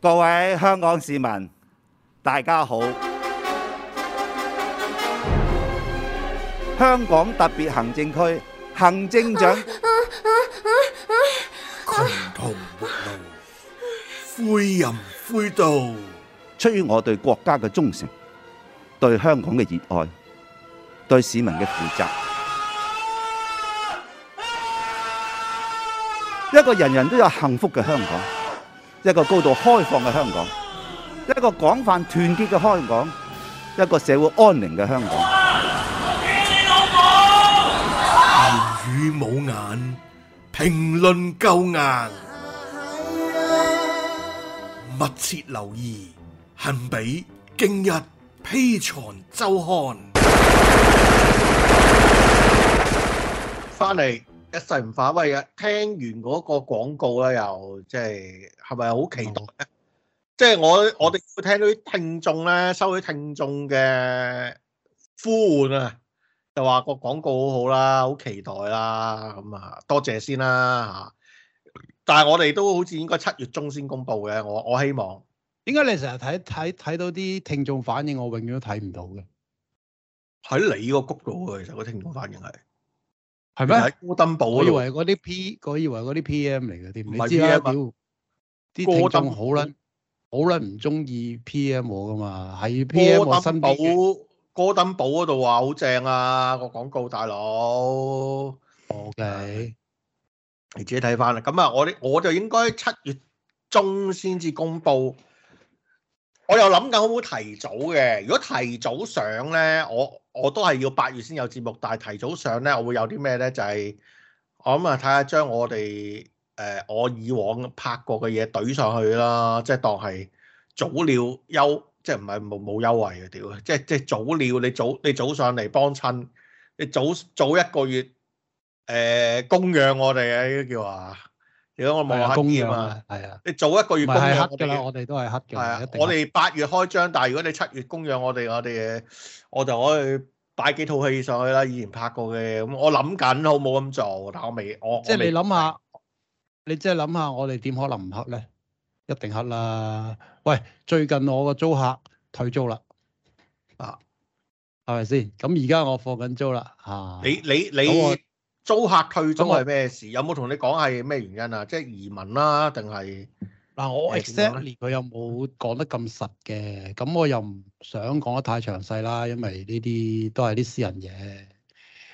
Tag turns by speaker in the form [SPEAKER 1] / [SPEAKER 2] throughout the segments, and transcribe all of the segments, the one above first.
[SPEAKER 1] 各位香港市民，大家好。香港特別行政區行政長，窮途末路，灰人灰道，啊、出於我對國家嘅忠誠，對香港嘅熱愛，對市民嘅負責，啊啊、一個人人都有幸福嘅香港。一個高度開放嘅香港，一個廣泛團結嘅香港，一個社會安寧嘅香港。言語冇眼，評論夠硬，密切留意，恆比今日 Patreon 周刊翻嚟。一世唔化喂！聽完嗰個廣告咧，又即係係咪好期待咧？嗯、即係我我哋會聽到啲聽眾咧，收起聽眾嘅呼喚啊，就話個廣告好好啦，好期待啦，咁啊多謝先啦嚇！但係我哋都好似應該七月中先公佈嘅，我我希望。點解你成日睇睇睇到啲聽眾反應，我永遠都睇唔到嘅？
[SPEAKER 2] 喺你個谷度啊，其實個聽眾反應係。係咩？我以為嗰啲 P，我以為嗰啲 PM 嚟嘅添。唔係 p 啲聽眾好啦，好啦，唔中意 PM 我噶嘛？喺 PM 我身邊。哥登堡，
[SPEAKER 1] 哥登堡嗰度話好正啊！個廣告大佬，OK，, okay. 你自己睇翻啦。咁啊，我啲我就應該七月中先至公佈。我又諗緊會唔會提早嘅？如果提早上咧，我我都係要八月先有節目。但係提早上咧，我會有啲咩咧？就係、是、我諗啊，睇下將我哋誒我以往拍過嘅嘢懟上去啦，即係當係早鳥優，即係唔係冇冇優惠嘅屌？即係即係早鳥，你早你早上嚟幫襯，你早早一個月誒、呃、供養我哋啊！叫啊～如果我望下黑嘛？係啊，你做一個月供養，唔係黑㗎啦，我哋都係黑嘅。係啊，我哋八月開張，但係如果你七月供養我哋，我哋我就可以擺幾套戲上去啦。以前拍過嘅，咁我諗緊，好冇咁做，但我未，我即係你諗下，你即係諗下，我哋點可能唔黑咧？一定
[SPEAKER 2] 黑啦！喂，最近我個租客退租啦，啊，
[SPEAKER 1] 係咪先？咁而家我
[SPEAKER 2] 放緊租啦，
[SPEAKER 1] 嚇！你你你。租客退租係咩事？我有冇同你講係咩原因啊？即係移民啦，定係嗱？我 exactly 佢有冇講得咁實嘅？咁我又唔想講得太詳細啦，因
[SPEAKER 2] 為呢啲都係啲私人嘢。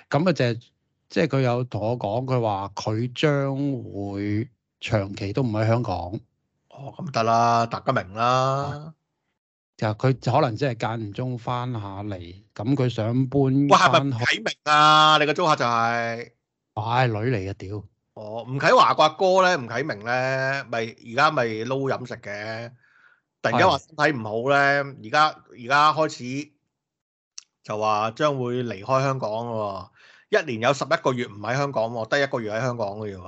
[SPEAKER 2] 咁啊、就係，就係即係佢有同我講，佢話佢將會長期都唔喺香港。
[SPEAKER 1] 哦，咁
[SPEAKER 2] 得啦，大家明啦。就佢可能只係間唔中翻下嚟，咁佢想搬。哇，係咪明
[SPEAKER 1] 啊？你個租客就係、係。唉，女嚟嘅屌！哦，吳啟華個阿哥咧，吳啟明咧，咪而家咪撈飲食嘅，突然間話身體唔好咧，而家而家開始就話將會離開香港咯，一年有十一個月唔喺香港，得一個月喺香港嘅嘢，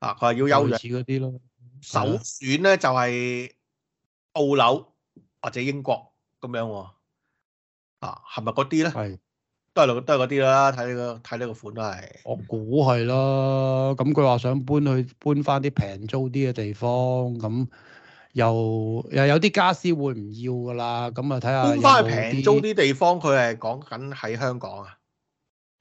[SPEAKER 1] 啊，佢話要休養。似嗰啲咯，首選咧就係澳紐或者英國咁樣，啊，係咪嗰啲咧？係。都係嗰啲啦，睇呢個睇呢個款都係。我估係咯，
[SPEAKER 2] 咁佢話想搬去搬翻啲平租啲嘅地方，咁又又有啲家私會唔要噶啦，咁啊睇下。搬翻去平租啲地方，佢係講緊喺香港啊？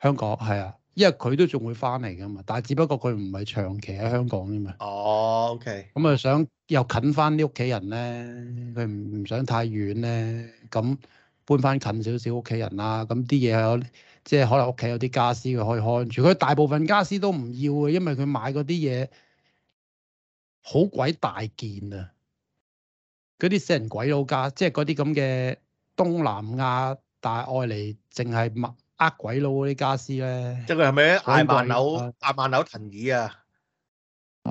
[SPEAKER 2] 香港係啊，因為佢都仲會翻嚟噶嘛，但係只不過佢唔係長期喺香港啫嘛。哦，OK。咁啊，想又近翻啲屋企人咧，佢唔唔想太遠咧，咁。搬翻近少少屋企人啦，咁啲嘢有，即係可能屋企有啲家私佢可以看住。佢大部分家私都唔要嘅，因為佢買嗰啲嘢好鬼大件啊，嗰啲死人鬼佬家，即係嗰啲咁嘅東南亞大愛嚟，淨係呃鬼佬嗰啲家私咧。即係佢係咪嗌萬樓？
[SPEAKER 1] 買、啊、萬樓藤椅啊！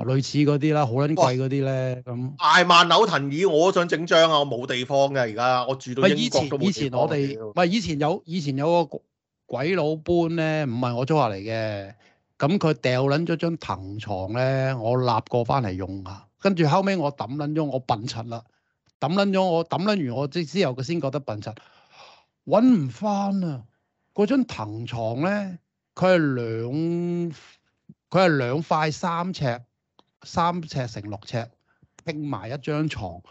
[SPEAKER 2] 類似嗰啲啦，好撚貴嗰啲咧，咁
[SPEAKER 1] 賣萬紐藤椅我想整張啊！我冇地方嘅而家，我住到英國都冇。以前我哋
[SPEAKER 2] 唔係，以前有，以前有個鬼佬搬咧，唔係我租下嚟嘅，咁佢掉撚咗張藤床咧，我立過翻嚟用下，跟住後尾我抌撚咗，我笨柒啦，抌撚咗我抌撚完我之之後佢先覺得笨柒，搵唔翻啦。嗰張藤床咧，佢係兩佢係兩塊三尺。三尺乘六尺，拼埋一張床，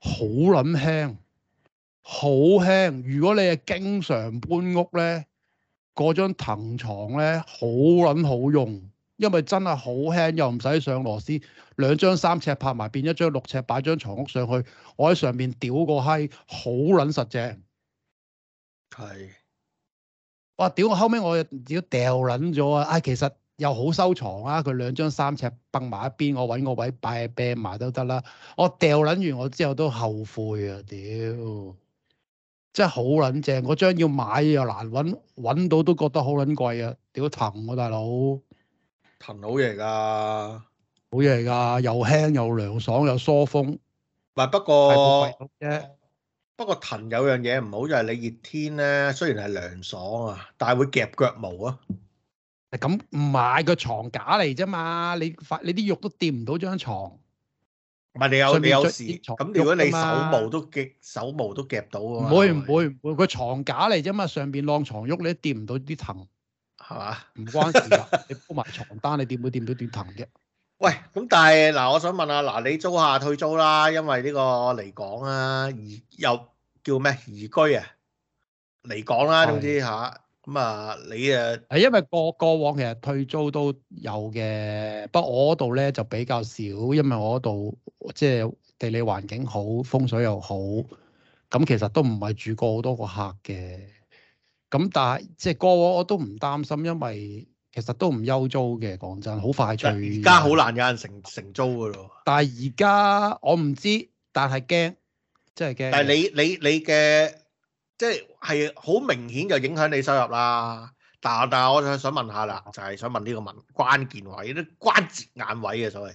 [SPEAKER 2] 好撚輕，好輕。如果你係經常搬屋咧，嗰張藤床咧，好撚好用，因為真係好輕，又唔使上螺絲。兩張三尺拍埋變一張六尺，擺張床屋上去，我喺上面屌個閪，好撚實淨。
[SPEAKER 1] 係是，
[SPEAKER 2] 哇、啊！屌我後尾，我又屌掉撚咗啊！唉、哎，其實～又好收藏啊！佢兩張三尺揼埋一邊，我揾個位擺埋都得啦、啊。我掉撚完我之後都後悔啊！屌，真係好撚正。嗰張要買又難揾，揾到都覺得好撚貴啊！屌藤啊大佬，
[SPEAKER 1] 藤好嘢㗎，好嘢㗎，又輕又涼爽又疏風。唔不，過不，不過，不過藤有樣嘢唔好就係、是、你熱天咧，雖然係涼爽啊，但係會夾腳毛啊。咁唔係
[SPEAKER 2] 個床架嚟啫嘛，你發你啲肉都掂唔到張床。
[SPEAKER 1] 唔係你有你有事，咁如果你手毛都極手毛都夾到喎。唔會唔
[SPEAKER 2] 會唔會，個床架嚟啫嘛，上邊晾床褥你都掂唔到啲藤，係嘛？唔關事啊，你鋪埋床單，你點會掂到啲藤啫。
[SPEAKER 1] 喂，咁但係嗱，我想問下嗱，你租下退租啦，因為呢個嚟港啊，移又叫咩移居啊嚟港啦，總之吓。咁啊、嗯，你啊，係因為過過往其實退租都
[SPEAKER 2] 有嘅，不過我嗰度咧就比較少，因為我嗰度即係地理環境好，風水又好，咁其實都唔係住過好多個客嘅。咁但係即係過往我都唔擔心，因為其實都唔憂租嘅。講真，好快脆。而家好難有人承承租㗎咯。但係而家我唔知，但係驚，即係驚。但係你
[SPEAKER 1] 你你嘅。即係好明顯就影響你收入啦，但但係我就想問下啦，就係想問呢個問關鍵位啲關節眼位啊，所謂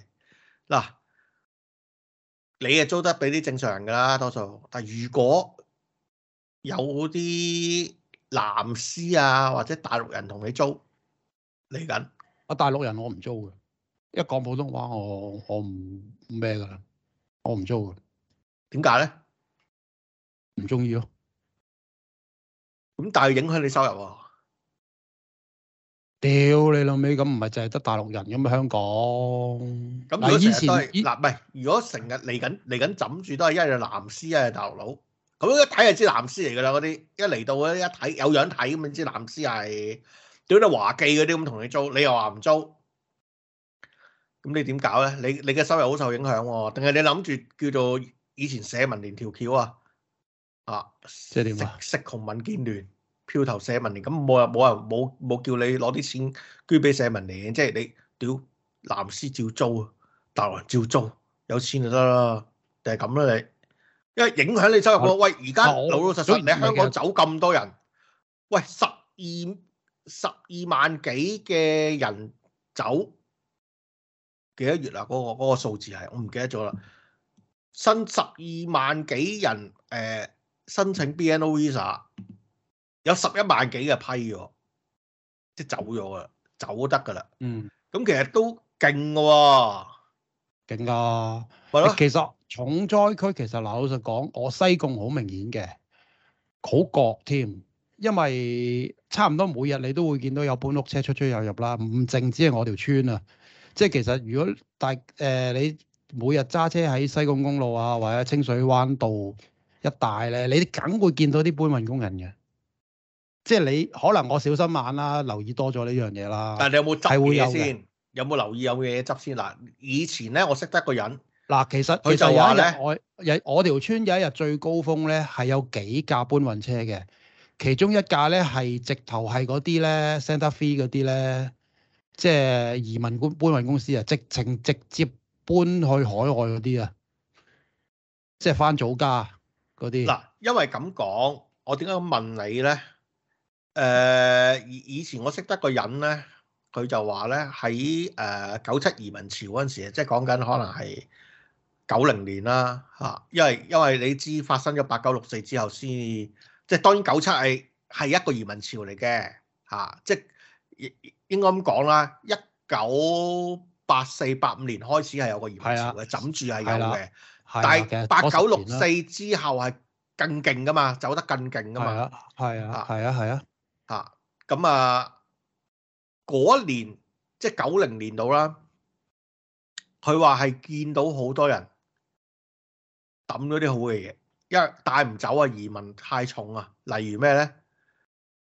[SPEAKER 1] 嗱，你啊租得俾啲正常人噶啦，多數，但係如果有啲藍絲啊或者大陸人同你租嚟緊，我
[SPEAKER 2] 大陸人我唔租嘅，一講普通話我我唔咩噶啦，我唔租嘅，點解咧？唔中意咯。咁但係影響你收入
[SPEAKER 1] 喎、
[SPEAKER 2] 啊？屌你老味，咁唔係淨
[SPEAKER 1] 係得大陸人咁啊？香港咁如以前嗱唔係，如果成日嚟緊嚟緊枕住都係一係藍絲一係大陸佬，咁一睇就知藍絲嚟噶啦嗰啲，一嚟到一睇有樣睇咁啊，你知藍絲係屌你華記嗰啲咁同你租，你又話唔租，咁你點搞咧？你你嘅收入好受影響喎、啊？定係你諗住叫做以前社民連條橋啊？啊，即係點啊？食窮民建聯，票投社民連，咁我又冇呀冇冇叫你攞啲錢捐俾社民連，即係你屌藍絲照租，大陸照租，有錢就得啦，定係咁啦你，因為影響你收入咯。喂，而家老老實實你香港走咁多人，喂，十二十二萬幾嘅人走幾多月啊？嗰個嗰個數字係，我唔記得咗啦，新十二萬幾人誒。申請 BNO Visa 有十一萬幾嘅批咗，即走咗啊，走得噶啦。嗯，咁其實都勁嘅喎，勁啊！咪咯，其實
[SPEAKER 2] 重災區其實嗱，老實講，我西貢好明顯嘅，好覺添，因為差唔多每日你都會見到有搬屋車出出入入啦。唔淨止係我條村啊，即係其實如果大誒、呃、你每日揸車喺西貢公路啊，或者清水灣道。一大咧，你梗會見到啲搬運工人嘅，即係你可能我小心眼啦，留意多咗呢樣嘢
[SPEAKER 1] 啦。但係你有冇執嘢先？有冇留意有冇嘢執先？嗱，以前咧我識得一個人，嗱，其實佢就話咧，
[SPEAKER 2] 我我條村有一日最高峰咧係有幾架搬運車嘅，其中一架咧係直頭係嗰啲咧 Santa Fe 嗰啲咧，即係移民搬搬運公司啊，直情直接搬去海外嗰啲啊，即係翻祖家。嗱，
[SPEAKER 1] 因為咁講，我點解咁問你咧？誒、呃，以以前我識得個人咧，佢就話咧，喺誒、呃、九七移民潮嗰陣時，即係講緊可能係九零年啦嚇、啊，因為因為你知發生咗八九六四之後先，即係當然九七係係一個移民潮嚟嘅嚇，即係應該咁講啦。一九八四八五年開始係有個移民潮嘅，枕、啊、住係有嘅。的但係八九六四之後係更勁噶嘛，走得更勁噶嘛。係啊，係啊，係啊。嚇咁啊，嗰、啊啊、一年即係九零年度啦，佢話係見到好多人抌咗啲好嘅嘢，因為帶唔走啊移民太重啊。例如咩咧？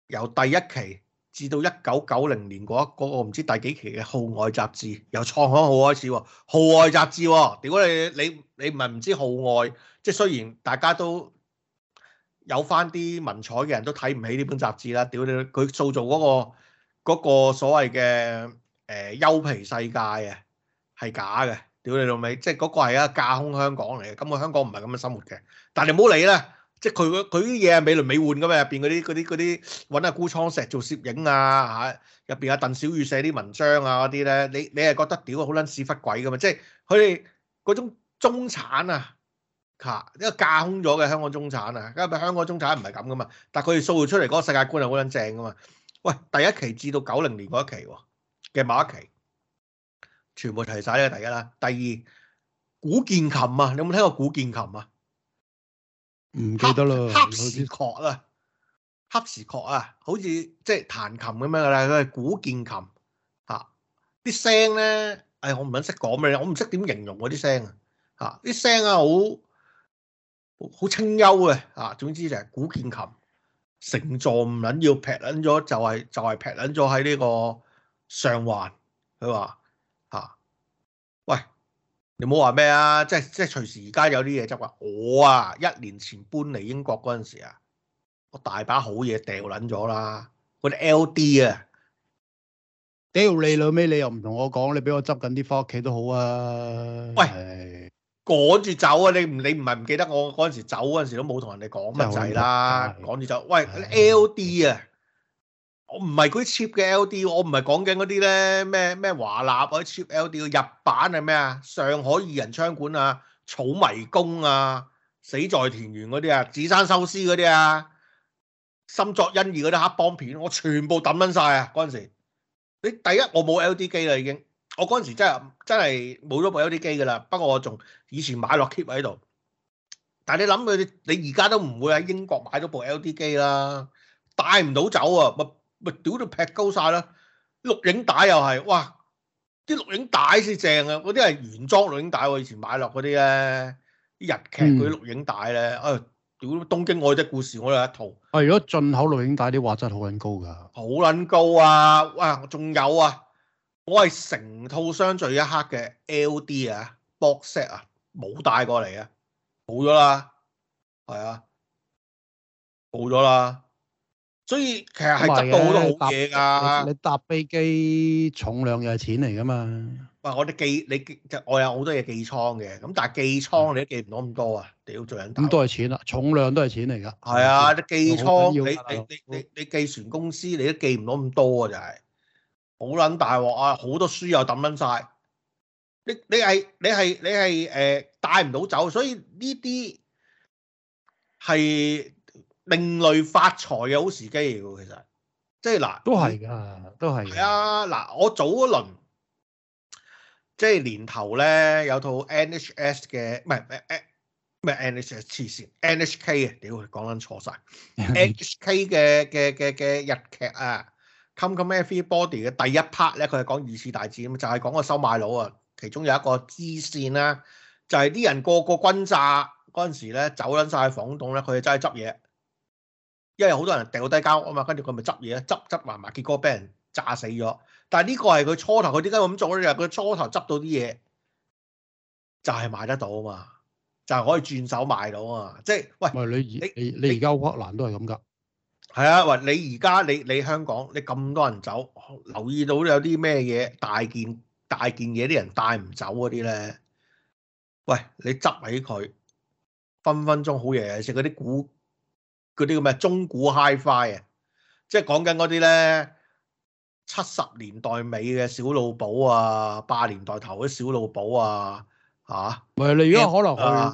[SPEAKER 1] 由第一期。至到一九九零年嗰、那、一個，那個、我唔知第幾期嘅《號外》雜誌，由創刊號開始喎，《號外》雜誌喎，屌你你你唔係唔知《號外》，即係雖然大家都有翻啲文采嘅人都睇唔起呢本雜誌啦，屌你、那個，佢塑造嗰個所謂嘅誒、呃、優皮世界啊，係假嘅，屌你老味，即係嗰個係一個架空香港嚟嘅，根本香港唔係咁嘅生活嘅，但係你唔好理啦。即係佢佢啲嘢係美輪美奐㗎嘛，入邊嗰啲嗰啲嗰啲揾阿高倉石做攝影啊嚇，入邊阿鄧小宇寫啲文章啊嗰啲咧，你你係覺得屌啊好撚屎忽鬼㗎嘛？即係佢哋嗰種中產啊嚇，因為架空咗嘅香港中產啊，因為香港中產唔係咁㗎嘛，但係佢哋塑造出嚟嗰個世界觀係好撚正㗎嘛。喂，第一期至到九零年嗰一期嘅某一期，全部睇曬呢。第一啦，第二，古鍵琴啊，你有冇聽過古鍵琴啊？唔記得啦，黑石角啊，黑石角啊，好似即係彈琴咁樣噶啦，佢係古鍵琴，吓啲聲咧，唉、哎，我唔捻識講咩，我唔識點形容嗰啲聲啊，吓啲聲啊，好好清幽嘅，吓、啊，總之就係古鍵琴，成座唔捻要劈捻咗，就是，就係就係劈捻咗喺呢個上環，佢話。你唔好話咩啊，即係即係隨時而家有啲嘢執啊！我啊，一年前搬嚟英國嗰陣時啊，我大把好嘢掉撚咗啦。我啲 L D 啊，屌你老味，你又唔同我講，你俾我執緊啲返屋企都好啊。喂，趕住走啊！你唔你唔係唔記得我嗰陣時走嗰陣時都冇同人哋講乜滯啦，趕住走。喂的，L D 啊！我唔係嗰啲 cheap 嘅 L.D. 我唔係講緊嗰啲咧咩咩華納嗰啲 cheap L.D. 日版係咩啊？上海異人娼館啊，草迷宮啊，死在田園嗰啲啊，寺山修司嗰啲啊，深作欣二嗰啲黑幫片，我全部抌撚曬啊！嗰陣時你第一，我冇 L.D. 機啦，已經我嗰陣時真係真係冇咗部 L.D. 機噶啦。不過我仲以前買落 keep 喺度，但你諗佢你而家都唔會喺英國買咗部 L.D. 機啦，帶唔到走啊咪～咪屌到劈高晒啦！錄影帶又係，哇！啲錄影帶先正啊，嗰啲係原裝錄影帶我以前買落嗰啲咧，啲日劇嗰啲錄影帶咧，啊、哎！屌東京愛情故事我有一套。啊！如果進
[SPEAKER 2] 口錄影帶啲畫質好撚高㗎，
[SPEAKER 1] 好撚高啊！哇！仲有啊，我係成套相聚一刻嘅 L.D 啊，box set 啊，冇帶過嚟啊，冇咗啦，係啊，冇咗啦。
[SPEAKER 2] 所以其實係得到好多好嘢㗎。你搭飛機重量又係錢嚟㗎嘛。
[SPEAKER 1] 喂，我哋寄你，就我有好多嘢寄倉嘅。咁但係寄倉你都寄唔到咁多啊！嗯、你要做人，咁多係
[SPEAKER 2] 錢啦、啊，重量都係錢嚟㗎。係啊，你寄倉、啊、
[SPEAKER 1] 你你你你你寄船公司你都寄唔到咁多、就係、啊！就係好撚大鑊啊！好多書又抌撚晒。你你係你係你係誒、呃、帶唔到走，所以呢啲係。另類發財嘅好時機嚟㗎，其實即係嗱，都係㗎，都係係啊嗱。我早一輪即係、就是、年頭咧，有套 N H S 嘅唔係咩係 N H S 黐線 N H K 啊，屌佢講撚錯晒。N H K 嘅嘅嘅嘅日劇啊，《Come Come Everybody》嘅第一 part 咧，佢係講二次大戰咁就係、是、講個收買佬啊。其中有一個支線啦，就係、是、啲人個個轟炸嗰陣時咧，走撚曬房棟咧，佢哋齋執嘢。因為好多人掉低膠啊嘛，跟住佢咪執嘢咧，執執埋埋，結果俾人炸死咗。但係呢個係佢初頭，佢點解咁做咧？佢初頭執到啲嘢，就係、是、賣得到啊嘛，就係、是、可以轉手賣到啊嘛。即係喂，喂，你而你你而家烏克蘭都係咁噶？係啊，喂，你而家你你香港，你咁多人走，留意到有啲咩嘢大件大件嘢啲人帶唔走嗰啲咧？喂，你執起佢，分分鐘好嘢食嗰啲古。嗰啲咁嘅中古 Hi-Fi 啊，即係講緊嗰啲咧，七十年代尾嘅小老寶啊，八年代頭嗰啲小老寶啊，嚇、
[SPEAKER 2] 啊、唔你如果可能去，啊、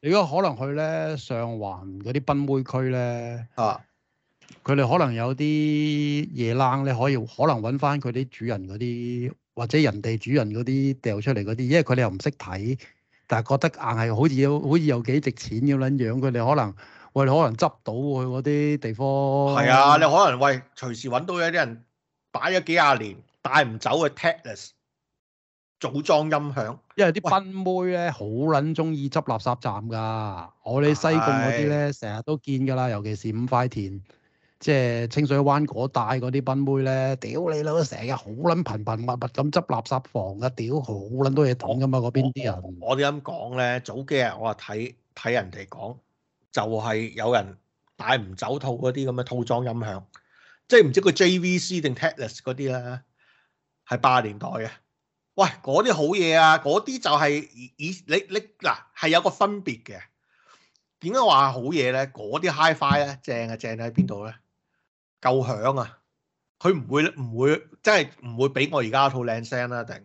[SPEAKER 2] 你如果可能去咧上環嗰啲賓妹區咧，啊，佢哋可能有啲夜冷咧，可以可能揾翻佢啲主人嗰啲，或者人哋主人嗰啲掉出嚟嗰啲，因為佢哋又唔識睇，但係覺得硬係好似有，好似有幾值錢咁撚樣，佢哋可能。喂，你可能執到去嗰啲地方，係啊！你可
[SPEAKER 1] 能喂，隨時揾到有啲人擺咗幾廿年帶唔走嘅 Tetris 組裝音響，因為啲賓妹咧好撚中意執垃
[SPEAKER 2] 圾站㗎。我哋西貢嗰啲咧成日都見㗎啦，尤其是五塊田，即係清水灣嗰帶嗰啲賓妹咧，屌你老成日好撚頻頻密密咁執垃圾房㗎，屌好撚多嘢抌㗎嘛！嗰邊啲人，
[SPEAKER 1] 我哋咁講咧，早幾日我話睇睇人哋講。就係有人帶唔走套嗰啲咁嘅套裝音響，即係唔知個 JVC 定 Tennis 嗰啲啦，係八十年代嘅。喂，嗰啲好嘢啊，嗰啲就係以你你嗱係有個分別嘅。點解話好嘢咧？嗰啲 Hi-Fi 咧、啊、正啊，正喺邊度咧？夠響啊！佢唔會唔會真係唔會俾我而家套靚聲啦、啊、定？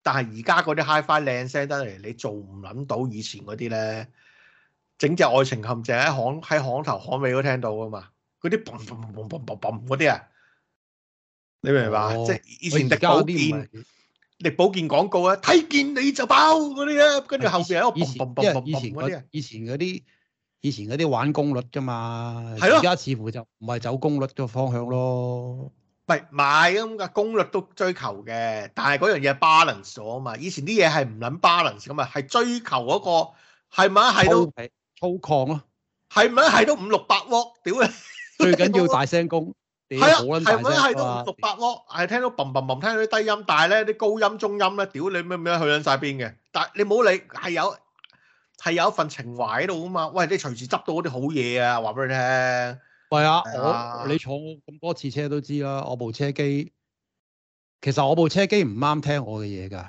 [SPEAKER 1] 但係而家嗰啲 Hi-Fi 靚聲得嚟，你做唔撚到以前嗰啲咧？整隻愛情陷阱喺巷喺巷頭巷尾都聽到噶嘛，嗰啲嘣嘣嘣嘣嘣嘣嗰啲啊，你明嘛？哦、即係以前力保健力保健廣告啊，睇見你就包嗰啲啊，跟住後邊有個嘣嘣嘣嘣嗰啲，以前嗰啲以前嗰啲
[SPEAKER 2] 玩功率㗎嘛，
[SPEAKER 1] 而家、啊、似乎就唔係走功率嘅方向咯。唔係買咁嘅功率都追求嘅，但係嗰樣嘢 balance 咗啊嘛。以前啲嘢係唔撚 balance 咁啊，係追求嗰、嗰個係咪啊，係都。粗獷啊，係咪？係？係都五六百鑊，屌 你！最緊要大聲公，係啊，係唔係？係都五六百鑊，係聽到嘭嘭嘭，聽到啲低音，但係咧啲高音、中音咧，屌你咩咩去撚晒邊嘅？但係你唔好理，係有係有一份情懷喺度啊嘛？喂，你隨時執到嗰啲好嘢啊，話俾你聽。係啊，
[SPEAKER 2] 啊我你
[SPEAKER 1] 坐咁多次車都知啦，我部車機其實我
[SPEAKER 2] 部車機唔啱聽我嘅嘢噶。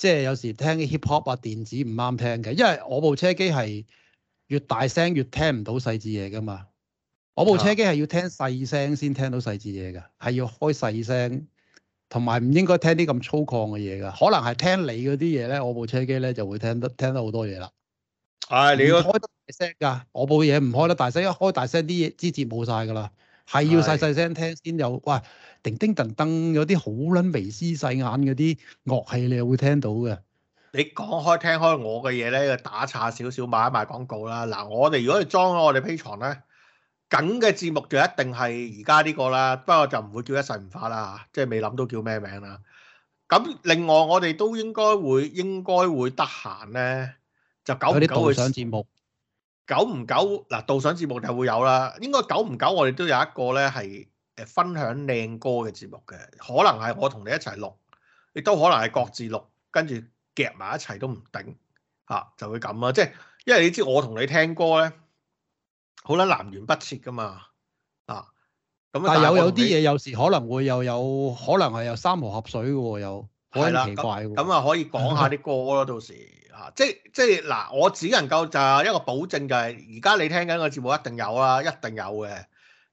[SPEAKER 2] 即係有時聽啲 hip hop 啊、電子唔啱聽嘅，因為我部車機係越大聲越聽唔到細緻嘢噶嘛。我部車機係要聽細聲先聽到細緻嘢㗎，係要開細聲，同埋唔應該聽啲咁粗獷嘅嘢㗎。可能係聽你嗰啲嘢咧，我部車機咧就會聽得聽得好多嘢啦。
[SPEAKER 1] 啊你，你要開
[SPEAKER 2] 得大聲㗎？我部嘢唔開得大聲，一開大聲啲嘢枝節冇晒㗎啦。係要細細聲聽先有喂。叮叮噹噹，有啲好撚微斯細眼嗰啲樂器，你又會聽到嘅。
[SPEAKER 1] 你講開聽開我嘅嘢咧，打岔少少買一賣廣告啦。嗱，我哋如果要裝喺我哋 Patreon 咧，梗嘅節目就一定係而家呢個啦。不過就唔會叫一世唔化啦，即係未諗到叫咩名啦。咁另外我哋都應該會應該會得閒咧，就久唔久嘅導賞節目，久唔久嗱導賞節目就會有啦。應該久唔久我哋都有一個咧係。誒，分享靚歌嘅節目嘅，可能係我同你一齊錄，亦都可能係各自錄，跟住夾埋一齊都唔定吓，就會咁啊！即係，因為你知我同你聽歌咧，好啦，南轅北轍噶嘛啊！咁但係有有啲嘢
[SPEAKER 2] 有時可能會又有，有，可能係有三河合，合水嘅喎，有好鬼奇怪咁
[SPEAKER 1] 啊，啊可以講下啲歌咯， 到時吓，啊，即係即係嗱，啊，我只能夠就一個保證就係，而家你在聽緊個節目一定有啦，一定有嘅。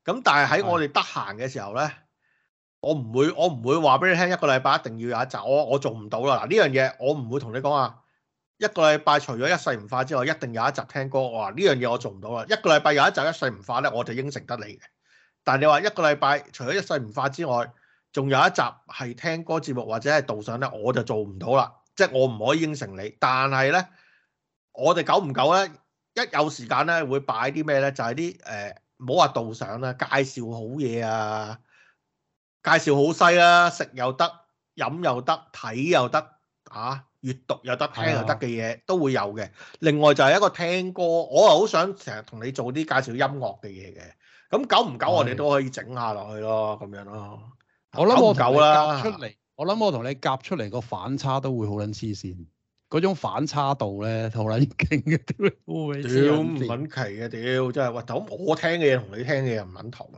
[SPEAKER 1] 咁但係喺我哋得閒嘅時候呢，我唔會我唔會話俾你聽一個禮拜一定要有一集，我我做唔到啦。嗱，呢樣嘢我唔會同你講啊。一個禮拜除咗一世唔化之外，一定有一集聽歌。我話呢樣嘢我做唔到啦。一個禮拜有一集一世唔化呢，我就應承得你嘅。但係你話一個禮拜除咗一世唔化之外，仲有一集係聽歌節目或者係導賞呢，我就做唔到啦。即係我唔可以應承你。但係呢，我哋久唔久呢，一有時間呢，會擺啲咩呢？就係啲誒。呃唔好話導賞啦，介紹好嘢啊，介紹好西啦，啊，食又得，飲又得，睇又得，啊，閱讀又得，聽又得嘅嘢的都會有嘅。另外就係一個聽歌，我啊好想成日同你做啲介紹音樂嘅嘢嘅。咁久唔久我哋都可以整下落去咯，咁的樣咯。我諗我同你夾出嚟，
[SPEAKER 2] 嗯，我諗我同你夾出嚟個反差都會好撚黐線。嗰種反差度咧，
[SPEAKER 1] 好捻勁嘅屌！屌唔捻奇嘅屌，真係喂！咁我聽嘅嘢同你聽嘅嘢唔捻同啊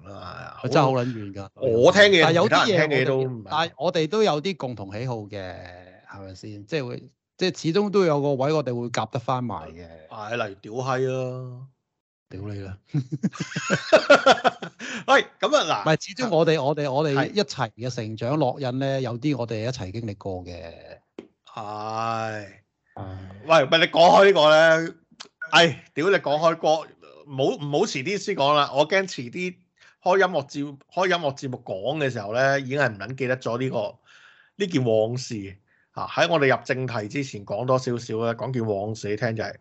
[SPEAKER 1] 嘛，真係好捻遠噶！我聽嘅，嘢，有啲嘢聽嘅都唔係，但係我
[SPEAKER 2] 哋都有啲共同喜好嘅，係咪先？即係會，即係始終都有個位，我哋會夾得翻埋嘅。係，例如屌閪咯，屌你啦！
[SPEAKER 1] 喂，咁啊嗱，唔
[SPEAKER 2] 係，始終我哋我哋我哋一齊嘅成長烙印咧，
[SPEAKER 1] 有啲我哋一齊經歷過嘅。係，喂，唔係你講開呢個咧，唉，屌你講開歌，冇唔好遲啲先講啦，我驚遲啲開音樂節開音樂節目講嘅時候咧，已經係唔撚記得咗呢個呢件往事啊！喺我哋入正題之前講多少少咧，講件往事你聽就係，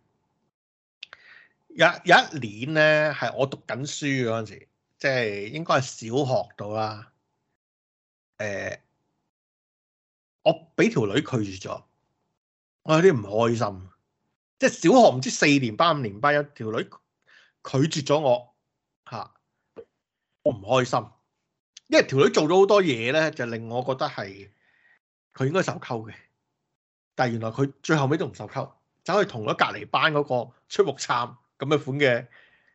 [SPEAKER 1] 有有一年咧係我讀緊書嗰陣時，即係應該係小學度啦，誒，我俾條女拒絕咗。我有啲唔開心，即係小學唔知四年班五年班，有條女拒絕咗我，嚇我唔開心，因為條女做咗好多嘢咧，就令我覺得係佢應該受溝嘅，但係原來佢最後尾都唔受溝，走去同咗隔離班嗰個出木杉咁嘅款嘅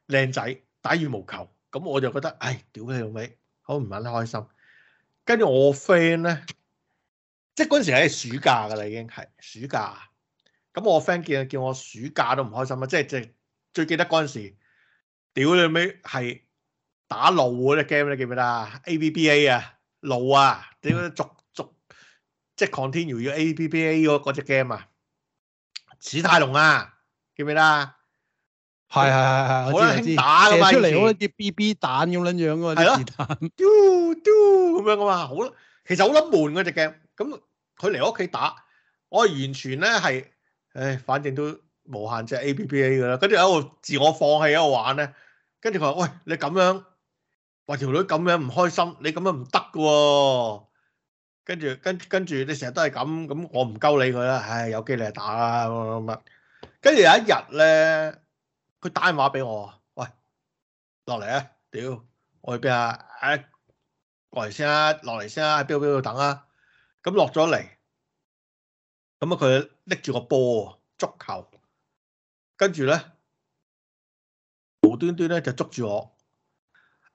[SPEAKER 1] 靚仔打羽毛球，咁我就覺得唉，屌你老味，好唔玩得開心。跟住我 friend 咧。即係嗰陣時係暑假㗎啦，已經係暑假。咁我 friend 見啊，叫我暑假都唔開心啊。即係即係最記得嗰陣時，屌你咪係打路嗰隻 game 你記唔記得？ABBA 啊，路啊，點樣續續即係 continue 要 ABBA 嗰嗰隻 game 啊。史泰龍啊，記唔記得？
[SPEAKER 2] 係係係係，我哋興打咁樣，出嚟好多啲
[SPEAKER 1] B B 彈咁撚樣嗰啲子彈，嘟嘟咁樣㗎嘛。好，其實好撚悶嗰隻 game。咁佢嚟我屋企打，我完全咧係，唉，反正都無限隻 A P P A 噶啦，跟住喺度自我放棄喺度玩咧，跟住佢話：喂，你咁樣，話條女咁樣唔開心，你咁樣唔得噶喎，跟住跟跟住你成日都係咁，咁我唔鳩理佢啦，唉，有機你就打啦，乜乜乜，跟住有一日咧，佢打電話俾我，喂，落嚟啊，屌，我去邊啊？哎，過嚟先啊，落嚟先啊，喺邊度邊度等啊。咁落咗嚟，咁啊佢拎住個波足球，跟住咧無端端咧就捉住我，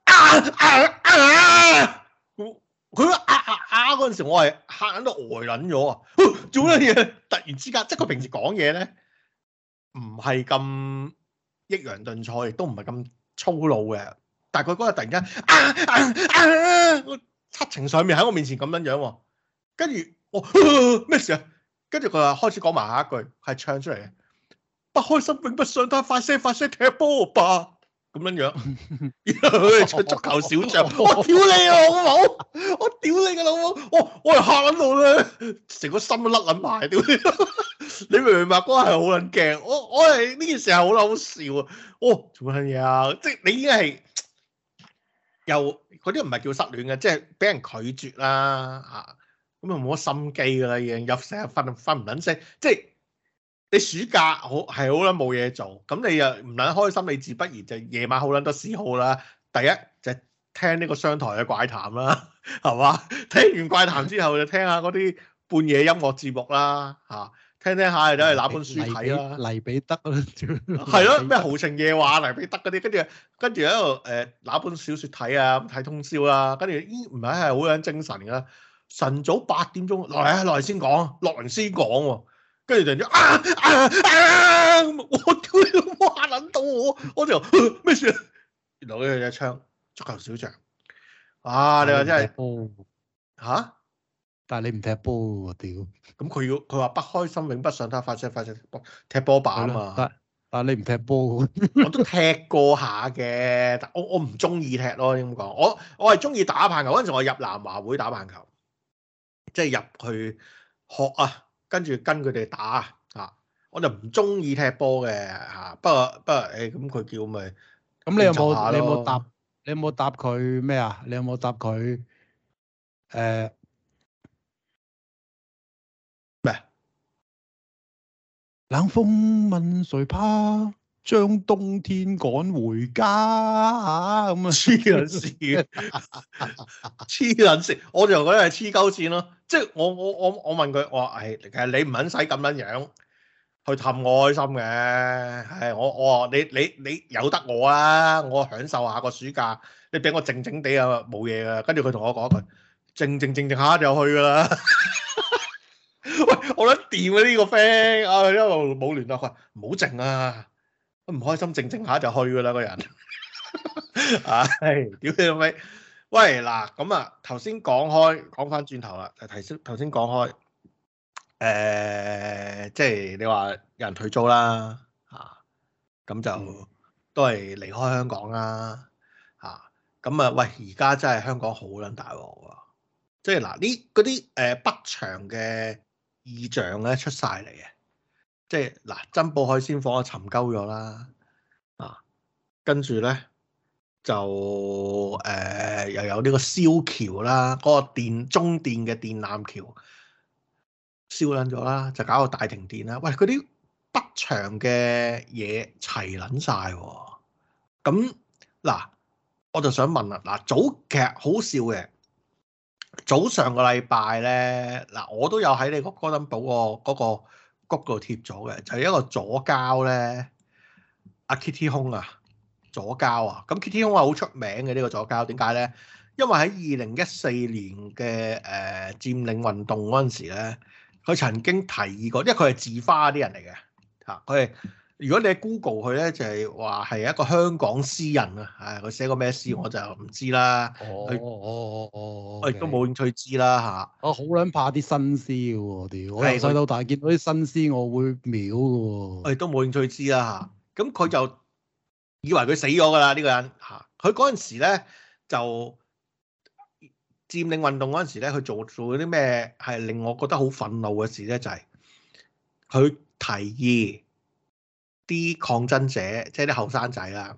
[SPEAKER 1] 啊啊啊！佢啊啊啊！嗰陣時我係吓喺度呆撚咗啊！做乜嘢？突然之間，即係佢平時講嘢咧唔係咁抑揚頓挫，亦都唔係咁粗魯嘅，但係佢嗰日突然間啊啊啊！七情上面喺我面前咁樣樣跟住我咩事啊？跟住佢話開始講埋下一句，係唱出嚟嘅。 不開心，永不上 他發聲，發聲踢波吧咁樣樣。佢足球小將。我屌你啊，好唔好？我屌你嘅老母！我我係吓喺度啦，成個心都甩撚埋。屌 你你明唔明白？哥係好撚驚，我我係呢件事係好撚好笑啊！哦，做緊嘢啊！即係你已經係又嗰啲唔係叫失戀嘅，即係俾人拒絕啦吓。咁又冇乜心機啦，已經入成日瞓瞓唔卵醒，即係你暑假好係好撚冇嘢做，咁你又唔卵開心，你自不然就夜晚好卵得嗜好啦。第一就係聽呢個商台嘅怪談啦，係嘛？ 聽完怪談之後就聽下嗰啲半夜音樂節目啦，吓聽聽下，就係攞本書睇啦，黎彼得啦，係咯，咩 豪情夜話黎彼得嗰啲，跟住跟住喺度誒攞本小說睇啊，睇通宵啦，跟住咦，唔係係好卵精神噶。晨早八點鐘，落嚟，落嚟，落嚟啊，嚟先講，落完先講，跟住突然之間，啊啊啊！我屌你老母，諗到我，我就咩事啊？咗佢隻槍，足球小將，啊，你話真係，吓、啊？但係你唔踢波嘅屌！咁佢要，佢話、嗯、不開心，永不上攤，發射發射踢波把啊嘛。但係你唔踢波， 我都踢過下嘅，但我我唔中意踢咯，咁講，我我係中意打棒球嗰陣時，我，我，時我入南華會打棒球。即係入去學啊，跟住跟佢哋打啊，啊，我就唔中意踢波嘅啊。不過、啊、不過、啊，誒咁佢叫咪，咁你有冇你有冇答
[SPEAKER 2] 你有冇答佢咩啊？你有冇答佢誒咩？呃、麼冷風問誰怕？將冬天趕回家咁啊，黐撚
[SPEAKER 1] 線，黐撚線，我就覺得係黐鳩線咯。即係我我我我問佢，我話，唉，其實你唔肯使咁樣樣去氹我開心嘅，係我我話你你你，你由得我啊，我享受下個暑假，你俾我靜靜地啊，冇嘢噶。跟住佢同我講一句，靜靜靜靜下就、啊、去噶啦。 喂，我一掂啊呢、呢個 friend 啊一路冇聯絡，佢話唔好靜啊。唔開心，靜靜下就去噶啦，個人。唉、 啊，屌你老味！ 喂，嗱，咁啊，頭先講開，講返轉頭啦，誒，頭先講開，誒、呃，即、就、係、是、你話有人退租啦，啊，咁就、嗯、都係離開香港啦，啊，咁啊，喂、呃，而家真係香港好撚大鑊啊！即係嗱，呃、北長呢嗰啲誒不祥嘅意象咧出晒嚟嘅。即係嗱，珍寶海鮮舫沉鳩咗啦，啊，跟住咧就誒、呃、又有呢個燒橋啦，嗰、嗰個電中電嘅電纜橋燒撚咗啦，就搞到大停電啦。喂，嗰啲北長嘅嘢齊撚晒喎。咁、啊、嗱，我就想問啦，嗱早劇好笑嘅，早上個禮拜咧，嗱我都有喺你個哥登堡個。嗰個谷度貼咗嘅就係、是、一個左膠咧，阿、啊、Kitty 空啊，左膠啊，咁 Kitty 空係好出名嘅呢、這個左膠，點解咧？因為喺二零一四年嘅誒、呃、佔領運動嗰陣時咧，佢曾經提議過，因為佢係自花啲人嚟嘅，佢。如果你喺 Google 佢咧，就係話係一個香港詩人啊，係佢、嗯、寫過咩詩，我就唔知啦。哦哦哦哦，我亦都冇興趣知啦嚇 okay.。我好卵
[SPEAKER 2] 怕啲新詩喎，屌！我細到大見到啲新詩，我會秒嘅喎。亦的都
[SPEAKER 1] 冇興趣知啦嚇。咁佢就以為佢死咗㗎啦呢個人嚇。佢嗰陣時咧就佔領運動嗰陣時咧，佢做做啲咩係令我覺得好憤怒嘅事咧，就係、是、佢提議。啲抗爭者即係啲後生仔啦，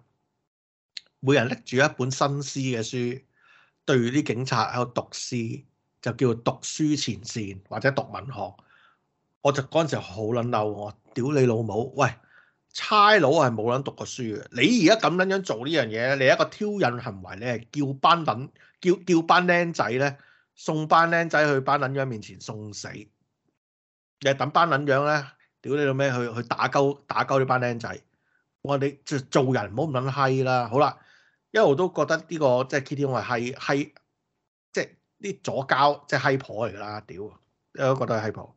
[SPEAKER 1] 每人拎住一本新詩嘅書，對啲警察喺度讀詩，就叫做讀書前線或者讀文學。我就嗰陣時好撚嬲我，屌你老母！喂，差佬係冇撚讀過書嘅，你而家咁撚樣做呢樣嘢，你一個挑釁行為，你係叫班撚叫叫班僆仔咧，送班僆仔去班撚樣面前送死，你係等班撚樣咧。屌你老咩！去去打鳩打鳩呢班僆仔，我話你做做人唔好咁撚閪啦，好啦，因為我都覺得呢、這個即係 Kitty 我 o n 係閪即係啲左膠即係閪婆嚟噶啦，屌，我都覺得係閪婆。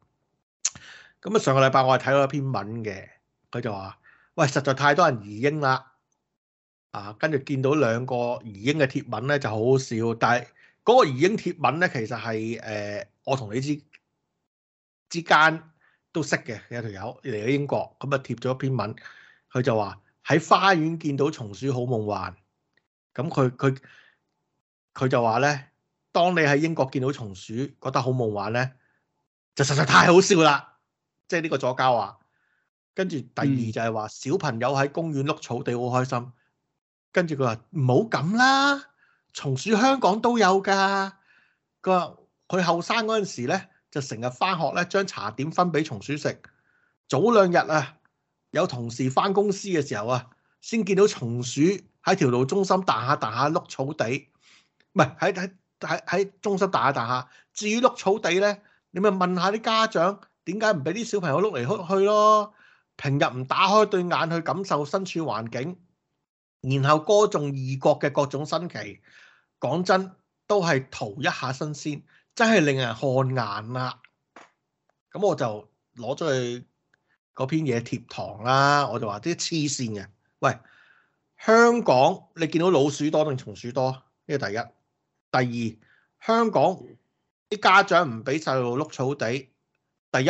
[SPEAKER 1] 咁啊，上個禮拜我係睇到一篇文嘅，佢就話喂，實在太多人移英啦，啊，跟住見到兩個移英嘅貼文咧就好笑，但係嗰個移英貼文咧其實係誒、呃、我同你之之間。都識嘅，有條友嚟咗英國，咁啊貼咗一篇文，佢就話喺花園見到松鼠好夢幻，咁佢佢佢就話咧，當你喺英國見到松鼠覺得好夢幻咧，就實在太好笑啦，即係呢個左膠啊。跟住第二就係話小朋友喺公園碌草地好開心，跟住佢話唔好咁啦，松鼠香港都有㗎。佢話佢後生嗰陣時咧。就成日翻學咧，將茶點分俾松鼠食。早兩日啊，有同事翻公司嘅時候啊，先見到松鼠喺條路中心彈下彈下碌草地，唔係喺喺喺中心彈下彈下。至於碌草地咧，你咪問下啲家長，點解唔俾啲小朋友碌嚟碌去咯？平日唔打開對眼去感受身處環境，然後歌頌異國嘅各種新奇，講真都係圖一下新鮮。真係令人汗眼啦、啊！咁我就攞咗去嗰篇嘢貼堂啦、啊，我就話啲黐線嘅。喂，香港你見到老鼠多定松鼠多？呢個第一。第二，香港啲家長唔俾細路碌草地。第一，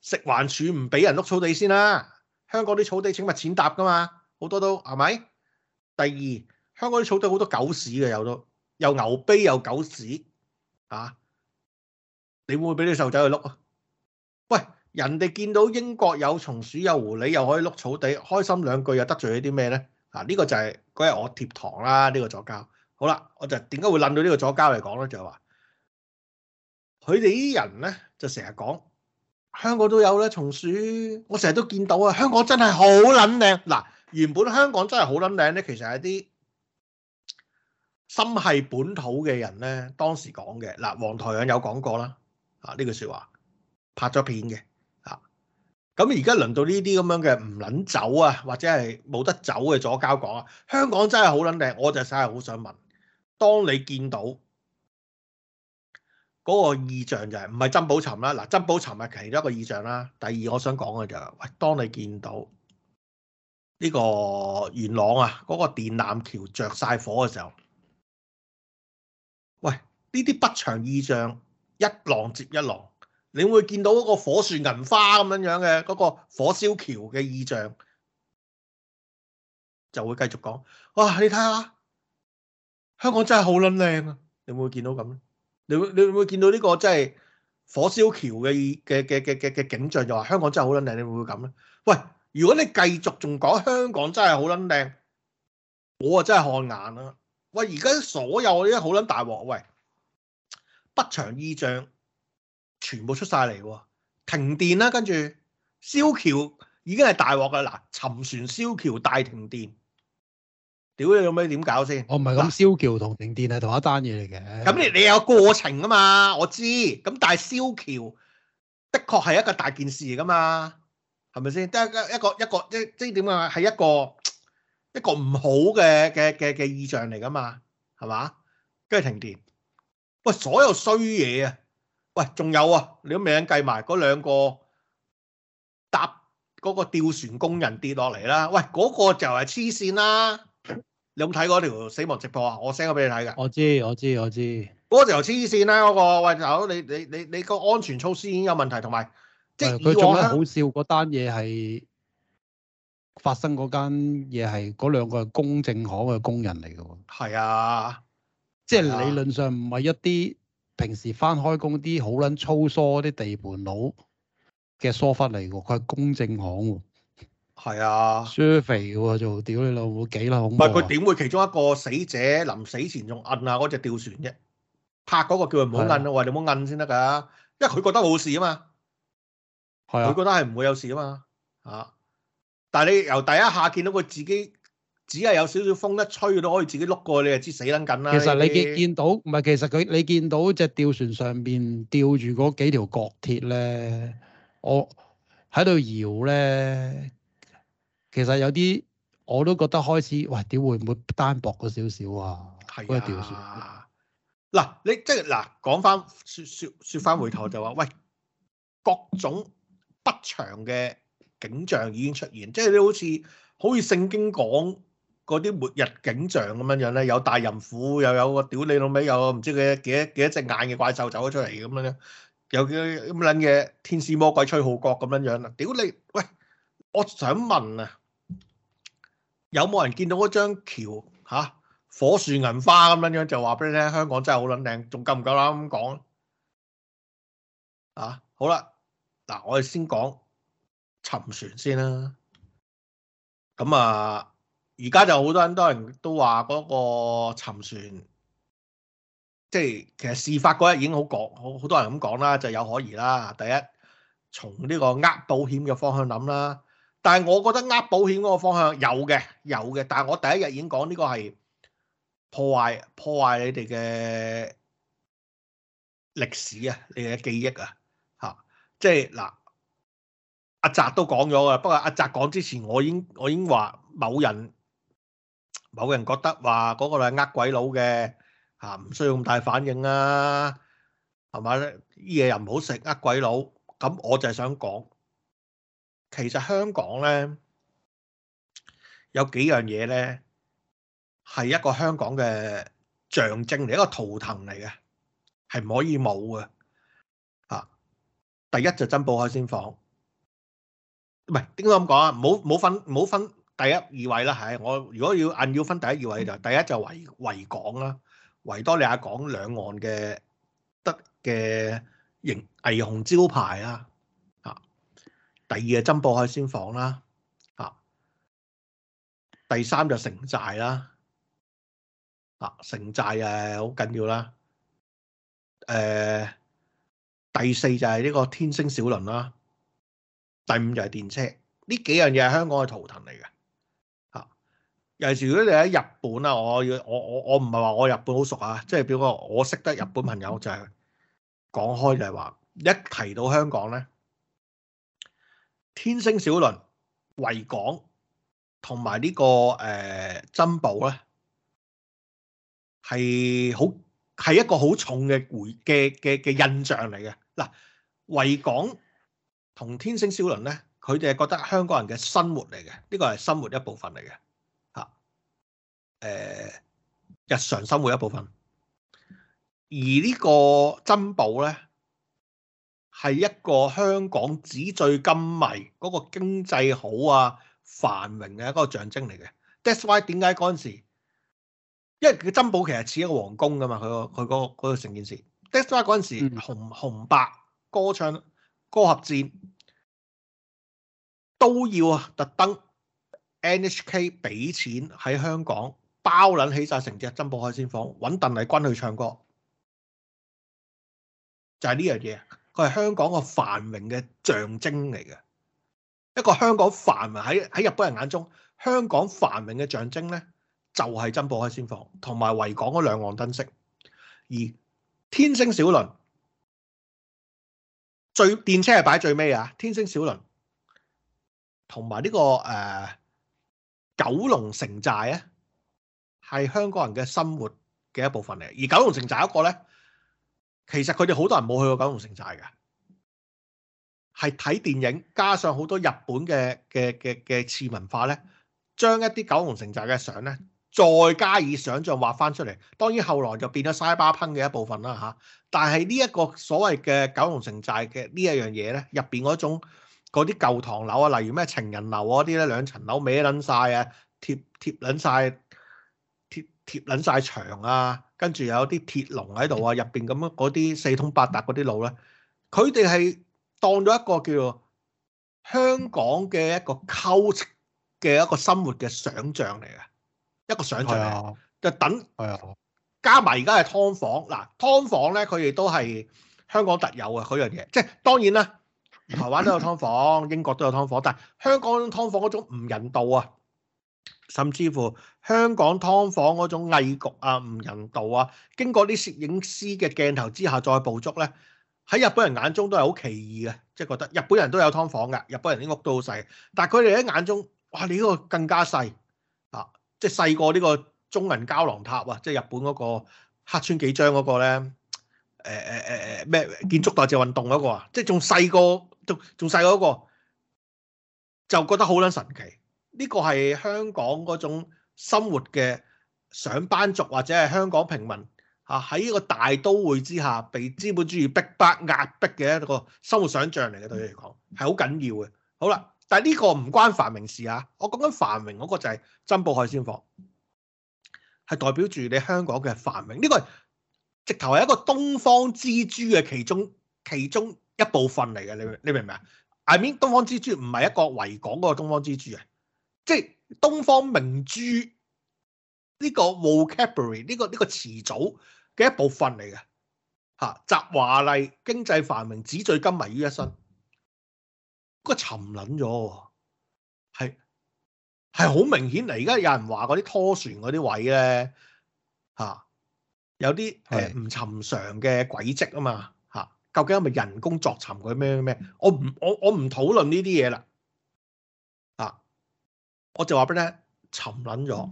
[SPEAKER 1] 食環署唔俾人碌草地先啦、啊。香港啲草地請勿踐踏噶嘛，好多都係咪？第二，香港啲草地好多狗屎嘅，有都又牛逼又狗屎啊！你會唔會俾啲細路仔去碌啊？喂，人哋見到英國有松鼠、有狐狸，又可以碌草地，開心兩句，又得罪咗啲咩咧？嗱，呢個就係嗰日我貼堂啦，呢個左膠。好啦，我就點解會諗到呢個左膠嚟講咧？就係話，佢哋啲人咧就成日講香港都有咧松鼠，我成日都見到啊，香港真係好撚靚。嗱，原本香港真係好撚靚咧，其實係啲心係本土嘅人咧，當時講嘅嗱，黃台仰有講過啦。啊！呢句説話拍咗片嘅，嚇、啊！咁而家輪到呢啲咁樣嘅唔撚走啊，或者係冇得走嘅左膠港啊，香港真係好撚靚。我就真係好想問，當你見到嗰個意象就係唔係珍寶沉啦？嗱、啊，珍寶沉係其中一個意象啦。第二我想講嘅就係、是，喂，當你見到呢個元朗啊嗰、那個電纜橋着晒火嘅時候，喂，呢啲不祥意象。一浪接一浪，你會見到嗰個火樹銀花咁樣樣嘅嗰個火燒橋嘅意象，就會繼續講，哇！你睇下，香港真係好撚靚啊！你會唔會見到咁？你會你會唔會見到呢個真係火燒橋嘅嘅嘅嘅嘅景象就，就話香港真係好撚靚，你會唔會咁咧？喂，如果你繼續仲講香港真係好撚靚，我啊真係汗顏啊！喂，而家所有啲好撚大鑊，喂！不祥意象全部出晒嚟喎，停電啦，跟住燒橋已經係大鑊啦！嗱，沉船、燒橋、大停電，屌你老味點搞先？我唔係咁，燒橋同停電係、啊、同一單嘢嚟嘅。咁你你有過程啊嘛？我知，咁但係燒橋的確係一個大件事噶嘛，係咪先？得一個一個一即係點啊？係一個一個唔好嘅嘅嘅嘅意象嚟噶嘛，係嘛？跟住停電。喂，所有衰嘢啊！喂，仲有啊，你都未肯計埋嗰兩個搭嗰，嗰個吊船工人跌落嚟啦。喂，嗰，嗰個就係黐線啦！你有冇睇嗰條死亡直播啊？我 send 咗俾你睇㗎。我知，我知，我知，啊。嗰條就黐線啦，嗰個喂大佬，你你你你個安全措施已經有問題，同埋即係佢仲好
[SPEAKER 2] 笑，嗰單嘢係發生嗰間嘢係嗰兩個公正行嘅工人嚟㗎喎。係啊。即係理論上唔係一啲平時返開工啲好撚粗疏啲地盤佬嘅疏忽嚟嘅，佢係公正行喎。
[SPEAKER 1] 係啊，
[SPEAKER 2] 輸肥喎就屌你老母幾啦，恐怖！唔係佢點
[SPEAKER 1] 會其中一個死者臨死前仲摁下嗰隻吊船啫？拍嗰個叫佢唔好摁啊！喂，你唔好摁先得㗎，因為佢覺得冇事啊嘛。係啊，佢覺得係唔會有事啊嘛。嚇、啊！但係你由第一下見到佢自己。只係有少少風一吹，都可以自己碌過，你就知死撚緊啦。其實你見見
[SPEAKER 2] 到，唔係其實佢你見到隻吊船上邊吊住嗰幾條角鐵咧，我喺度搖咧，其實有啲我都覺得開始，喂，點會唔會單薄咗少少啊？
[SPEAKER 1] 嗰個、啊、吊船嗱、啊，你即係嗱講翻，説説説翻回頭就話，喂，各種不祥嘅景象已經出現，即係你好似好似聖經講。嗰啲末日景象咁樣樣咧，有大淫婦，又有，有個屌你老尾，有唔知佢幾多幾多隻眼嘅怪獸走咗出嚟咁樣樣咧，有幾咁撚嘅天使魔鬼吹號角咁樣樣啦，屌你喂！我想問啊，有冇人見到嗰張橋吓、啊、火樹銀花咁樣樣？就話俾你聽，香港真係好撚靚，仲夠唔夠膽咁講啊？好啦，嗱，我哋先講沉船先啦，咁啊～而家就好多人都人都話嗰個沉船，即係其實事發嗰日已經好講，好好多人咁講啦，就有可疑啦。第一，從呢個呃保險嘅方向諗啦，但係我覺得呃保險嗰個方向有嘅，有嘅，但係我第一日已經講呢個係破壞破壞你哋嘅歷史啊，你哋嘅記憶啊，嚇！即係嗱，阿澤都講咗㗎，不過阿澤講之前我，我已經我已經話某人。某人覺得話嗰個係呃鬼佬嘅嚇，唔需要咁大反應啊，係咪咧？啲嘢又唔好食，呃鬼佬。咁我就係想講，其實香港咧有幾樣嘢咧係一個香港嘅象徵嚟，一個圖騰嚟嘅，係唔可以冇嘅嚇。第一就珍寶海鮮舫，唔係點解咁講啊？冇冇分冇分。第一、二位啦，係我如果要硬要分第一、二位就，第一就維維港啦，維多利亞港兩岸嘅德嘅形霓虹招牌啦。啊，第二就珍寶海鮮舫啦，啊，第三就城寨啦，啊，城寨誒好緊要啦，誒、啊，第四就係呢個天星小輪啦，啊，第五就係電車，呢幾樣嘢係香港嘅圖騰嚟嘅。尤其是如果你喺日本啦，我要我我我唔係話我日本好熟啊，即係點講？我識得日本朋友就係講開就係話，一提到香港咧，天星小輪、維港同埋呢個誒珍寶咧，係好係一個好重嘅回嘅嘅嘅印象嚟嘅。嗱，維港同天星小輪咧，佢哋係覺得香港人嘅生活嚟嘅，呢個係生活一部分嚟嘅。誒，日常生活一部分，而呢個珍寶咧係一個香港紙醉金迷嗰、那個經濟好啊繁榮嘅一個象徵嚟嘅。That’s why 點解嗰陣時，因為佢珍寶其實似一個皇宮噶嘛，佢、那個佢、那個個成件事。That’s why 嗰陣時紅紅白歌唱歌合戰都要啊，特登 NHK 俾錢喺香港。包撚起晒成隻珍寶海鮮舫，揾鄧麗君去唱歌，就係呢樣嘢。佢係香港個繁榮嘅象徵嚟嘅，一個香港繁榮喺喺日本人眼中，香港繁榮嘅象徵咧就係、是、珍寶海鮮舫同埋維港嗰兩岸燈飾，而天星小輪最電車係擺最尾啊！天星小輪同埋呢個誒、呃、九龍城寨啊！係香港人嘅生活嘅一部分嚟，而九龍城寨一個呢，其實佢哋好多人冇去過九龍城寨嘅，係睇電影加上好多日本嘅嘅嘅嘅次文化呢，將一啲九龍城寨嘅相呢，再加以想象畫翻出嚟。當然後來就變咗 Cyberpunk 嘅一部分啦嚇。但係呢一個所謂嘅九龍城寨嘅呢一樣嘢呢，入邊嗰種嗰啲舊唐樓啊，例如咩情人樓嗰啲呢，兩層樓歪撚晒啊，貼貼撚晒。貼撚晒牆啊，跟住有啲鐵籠喺度啊，入邊咁樣嗰啲四通八達嗰啲路咧，佢哋係當咗一個叫做香港嘅一個 culture 嘅一個生活嘅想像嚟嘅，一個想像嚟，是啊、就等是、啊、加埋而家係劏房嗱，劏房咧佢亦都係香港特有嘅嗰樣嘢，即係當然啦，台灣都有劏房， 英國都有劏房，但係香港劏房嗰種唔人道啊！甚至乎香港劏房嗰種偽局啊、唔人道啊，經過啲攝影師嘅鏡頭之下再捕捉咧，喺日本人眼中都係好奇異嘅，即係覺得日本人都有㓥房㗎，日本人啲屋都好細，但係佢哋喺眼中，哇！你呢個更加細啊，即係細過呢個中銀膠囊塔啊，即係日本嗰個黑川紀章嗰個咧，誒誒誒誒咩建築代謝運動嗰個啊，即係仲細過仲仲細過嗰個，就覺得好撚神奇。呢個係香港嗰種生活嘅上班族或者係香港平民嚇喺一個大都會之下被資本主義逼迫壓迫嘅一個生活想像嚟嘅，對佢嚟講係好緊要嘅。好啦，但係呢個唔關繁榮事啊！我講緊繁榮嗰個就係珍寶海鮮舫，係代表住你香港嘅繁榮。呢個直頭係一個東方之珠嘅其中其中一部分嚟嘅。你你明唔明啊？I mean，東方之珠唔係一個維港嗰個東方之珠啊。即係東方明珠呢個 vocabulary 呢、呢個呢、呢個詞組嘅一部分嚟嘅吓，集華麗，經濟繁榮，紙醉金迷於一身，嗰個沉撚咗，係係好明顯嚟。而家有人話嗰啲拖船嗰啲位咧吓、啊，有啲誒唔尋常嘅軌跡啊嘛吓，究竟係咪人工作沉佢咩咩咩？我唔我我唔討論呢啲嘢啦。我就話俾你聽，沉捻咗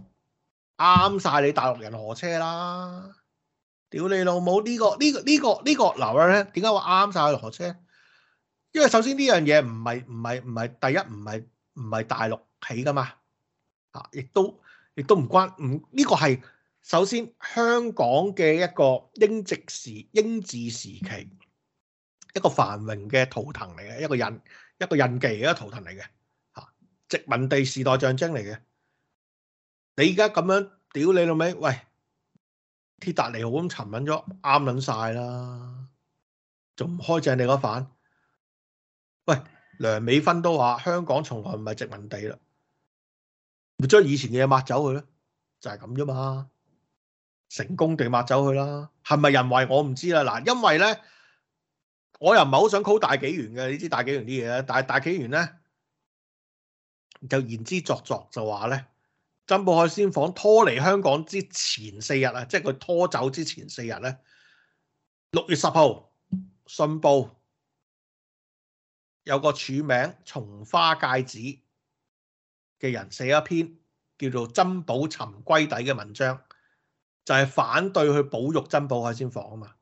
[SPEAKER 1] 啱晒你大陸人何車啦，屌你老母呢個呢個呢個呢個，嗱 w 點解話啱晒大陸河車？因為首先呢樣嘢唔係唔係唔係第一唔係唔係大陸起噶嘛吓，亦都亦都唔關唔呢、嗯這個係首先香港嘅一個英殖時英治時期一個繁榮嘅圖騰嚟嘅一個印一個印記一個圖騰嚟嘅。殖民地時代象徵嚟嘅，你而家咁樣屌你老味，喂，鐵達尼號咁沉穩咗，啱撚晒啦，仲唔開正你嗰反？喂，梁美芬都話香港從來唔係殖民地啦，咪將以前嘅嘢抹走佢咯，就係咁啫嘛，成功地抹走佢啦，係咪人為我唔知啦，嗱，因為咧，我又唔係好想 call 大紀元嘅，你知大紀元啲嘢，但係大紀元咧。就言之鑿鑿就話咧，珍寶海鮮舫拖離香港之前四日啊，即係佢拖走之前四日咧，六月十號信報有個署名從花戒指」嘅人寫一篇叫做《珍寶沉歸底》嘅文章，就係、是、反對去保育珍寶海鮮舫啊嘛，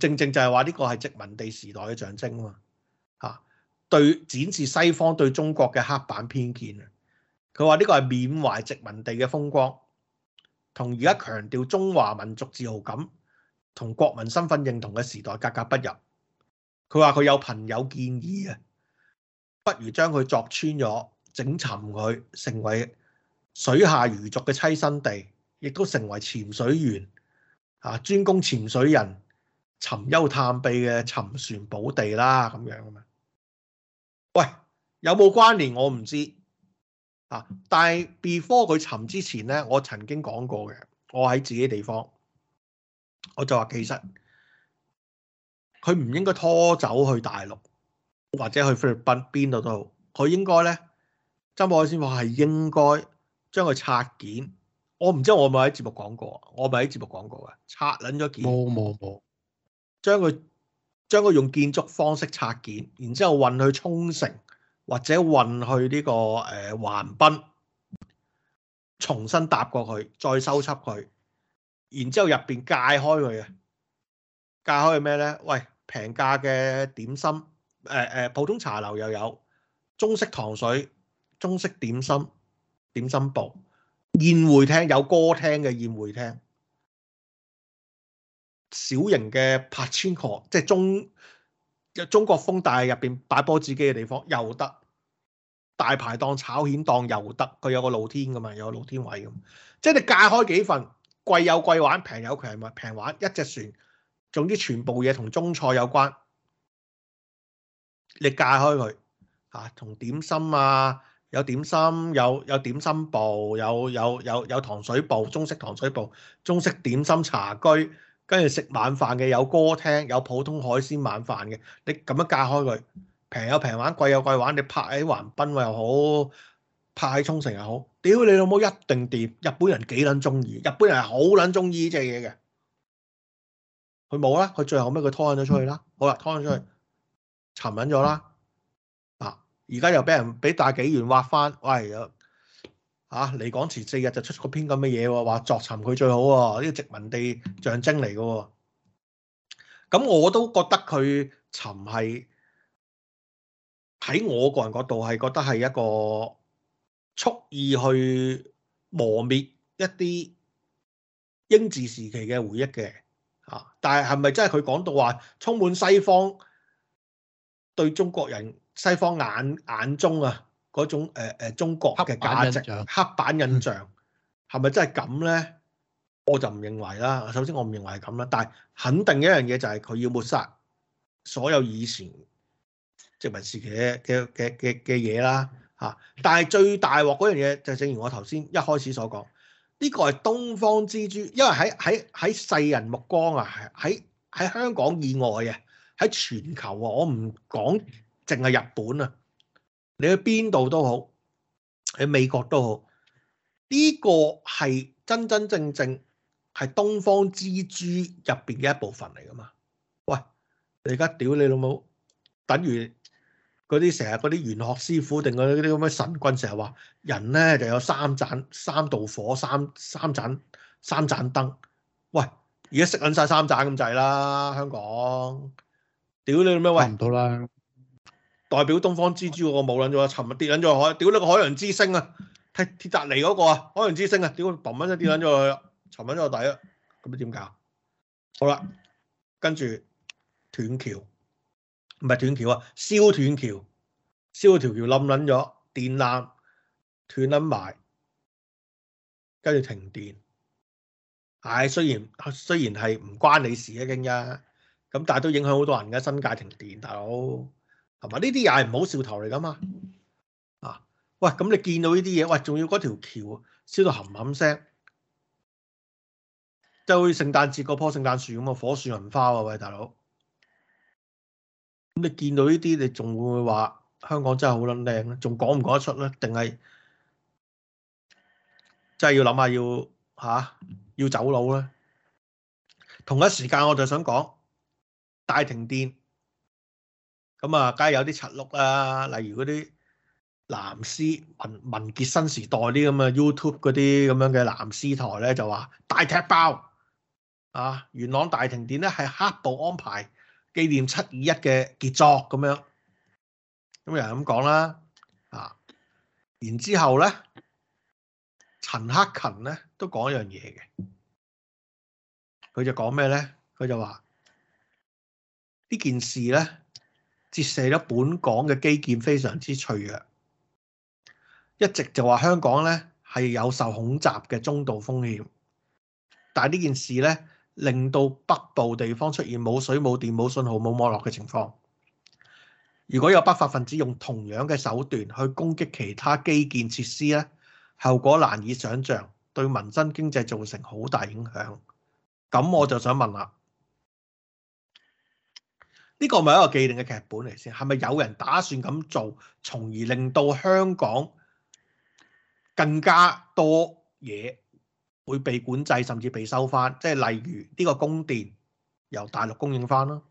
[SPEAKER 1] 正正就係話呢個係殖民地時代嘅象徵啊嘛，嚇。對展示西方對中國嘅刻板偏見啊！佢話呢個係緬懷殖民地嘅風光，同而家強調中華民族自豪感同國民身份認同嘅時代格格不入。佢話佢有朋友建議啊，不如將佢鑿穿咗，整沉佢，成為水下魚族嘅棲身地，亦都成為潛水員啊專攻潛水人尋幽探秘嘅沉船寶地啦咁樣。喂，有冇關聯我唔知啊，但係 before 佢沉之前咧，我曾經講過嘅，我喺自己地方，我就話其實佢唔應該拖走去大陸或者去菲律賓邊度都好，佢應該咧，珍寶先話係應該將佢拆件，我唔知我咪喺節目講過，我咪喺節目講過嘅，拆捻咗件，冇冇冇，將佢。將佢用建築方式拆建，然之後運去沖繩或者運去呢、這個誒橫濱，重新搭過去，再收葺佢，然之後入邊界開佢嘅，界開佢咩咧？喂，平價嘅點心，誒、呃、誒普通茶樓又有中式糖水、中式點心、點心部，宴會廳有歌廳嘅宴會廳。小型嘅柏千河，即係中中國風，但入邊擺波子機嘅地方又得，大排檔炒蜆檔又得，佢有個露天噶嘛，有個露天位咁，即係你隔開幾份，貴有貴玩，平有平玩，平玩一隻船，總之全部嘢同中菜有關，你隔開佢吓，同、啊、點心啊，有點心，有有點心部，有有有有，有，有糖水部，中式糖水部，中式點心茶居。跟住食晚飯嘅有歌廳，有普通海鮮晚飯嘅，你咁樣隔開佢，平有平玩，貴有貴玩。你拍喺橫濱又好，拍喺沖繩又好，屌你老母一定掂！日本人幾撚鍾意？日本人係好撚鍾意呢隻嘢嘅。佢冇啦，佢最後尾，佢拖咗出去啦。好啦，拖咗出去，沉撚咗啦。啊！而家又俾人俾大紀元挖翻，喂！啊，離港前四日就出個篇咁嘅嘢，話作沉佢最好喎。哦，呢個殖民地象徵嚟嘅喎。咁我都覺得佢沉，係喺我個人角度係覺得係一個蓄意去磨滅一啲英治時期嘅回憶嘅。啊，但係係咪真係佢講到話充滿西方對中國人西方眼眼中啊？嗰種誒、呃、中國嘅價值黑板印象係咪，嗯、真係咁咧？我就唔認為啦。首先我唔認為係咁啦，但係肯定一樣嘢就係佢要抹殺所有以前殖民時期嘅嘅嘅嘅嘢啦嚇、啊。但係最大鑊嗰樣嘢就正如我頭先一開始所講，呢個係東方之珠，因為喺喺喺世人目光啊，喺喺香港以外嘅喺全球啊，我唔講淨係日本啊。你去邊度都好，喺美國都好，呢個係真真正正係東方之珠入邊嘅一部分嚟噶嘛。喂，你而家屌你老母，等於嗰啲成日嗰啲玄學師傅定嗰啲咁嘅神棍成日話人咧，就有三盞三道火、三三盞三盞燈。喂，而家熄緊晒三盞咁滯啦，香港屌你老咩？喂，唔到啦。代表東方之珠個冇撚咗，尋日跌撚咗海，屌你個海洋之星啊！睇鐵達尼嗰個啊，海洋之星啊，屌，砰砰一跌撚咗落去，沉撚咗落底啊！咁你點搞？好啦，跟住斷橋，唔係斷橋啊，燒斷橋，燒條橋冧撚咗，電纜斷撚埋，跟住停電。唉、哎，雖然雖然係唔關你事啊，驚啫，咁但係都影響好多人嘅新界停電，大佬。係嘛？呢啲又係唔好笑頭嚟噶嘛？啊喂！咁你見到呢啲嘢，喂，仲要嗰條橋燒到冚冚聲，即係好似聖誕節棵聖誕樹咁啊，含含樹火樹銀花啊！喂，大佬，咁你見到呢啲，你仲會唔會話香港真係好撚靚咧？仲講唔講得出咧？定係真係要諗下要吓、啊、要走佬咧？同一時間，我就想講大停電。咁啊，梗係有啲柒碌啦，例如嗰啲藍絲文文傑新時代啲咁嘅 YouTube 嗰啲咁樣嘅藍絲台咧，就話大踢爆啊！元朗大停電咧係黑暴安排，紀念七二一嘅傑作咁樣。咁有人咁講啦啊！然之後咧，陳克勤咧都講一樣嘢嘅，佢就講咩咧？佢就話呢件事咧。折射咗本港嘅基建非常之脆弱，一直就話香港呢係有受恐襲嘅中度風險。但係呢件事呢，令到北部地方出現冇水、冇電、冇信號、冇網絡嘅情況。如果有不法分子用同樣嘅手段去攻擊其他基建設施呢，後果難以想象，對民生經濟造成好大影響。咁我就想問啦，啊。呢個咪一個既定嘅劇本嚟先，係咪有人打算咁做，從而令到香港更加多嘢會被管制，甚至被收翻？即係例如呢個供電由大陸供應翻啦，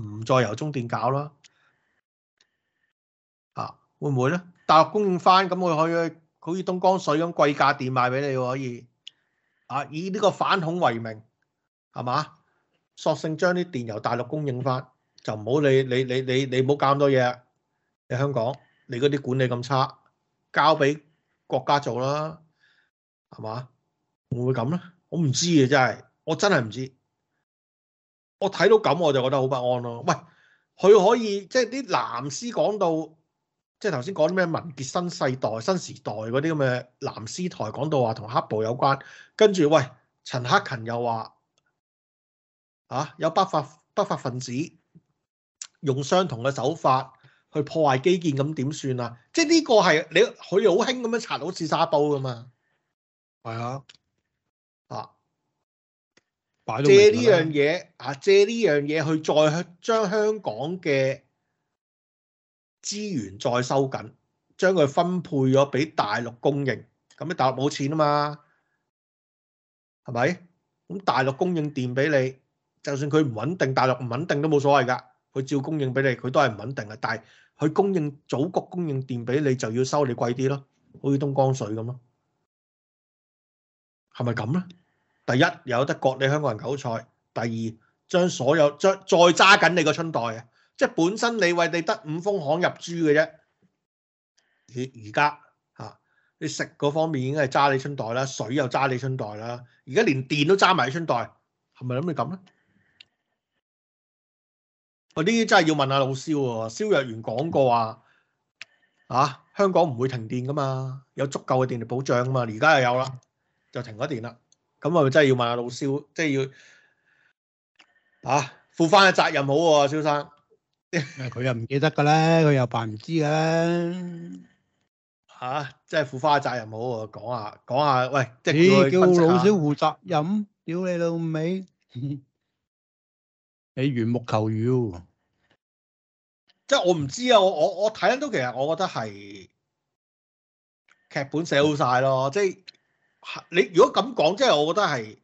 [SPEAKER 1] 唔再由中電搞啦。啊，會唔會咧？大陸供應翻咁，我可以好似東江水咁貴價電賣俾你可以。啊，以呢個反恐為名，係嘛？索性將啲電由大陸供應翻，就唔好你你你你你冇搞咁多嘢。你香港你嗰啲管理咁差，交俾國家做啦，係嘛？會唔會咁咧？我唔知啊，真係我真係唔知。我睇到咁我就覺得好不安咯。喂，佢可以即係啲藍絲講到，即係頭先講啲咩民傑新世代、新時代嗰啲咁嘅藍絲台講到話同黑暴有關，跟住喂陳克勤又話。啊！有不法不法分子用相同嘅手法去破壞基建，咁點算啊？即係呢個係你佢又好興咁樣擦到好似沙煲噶嘛？係啊！啊！借呢樣嘢啊！借呢樣嘢去再將香港嘅資源再收緊，將佢分配咗俾大陸供應。咁啲大陸冇錢啊嘛？係咪？咁大陸供應電俾你。就算佢唔穩定，大陸唔穩定都冇所謂噶，佢照供應俾你，佢都係唔穩定啊。但係佢供應祖國供應電俾你，就要收你貴啲咯，好似東江水咁咯，係咪咁咧？第一有得割你香港人韭菜，第二將所有將再再揸緊你個春袋嘅，即係本身你為你得五豐行入珠嘅啫，而家嚇你食嗰方面已經係揸你春袋啦，水又揸你春袋啦，而家連電都揸埋你春袋，係咪諗你咁咧？呢啲真係要問下老師喎，蕭若元講過話，啊香港唔會停電噶嘛，有足夠嘅電力保障噶嘛，而家又有啦，就停咗電啦，咁係咪真係要問下老蕭，即係要啊負翻嘅責任好喎、啊，蕭生，
[SPEAKER 2] 佢 又唔記得㗎咧，佢又扮唔知嘅
[SPEAKER 1] 咧、啊，嚇、啊，即係負翻嘅責任好喎，講下
[SPEAKER 2] 講下，喂，即係、欸、叫老蕭負責任，屌你老味。你緣、哎、木
[SPEAKER 1] 求魚喎，即係我唔知啊！我我我睇到，其實我覺得係劇本寫好晒咯，即係你如果咁講，即係我覺得係，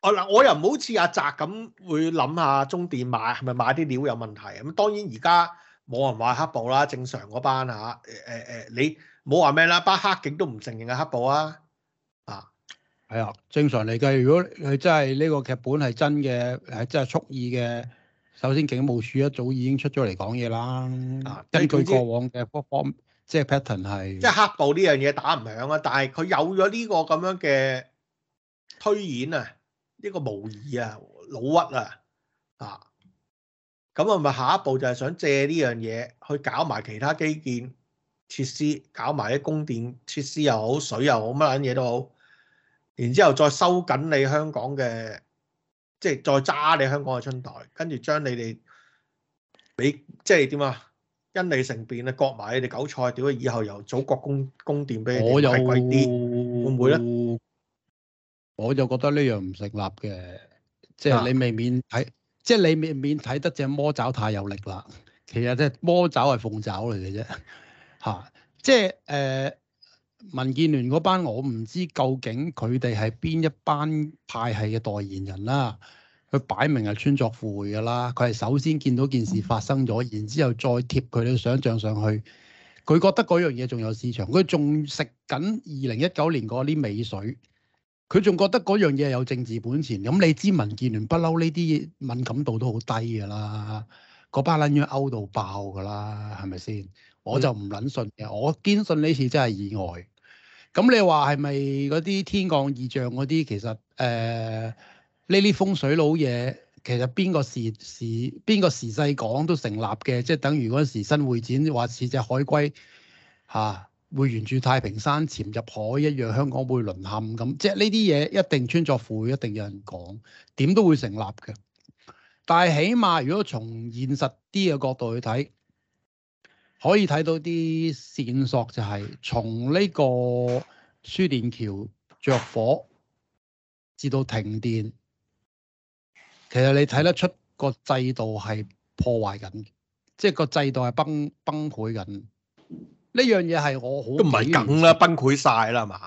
[SPEAKER 1] 我嗱我又唔好似阿澤咁會諗下中電買係咪買啲料有問題咁，當然而家冇人話黑暴啦，正常嗰班吓，誒、啊、誒、啊啊、你冇話咩啦，班黑警都唔承認嘅黑暴啊！係啊，
[SPEAKER 2] 正常嚟計，如果佢真係呢個劇本係真嘅，係真係蓄意嘅。首先，警務署一早已經出咗嚟講嘢啦。啊、根據過往嘅方即係 pattern 係，即
[SPEAKER 1] 係黑暴呢樣嘢打唔響啊！但係佢有咗呢個咁樣嘅推演啊，呢、呢個模擬啊，老屈啊啊！咁啊，咪下一步就係想借呢樣嘢去搞埋其他基建設施，搞埋啲供電設施又好，水又好，乜撚嘢都好。然之後再收緊你香港嘅，即係再揸你香港嘅春袋，跟住將你哋俾即係點啊？因利成便啊，割埋你哋韭菜，屌啊？以後由祖國供供電俾你哋，貴啲又會唔會咧？
[SPEAKER 2] 我就覺得呢樣唔成立嘅，即係你未免睇，啊、即係你未免睇得隻魔爪太有力啦。其實即係魔爪係鳳爪嚟嘅啫，嚇、啊！即係誒。呃民建聯嗰班，我唔知究竟佢哋係邊一班派系嘅代言人啦。佢擺明係穿鑿附會㗎啦。佢係首先見到件事發生咗，然之後再貼佢哋想象上去。佢覺得嗰樣嘢仲有市場，佢仲食緊二零一九年嗰啲美水，佢仲覺得嗰樣嘢有政治本錢。咁你知民建聯不嬲呢啲敏感度都好低㗎啦，嗰班撚樣勾到爆㗎啦，係咪先？我就唔撚信嘅，我堅信呢次真係意外。咁、嗯、你話係咪嗰啲天降異象嗰啲？其實誒呢啲風水佬嘢，其實邊個時時邊個時勢講都成立嘅，即係等於嗰陣時新會展話似隻海龜嚇、啊、會沿住太平山潛入海一樣，香港會淪陷咁。即係呢啲嘢一定穿鑿附會，一定有人講，點都會成立嘅。但係起碼如果從現實啲嘅角度去睇。可以睇到啲線索，就係從呢個輸電橋着火至到停電，其實你睇得出個制度係破壞緊，即係個制度係崩崩潰緊。呢樣嘢係我好都唔係
[SPEAKER 1] 梗啦，崩潰晒啦嘛！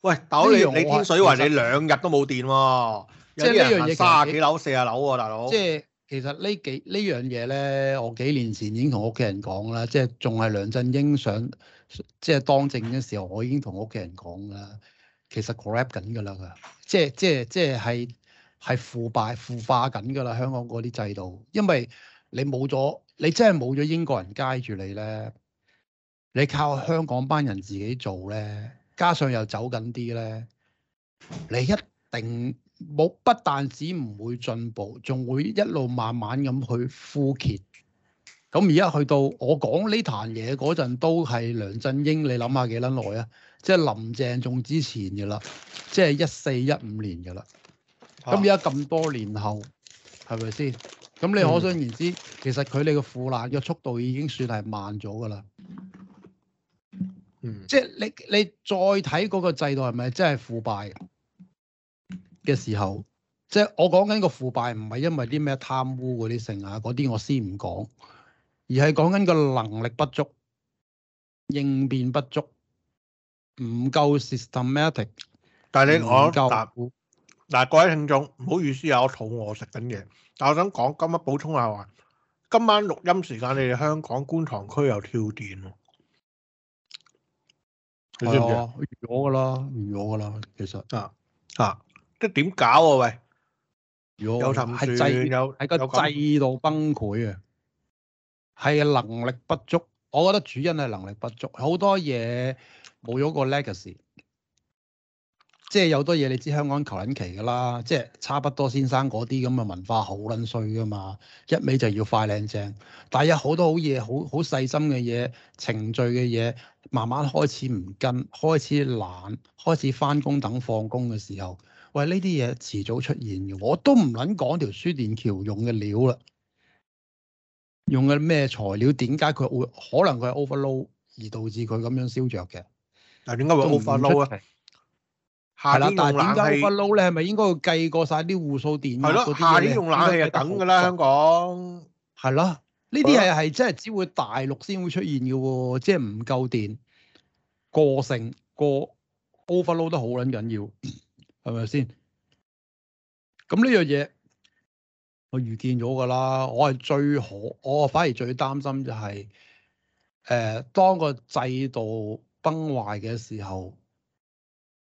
[SPEAKER 2] 喂，大佬這個 你你天水話圍你
[SPEAKER 1] 兩日都冇電喎、啊，即係呢樣嘢三十幾樓四十樓喎，大佬。即係其實幾
[SPEAKER 2] 呢幾呢樣嘢咧，我幾年前已經同屋企人講啦，即係仲係梁振英想即係當政嘅時候，我已經同屋企人講啦，其實 grab 緊㗎啦，佢即係即係即係係腐敗腐化緊㗎啦，香港嗰啲制度，因為你冇咗你真係冇咗英國人街住你咧，你靠香港班人自己做咧，加上又走緊啲咧，你一定。冇不但止唔會進步，仲會一路慢慢咁去枯竭。咁而家去到我講呢壇嘢嗰陣，都係梁振英。你諗下幾撚耐啊？即係林鄭仲之前嘅啦，即係一四一五年嘅啦。咁而家咁多年後，係咪先？咁你可想而知，嗯、其實佢哋嘅腐爛嘅速度已經算係慢咗㗎啦。嗯，即係你你再睇嗰個制度係咪真係腐敗？嘅時候，即係我講緊個腐敗，唔係因為啲咩貪污嗰啲成啊，嗰啲我先唔講，而係講緊個能力不足、應變不足、唔夠 systematic
[SPEAKER 1] 夠。但係你我嗱，各位聽眾唔好意思啊，我肚餓食緊嘢，但我想講今日補充下話，今晚錄音時間你哋香港觀塘區又跳電喎，係啊，你知唔知啊？預咗㗎啦，預咗㗎啦，其實啊啊。啊即點搞啊？喂，
[SPEAKER 2] 有沉住，係又個制度崩潰啊，係能力不足。我覺得主因係能力不足，好多嘢冇咗個 legacy，即係有多嘢你知香港求撚其㗎啦，即係差不多先生嗰啲咁嘅文化好撚衰㗎嘛。一味就要快、靚、正，但係有好多好嘢，好好細心嘅嘢、程序嘅嘢，慢慢開始唔跟，開始懶，開始返工等放工嘅時候。喂，呢啲嘢遲早出現嘅，我都唔撚講條輸電橋用嘅料啦，用嘅咩材料？點解佢會？可能佢係 overload 而導致佢咁樣燒着嘅？但點解會 overload
[SPEAKER 1] 啊？係啦的，但係點解 overload
[SPEAKER 2] 咧？係咪應該要計過晒啲戶數電？係咯，夏天用冷氣係等㗎啦，多香港係咯，呢啲係係真係只會大陸先會出現嘅喎，即係唔夠電個性過剩過 overload 都好撚緊,緊要。係咪先？咁呢樣嘢我預見咗噶啦，我係最可，我反而最擔心就係，誒、呃，當個制度崩壞嘅時候，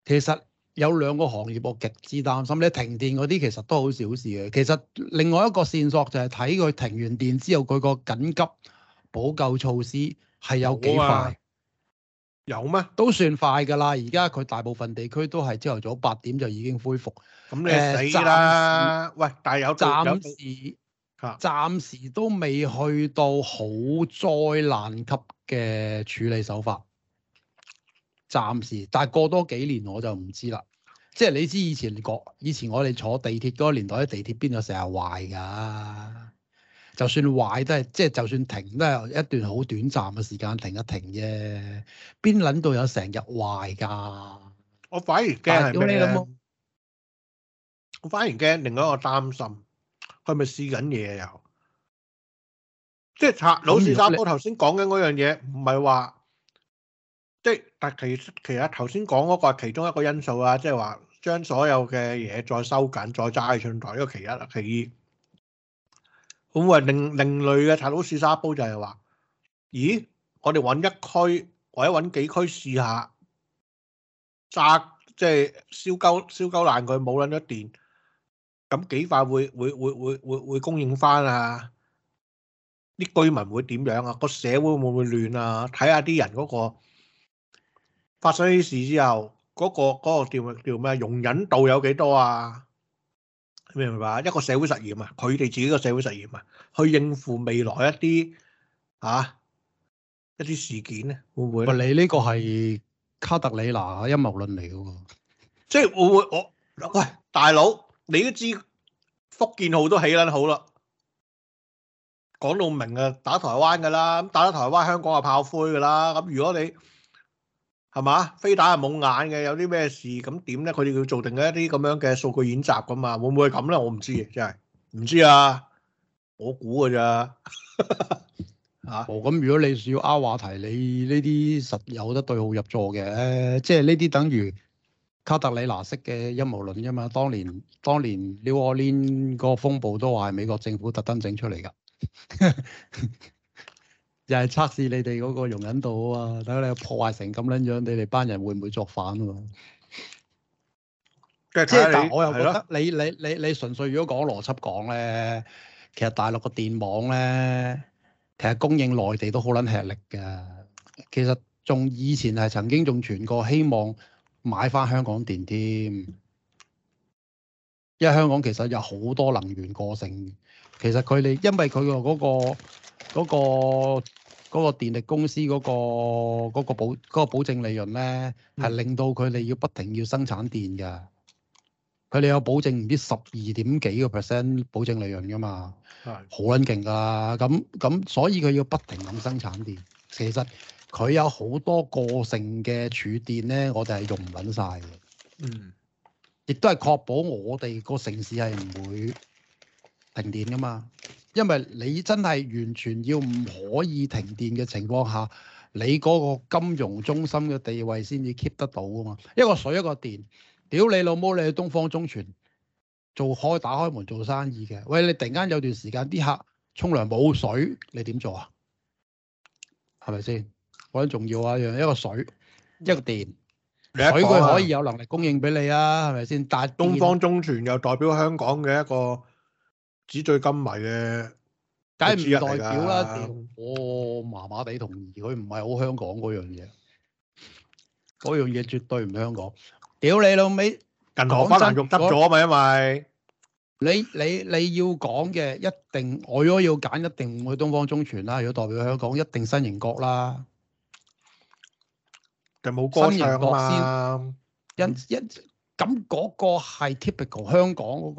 [SPEAKER 2] 其實有兩個行業我極之擔心咧。你停電嗰啲其實都好小事嘅，其實另外一個線索就係睇佢停完電之後佢個緊急補救措施係有幾快。有咩都算快噶啦！而家佢大部分地區都係朝頭早八點就已經恢復，咁你死啦。呃、喂，但係有暫時有暫時都未去到好災難級嘅處理手法，暫時。但係過多幾年我就唔知啦。即係你知以前講，以前我哋坐地鐵嗰個年代，地鐵邊度成日壞噶、啊。就算壞都係，即係就算停都係一段好短暫嘅時間停一停啫。
[SPEAKER 1] 邊諗到有成日壞噶？我反而驚係咪咧？我反而驚，另外一個擔心，佢係咪試緊嘢，又？即係查老師，三哥頭先講緊嗰樣嘢，唔係話即係，但其實其實頭先講嗰個係其中一個因素啊，即係話將所有嘅嘢再收緊，再揸上台，因個其一其二。會唔會係另另類嘅？睇到試沙煲就係話：咦，我哋揾一區或者揾幾區試下，炸即係燒鳩燒鳩爛佢，冇撚咗電，咁幾快會會會會會供應翻啊？啲居民會點樣啊？個社會會唔會亂啊？睇下啲人嗰個發生啲事之後，嗰個嗰個叫叫咩容忍度有幾多啊？明唔明白？一個社會實驗啊，佢哋自己個社會實驗啊，去應付未來一啲啊一啲事件咧，會唔會？唔係你呢個係卡特里娜陰謀論嚟嘅喎，即係會唔會？我喂大佬，你都知福建號都起撚好啦，講到明啊，打台灣㗎啦，咁打咗台灣，香港係炮灰㗎啦，咁如果你？係嘛？飛打係冇眼嘅，有啲咩事咁點咧？佢哋要做定一啲咁樣嘅數據演習噶嘛？會唔會咁咧？我唔知，真係唔知啊！我估嘅咋嚇？哦，咁如果你要拗話題，你呢啲
[SPEAKER 2] 實有得對號入座嘅、呃，即係呢啲等於卡特里娜式嘅陰謀論啫嘛。當年當年 New Orleans 個風暴都話係美國政府特登整出嚟㗎。 又係測試你哋嗰個容忍度啊！睇下你破壞成咁樣樣，你哋班人會唔會作反啊？即係實我又覺得，你的你你你純粹如果講邏輯講咧，其實大陸個電網咧，其實供應內地都好撚吃力嘅。其實仲以前係曾經仲傳過希望買翻香港電添，因為香港其實有好多能源過剩。其實佢哋因為佢個嗰個。嗰個嗰個電力公司嗰個嗰個保嗰個保證利潤咧，係令到佢哋要不停要生產電㗎。佢哋有保證唔知十二點幾個 percent 保證利潤㗎嘛，係好撚勁㗎。咁咁所以佢要不停咁生產電。其實佢有好多個性嘅儲電咧，我哋係用唔揾晒嘅。嗯，亦都係確保我哋個城市係唔會停電㗎嘛。因為你真係完全要唔可以停電嘅情況下，你嗰個金融中心嘅地位先至 keep 得到㗎嘛！一個水一個電，屌 你老母，你去東方中傳做開打開門做生意嘅，喂你突然間有段時間啲客沖涼冇水，你點做啊？係咪先？我覺得重要啊，
[SPEAKER 1] 樣一個水一個電，
[SPEAKER 2] 水佢可以有
[SPEAKER 1] 能力供應俾你啊，係咪先？但東方中傳又代表香港嘅一個。紙醉金迷嘅，梗係唔代表啦。
[SPEAKER 2] 我麻麻地同意，佢唔係好香港嗰樣嘢，嗰樣嘢絕對唔係香港。屌你老味，銀行可能用得咗啊嘛，因為你你你要講嘅一定，我如果要揀，一定去東方中傳啦。如果代表香港，一定新型國啦。
[SPEAKER 1] 就冇歌唱嘛。
[SPEAKER 2] 咁嗰個係 typical 香港嗰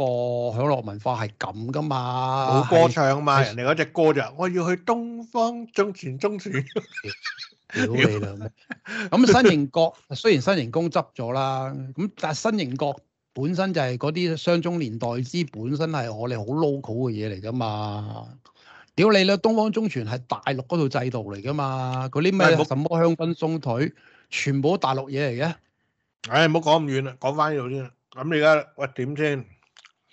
[SPEAKER 2] 個享樂文化係咁噶嘛？好歌唱嘛，是人
[SPEAKER 1] 哋嗰隻歌就是、我要去東方中傳中傳，屌你兩！
[SPEAKER 2] 咁 新型國雖然新型公執咗啦，咁但係新型國本身就係嗰啲雙中年代之本身係我哋好 local 嘅嘢嚟噶嘛？屌你啦，東方中傳係大陸嗰套制度嚟噶嘛？嗰啲咩什麼香檳
[SPEAKER 1] 鬆腿，全部大陸嘢嚟嘅。唉，唔好講咁遠啦，講翻呢度先啦。咁你而家喂點先？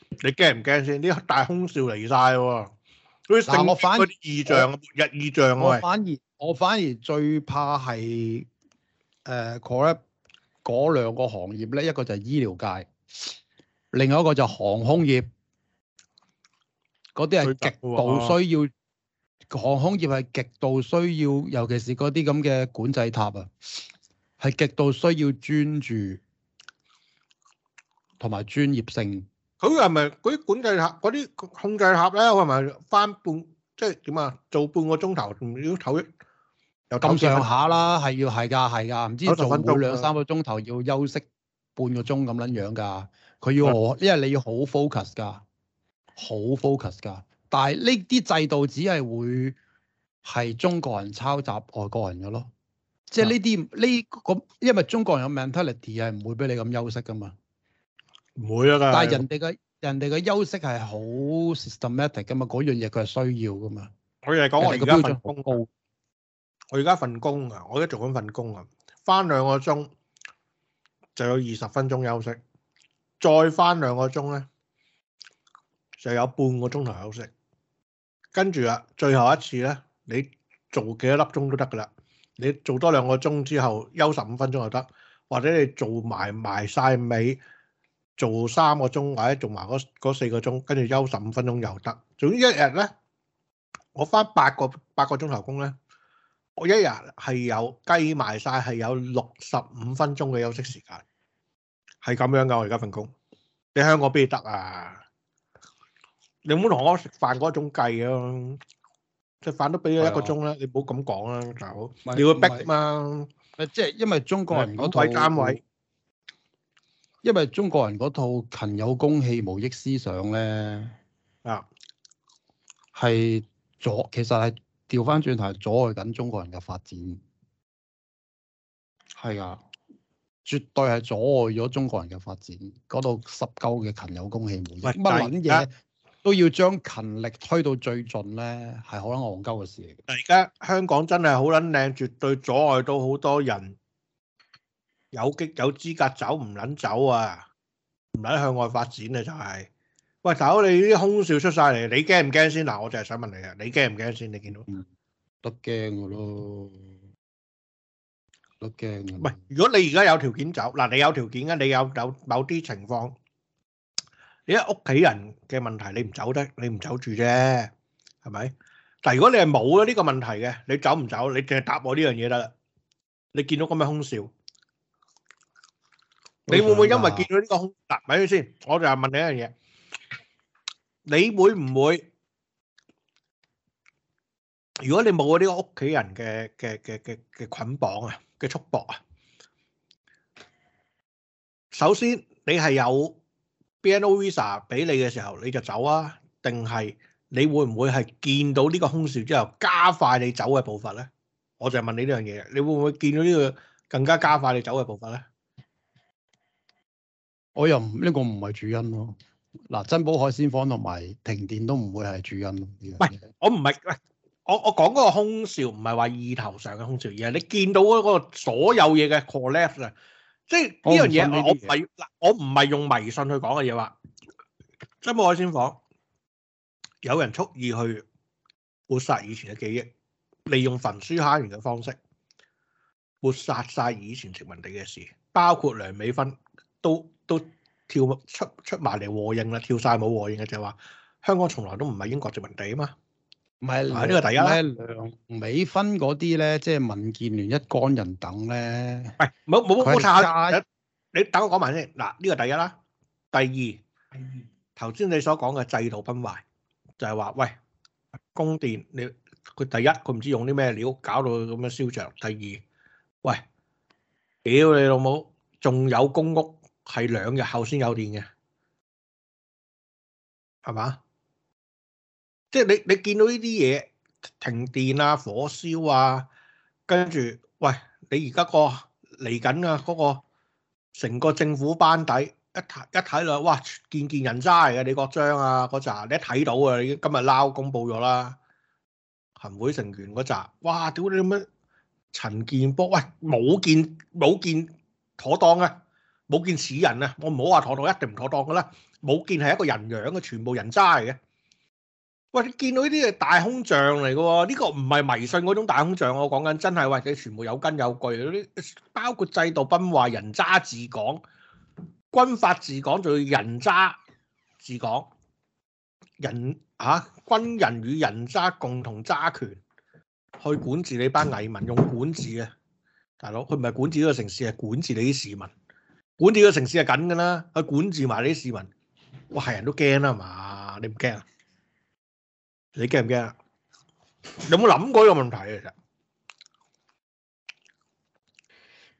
[SPEAKER 1] 你驚唔驚先？呢啲大空少嚟晒喎，嗰啲正嗰啲異象啊，末日異象啊。我反
[SPEAKER 2] 而我反而最怕係誒嗰一嗰兩個行業咧，一個就係醫療界，另外一個就係航空業。嗰啲係極度需要，啊、航空業係極度需要，尤其是嗰啲咁嘅管制塔啊。係極度需要專注同
[SPEAKER 1] 埋專業性。佢係咪嗰啲管制盒、嗰啲控制盒咧？佢係咪翻半即係點啊？做半個鐘頭仲要唞，一，
[SPEAKER 2] 又咁上下
[SPEAKER 1] 啦，係要
[SPEAKER 2] 係㗎，係㗎。唔知做每兩三個鐘頭要休息半個鐘咁樣樣㗎。佢要我，因為你要好 focus 㗎，好 focus 㗎。但係呢啲制度只係會係中國人抄襲外國人嘅咯。即係呢啲呢個，因為中國人有 mentality 係唔會俾你咁休息噶嘛，
[SPEAKER 1] 唔會啊！但係人哋
[SPEAKER 2] 嘅人哋嘅休息係好 systematic 噶嘛，嗰樣嘢佢係需
[SPEAKER 1] 要噶嘛。我哋講我而家份工，我而家份工啊，我而家做緊份工啊，返兩個鐘就有二十分鐘休息，再返兩個鐘咧就有半個鐘頭休息，跟住啊，最後一次咧，你做幾多粒鐘都得㗎啦。你做多兩個鐘之後，休十五分鐘又得，或者你做埋埋曬尾，做三個鐘，或者做埋嗰嗰四個鐘，跟住休十五分鐘又得。總之一日咧，我翻八個八個鐘頭工咧，我一日係有計埋曬，係有六十五分鐘嘅休息時間，係咁樣噶。我而家份工，你香港邊得啊？你唔好同我食飯嗰種計呀～食飯都俾咗一個鐘啦，的你唔好咁講啦，大佬。是你要逼是嘛？
[SPEAKER 2] 即係因為中國人嗰套位單位，
[SPEAKER 1] 因為中國人嗰套
[SPEAKER 2] 勤有功戲無益思想咧，啊，係阻，其實係調返轉頭係阻礙緊中國人嘅發展。係啊的，絕對係阻礙咗中國人嘅發展。嗰度濕鳩嘅勤有功戲無益，乜嘢？都要將勤力推到最盡咧，係可能戇鳩嘅事
[SPEAKER 1] 嚟。但係而家香港真係好捻靚，絕對阻礙到好多人有激有資格走唔捻走啊，唔捻向外發展啊，就係。喂，大佬，你呢啲空少出晒嚟，你驚唔驚先？嗱，我就係想問你啊，你驚唔驚先？你見到？都驚嘅咯，都驚嘅。喂，如果你而家有條件走嗱，你有條件啊，你有有某啲情況。一屋企人嘅問題，你唔走得，你唔走住啫，係咪？但係如果你係冇咗呢個問題嘅，你走唔走？你淨係答我呢樣嘢得啦。你見到咁樣空少，你會唔會因為見到呢個空？嗱，咪住先，我就係問你一樣嘢，你會唔會？如果你冇咗呢個屋企人嘅嘅嘅嘅嘅捆綁啊，嘅束縛啊，首先你係有。BNO visa 俾你嘅時候，你就走啊？定係你會唔會係見到呢個凶兆之後加快你走嘅步伐咧？我就問你呢樣嘢，你會唔會見到呢個更加加快你走嘅步伐咧？我又唔，呢、呢個
[SPEAKER 2] 唔係主因咯。嗱，珍寶海鮮坊同埋停電都唔會係主因。唔，
[SPEAKER 1] 我唔係，我我講嗰個凶兆唔係話意頭上嘅凶兆，而係你見到嗰個所有嘢嘅 collapse 啊！即係呢樣嘢，我唔係嗱，我唔係用迷信去講嘅嘢話。深海先講，有人蓄意去抹殺以前嘅記憶，利用焚書坑儒嘅方式抹殺晒以前殖民地嘅事，包括梁美芬都都跳出出埋嚟和應啦，跳晒冇和應嘅就係話香港從來都唔係英國殖民地啊嘛。唔係，嗱呢個第一啦。
[SPEAKER 2] 梁
[SPEAKER 1] 美芬嗰啲咧，即係民建聯一干人等咧。喂，冇冇冇拆下？你等我講埋先。嗱，呢個第一啦。第二，頭先你所講嘅制度崩壞，就係話，喂，供電你佢第一，佢唔知用啲咩料搞到咁樣燒著。第二，喂，屌你老母，仲有公屋係兩日後先有電嘅，係嘛？即係你，你見到呢啲嘢，停電啊，火燒啊，跟住，喂，你而家個嚟緊啊，嗰個成個政府班底一睇一睇落，哇，見見人渣嚟嘅，李國章啊嗰扎，你一睇到啊，你今日撈公布咗啦，行會成員嗰扎，哇，屌你做乜？陳健波，喂，冇見冇見，見妥當啊，冇見屎人啊，我唔好話妥當，一定唔妥當噶啦，冇見係一個人樣嘅，全部人渣嚟嘅。喂，你見到呢啲係大空象嚟噶？呢、這個唔係迷信嗰種大空象，我講緊真係。喂，你全部有根有據，啲包括制度崩壞、人渣治港、軍法治港，仲要人渣治港。人吓、啊，軍人與人渣共同揸權去管治你班蟻民，用管治啊，大佬，佢唔係管治呢個城市，係管治你啲市民。管治個城市係緊噶啦，去管治埋你啲市民。哇，係人都驚啦，係嘛？你唔驚啊？你驚唔驚？有冇諗過呢個問題其實？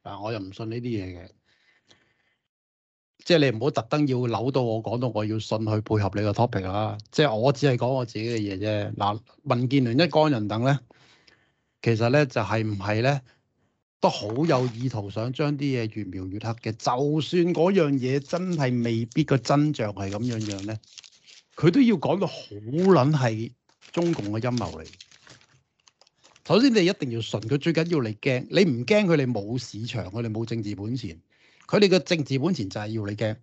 [SPEAKER 2] 嗱，我又唔信呢啲嘢嘅，即係你唔好特登要扭到我講到我要信去配合你個 topic 啦。即係我只係講我自己嘅嘢啫。嗱，民建聯一干人等咧，其實咧就係唔係咧，都好有意圖想將啲嘢越描越黑嘅。就算嗰樣嘢真係未必個真相係咁樣樣咧，佢都要講到好撚係。中共嘅陰謀嚟。首先，你一定要信佢，最緊要你驚，你唔驚佢哋冇市場，佢哋冇政治本錢。佢哋嘅政治本錢就係要你驚。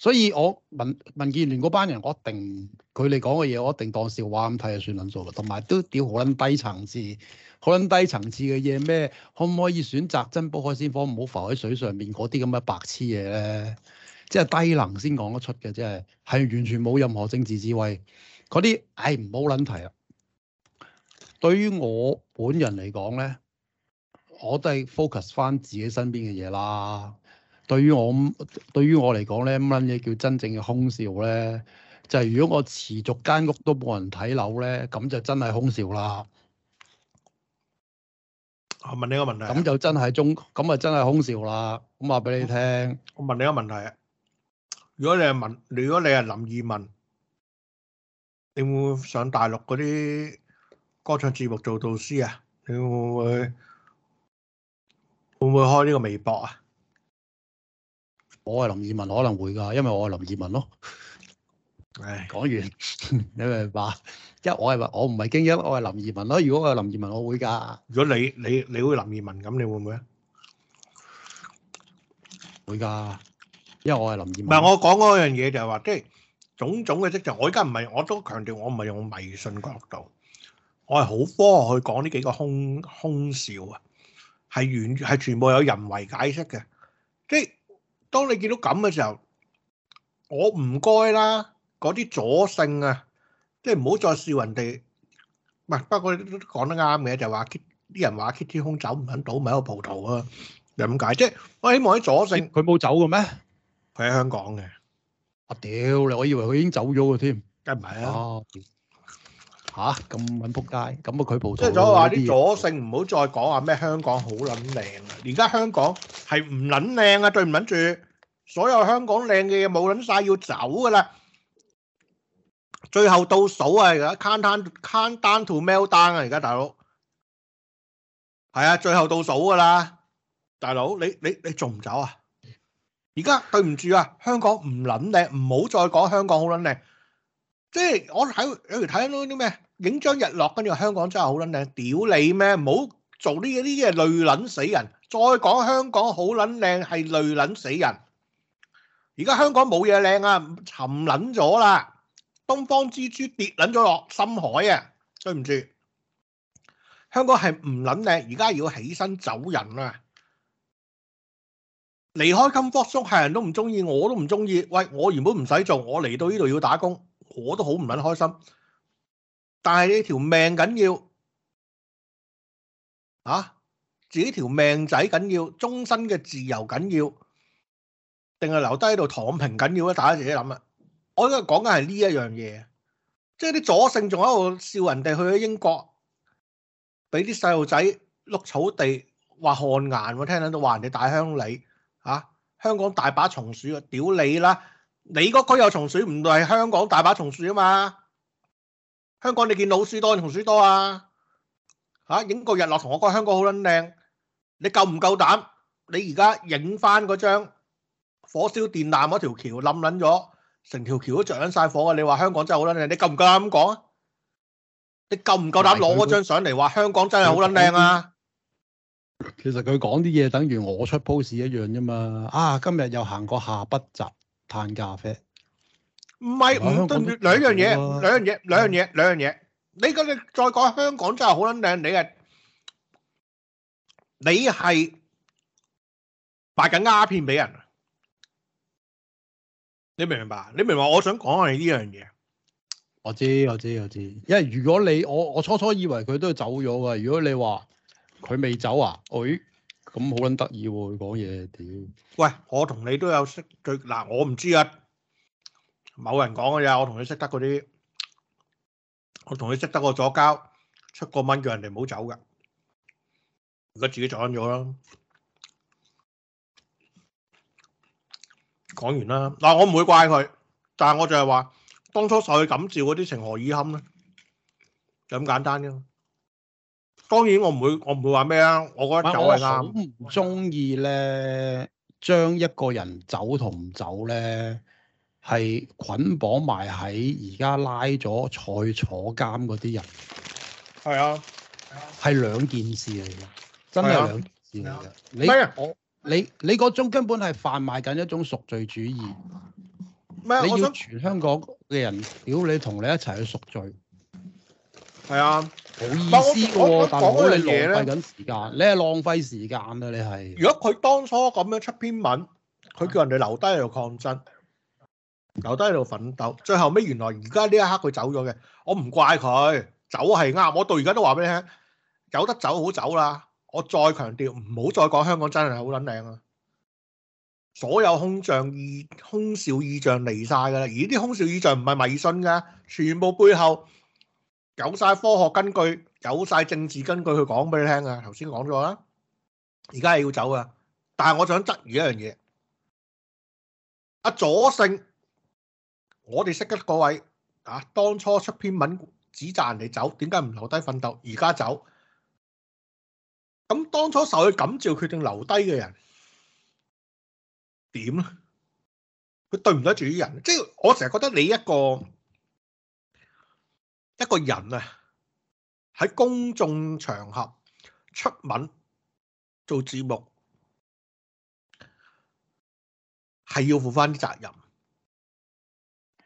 [SPEAKER 2] 所以我民民建聯嗰班人，我一定佢哋講嘅嘢，我一定當笑話咁睇就算撚數啦。同埋都屌好撚低層次，好撚低層次嘅嘢咩？可唔可以選擇珍寶海鮮坊，唔好浮喺水上面嗰啲咁嘅白痴嘢咧？即係低能先講得出嘅，即係係完全冇任何政治智慧。嗰啲，唉，唔好撚提啦。對於我本人嚟講咧，我都係 focus 翻自己身邊嘅嘢啦。對於我，對於我嚟講咧，乜嘢叫真正嘅凶兆咧？就係、是、如果我持續間屋都冇人睇樓咧，咁就真係凶兆啦。
[SPEAKER 1] 我問你個問題。咁就真係中，咁啊真係凶兆啦。咁話俾你聽。我問你個問題啊。如果你係民，如果你係林二汶。你會唔會上大陸嗰啲歌唱節目做導師啊？你會唔會，會唔會開呢個微博啊？我係林二汶可能會㗎，因為我係
[SPEAKER 2] 林二汶咯。唉，講完你咪話，因為我係我唔係經英，我係林二汶咯。如果我係林二汶，我會㗎。如果你你你會林二
[SPEAKER 1] 汶咁，你會唔會啊？會㗎，因為我係林二汶。唔係我講嗰樣嘢就係話即係。種種嘅跡象，我依家唔係我都強調，我唔係用迷信角度，我係好科學去講呢幾個空空少啊，係完係全部有人為解釋嘅。即係當你見到咁嘅時候，我唔該啦，嗰啲左性啊，即係唔好再笑人哋。唔係不過講得啱嘅就話啲人話 Kitty 空走唔肯倒咪一個葡萄啊？又點解？即係我希望喺左性佢冇走嘅咩？佢喺香港嘅。我屌你！我以為佢已經走咗嘅添，梗唔係啊！
[SPEAKER 2] 嚇咁揾仆街，咁啊佢蒲咗。即係所以話啲左
[SPEAKER 1] 性唔好再講話，咩香港好撚靚啊！而家香港係唔撚靚啊！對唔撚住，所有香港靚嘅嘢冇撚曬要走噶啦！最後倒數啊！而家 count down count down to meltdown 啊！而家大佬，係啊，最後倒數噶啦，大佬你你你仲唔走啊？而家對唔住啊，香港唔撚靚，唔好再講香港好撚靚。即係我睇有睇到啲咩影張日落，跟住香港真係好撚靚，屌你咩？唔好做呢啲嘢累撚死人。再講香港好撚靚係累撚死人。而家香港冇嘢靚啊，沉撚咗啦。東方之珠跌撚咗落深海啊！對唔住，香港係唔撚靚，而家要起身走人啊。離開 comfort zone，係人都唔中意，我都唔中意。喂，我原本唔使做，我嚟到呢度要打工，我都好唔撚開心。但係你條命緊要啊！自己條命仔緊要，終身嘅自由緊要，定係留低喺度躺平緊要咧？大家自己諗啊！我今日講緊係呢一樣嘢，即係啲左性仲喺度笑人哋去咗英國，俾啲細路仔碌草地話汗顏，我聽到話人哋大鄉里。吓，香港大把松鼠啊，屌你啦！你嗰區有松鼠，唔係香港大把松鼠啊嘛。香港你見老鼠多定松鼠多啊？吓，影個日落同我講香港好撚靚，你夠唔夠膽？你而家影翻嗰張火燒電纜嗰條橋冧撚咗，成條橋都着緊晒火嘅，你話香港真係好撚靚，你夠唔夠膽咁講啊？你夠唔夠膽攞嗰張相嚟話香港真係好撚靚啊？
[SPEAKER 2] 其實佢講啲嘢等於我出 pose 一樣啫嘛。啊，今日又行過下北集嘆咖啡，
[SPEAKER 1] 唔係是，唔等於兩樣嘢，不兩樣嘢，兩樣嘢，啊、兩樣嘢。你咁你再講香港真係好捻靚，你係你係擺緊鴉片俾人？你明唔明白？你明唔明白？我想講係呢樣嘢。
[SPEAKER 2] 我知，我知，我知。因為如果你我我初，初初以為佢都走咗噶。如果你話。佢未走啊？
[SPEAKER 1] 誒，咁好撚得意喎！佢講嘢，屌！喂，我同你都有識佢嗱，我唔知啊。某人講嘅咋，我同佢識得嗰啲，我同佢識得個左膠，出個文叫人哋唔好走㗎。而家自己走咗啦，講完啦嗱，我唔會怪佢，但係我就係話，當初受佢感召嗰啲，情何以堪咧？就咁簡單嘅。當然我唔會，我唔會話咩啊！我覺得走係啱。我
[SPEAKER 2] 好唔中意咧，將一個人走同唔走咧，係捆綁埋喺而家拉咗菜坐監嗰啲人。
[SPEAKER 1] 係啊，係
[SPEAKER 2] 啊。係兩件事嚟嘅，
[SPEAKER 1] 真係兩件事嚟嘅。你我你
[SPEAKER 2] 你嗰種根本係販賣緊一種贖罪主義。
[SPEAKER 1] 咩、啊？我想你要
[SPEAKER 2] 全香港嘅人屌你，同你一齊去贖罪。
[SPEAKER 1] 係啊。冇意思嘅喎，但係我講嘅嘢咧，你係浪費時間啊！你係。如果佢當初咁樣出篇文，佢叫人哋留低喺度抗爭，嗯、留低喺度奮鬥，最後尾原來而家呢一刻佢走咗嘅，我唔怪佢，走係啱。我到而家都話俾你聽，有得走好走啦。我再強調，唔好再講香港真係好撚靚啊！所有凶兆意、凶兆意象嚟晒㗎啦，而啲凶兆意象唔係迷信㗎，全部背後。有晒科學根據，有晒政治根據去，佢講俾你聽啊！頭先講咗啦，而家係要走啊！但係我就想質疑一樣嘢，阿左勝，我哋識得嗰位啊，當初出篇文指責人哋走，點解唔留低奮鬥？而家走，咁當初受佢感召決定留低嘅人點咧？佢對唔對住啲人，即係我成日覺得你一個。一個人啊，喺公眾場合出文做節目，係要負翻啲責任，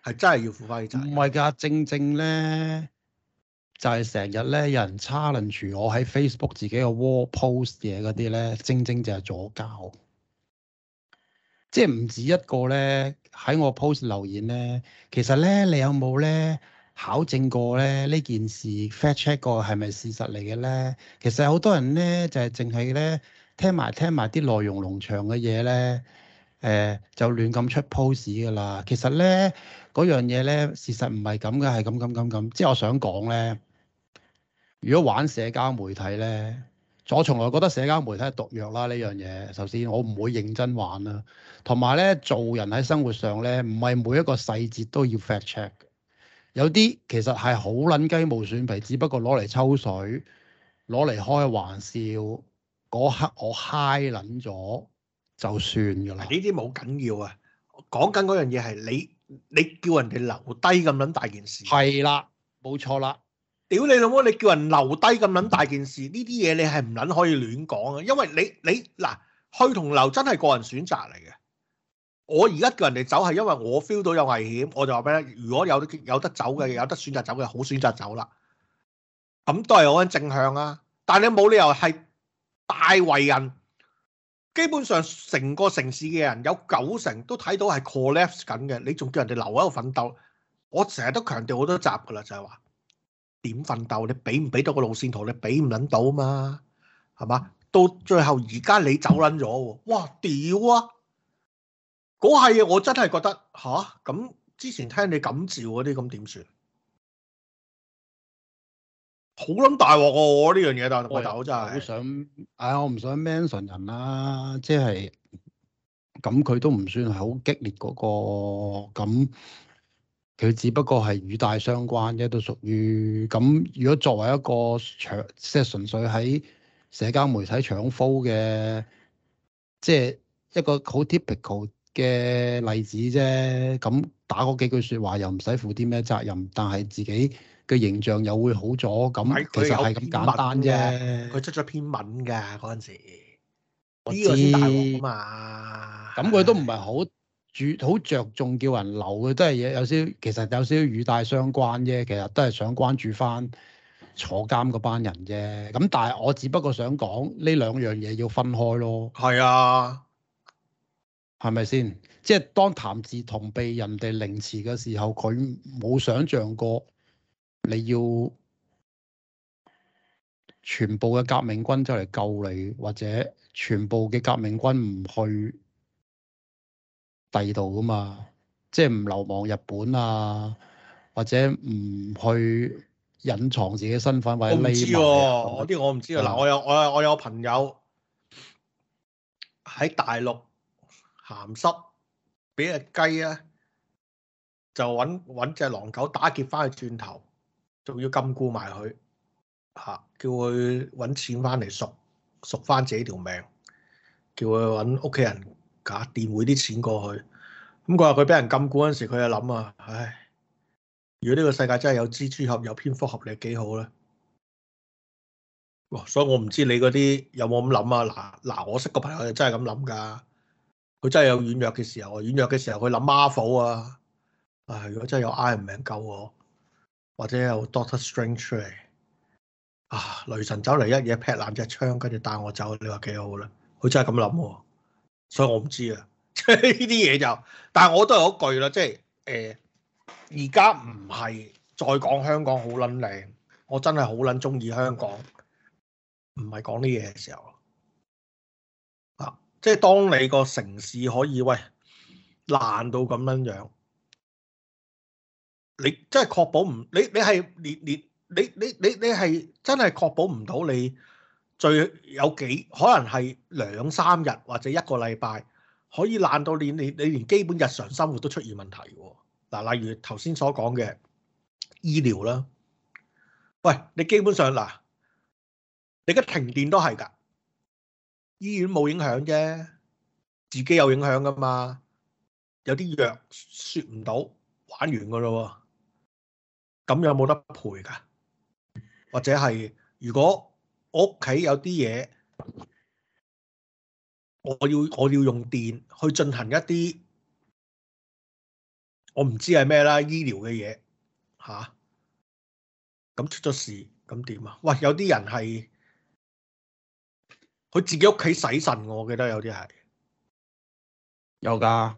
[SPEAKER 1] 係真係要負翻啲責任。唔係㗎，正正咧
[SPEAKER 2] 就係成日咧有人 challenge 住我喺 Facebook 自己嘅 wall post 嘢嗰啲咧，正正就係左膠，即係唔止一個咧喺我 post 留言咧，其實咧你有冇咧？考證過咧，呢件事 fact check 過係咪事實嚟嘅咧？其實好多人咧就係淨係咧聽埋聽埋啲內容農場嘅嘢咧，誒、呃、就亂咁出 post 㗎啦。其實咧嗰樣嘢咧事實唔係咁嘅，係咁咁咁咁。即係我想講咧，如果玩社交媒體咧，我從來覺得社交媒體係毒藥啦呢樣嘢。首先我唔會認真玩啦，同埋咧做人喺生活上咧，唔係每一個細節都要 fact check。有啲其實係好撚雞毛蒜皮，只不過攞嚟抽水、攞嚟開玩笑，嗰
[SPEAKER 1] 刻我嗨撚咗就算㗎啦。呢啲冇緊要啊，講緊嗰樣嘢係你你叫人哋留低咁撚大件事。係啦，冇錯啦，屌你老母！你叫人留低咁撚大件事，呢啲嘢你係唔撚可以亂講啊，因為你你嗱，去同留真係個人選擇嚟嘅。我而家叫人哋走係因為我 feel 到有危險，我就話咩咧？如果有有得走嘅，有得選擇走嘅，好選擇走啦。咁都係我嘅正向啊！但係你冇理由係大圍人，基本上成個城市嘅人有九成都睇到係 collapse 緊嘅，你仲叫人哋留喺度奮鬥？我成日都強調好多集噶啦，就係話點奮鬥？你俾唔俾到個路綫圖？你俾唔捻到啊嘛？係嘛？到最後而家你走捻咗，哇屌啊！嗰係我真係覺得吓，咁之前聽你咁照嗰啲，咁點算？好撚大鑊喎呢樣嘢，但係我大佬真係好想，唉是、哎，我唔
[SPEAKER 2] 想 mention 人啦，即係咁佢都唔算係好激烈嗰個，咁佢只不過係語帶相關嘅，都屬於咁。如果作為一個搶即係純粹喺社交媒體搶 fo 嘅，即係一個好 typical 嘅例子啫，咁打嗰幾句説話又唔使負啲咩責任，但係自己嘅形象又會好咗，咁其實係咁簡單啫。
[SPEAKER 1] 佢出咗篇文㗎嗰陣時，
[SPEAKER 2] 呢個先大鑊啊嘛。咁佢都唔係好注，好着重叫人留嘅，都係有少，其實有少少語帶相關啫。其實都係想關注翻坐監嗰班人啫。咁但係我只不過想講呢兩樣嘢要分開咯。係啊。係咪先？即係當譚嗣同被人哋凌遲嘅時候，佢冇想象過你要全部嘅革命軍就嚟救你，或者全部嘅革命軍唔去第二度噶嘛？即係唔流亡日本啊，或者唔去隱藏自己身份或者匿埋。我唔知喎，嗰
[SPEAKER 1] 啲我唔知啊。嗱、啊啊吧，我有我有我有朋友喺大陸。咸濕俾隻雞啊，就揾揾隻狼狗打劫翻去轉頭，仲要禁錮埋佢吓，叫佢揾錢翻嚟贖贖翻自己條命，叫佢揾屋企人搞掂匯啲錢過去。咁佢話佢俾人禁錮嗰陣時，佢就諗啊，唉，如果呢個世界真係有蜘蛛俠、有蝙蝠俠，你幾好咧？哇！所以我唔知你嗰啲有冇咁諗啊？嗱嗱，我識個朋友就真係咁諗噶。佢真係有軟弱嘅時候，我軟弱嘅時候佢諗 Marvel 啊！啊，如果真係有 Iron Man 救我，或者有 Doctor Strange 出嚟，啊，雷神走嚟一嘢劈爛隻窗，跟住帶我走，你話幾好啦？佢真係咁諗喎，所以我唔知啊。即係呢啲嘢就，但係我都係嗰句啦，即係誒，而家唔係再講香港好撚靚，我真係好撚鍾意香港，唔係講呢嘢嘅時候。即係當你個城市可以喂爛到咁樣樣，你即係確保唔你你係連連你你你你係真係確保唔到你最有幾可能係兩三日或者一個禮拜可以爛到你你你連基本日常生活都出現問題，嗱、哦，例如頭先所講嘅醫療啦，喂你基本上嗱你而家停電都係㗎。醫院冇影響啫，自己有影響噶嘛？有啲藥説唔到，玩完噶咯喎，咁有冇得賠噶？或者係如果屋企有啲嘢，我要我要用電去進行一啲我唔知係咩啦，醫療嘅嘢吓？咁出咗事咁點啊？喂，有啲人係。佢自己屋企洗腎，我記得有啲係有噶。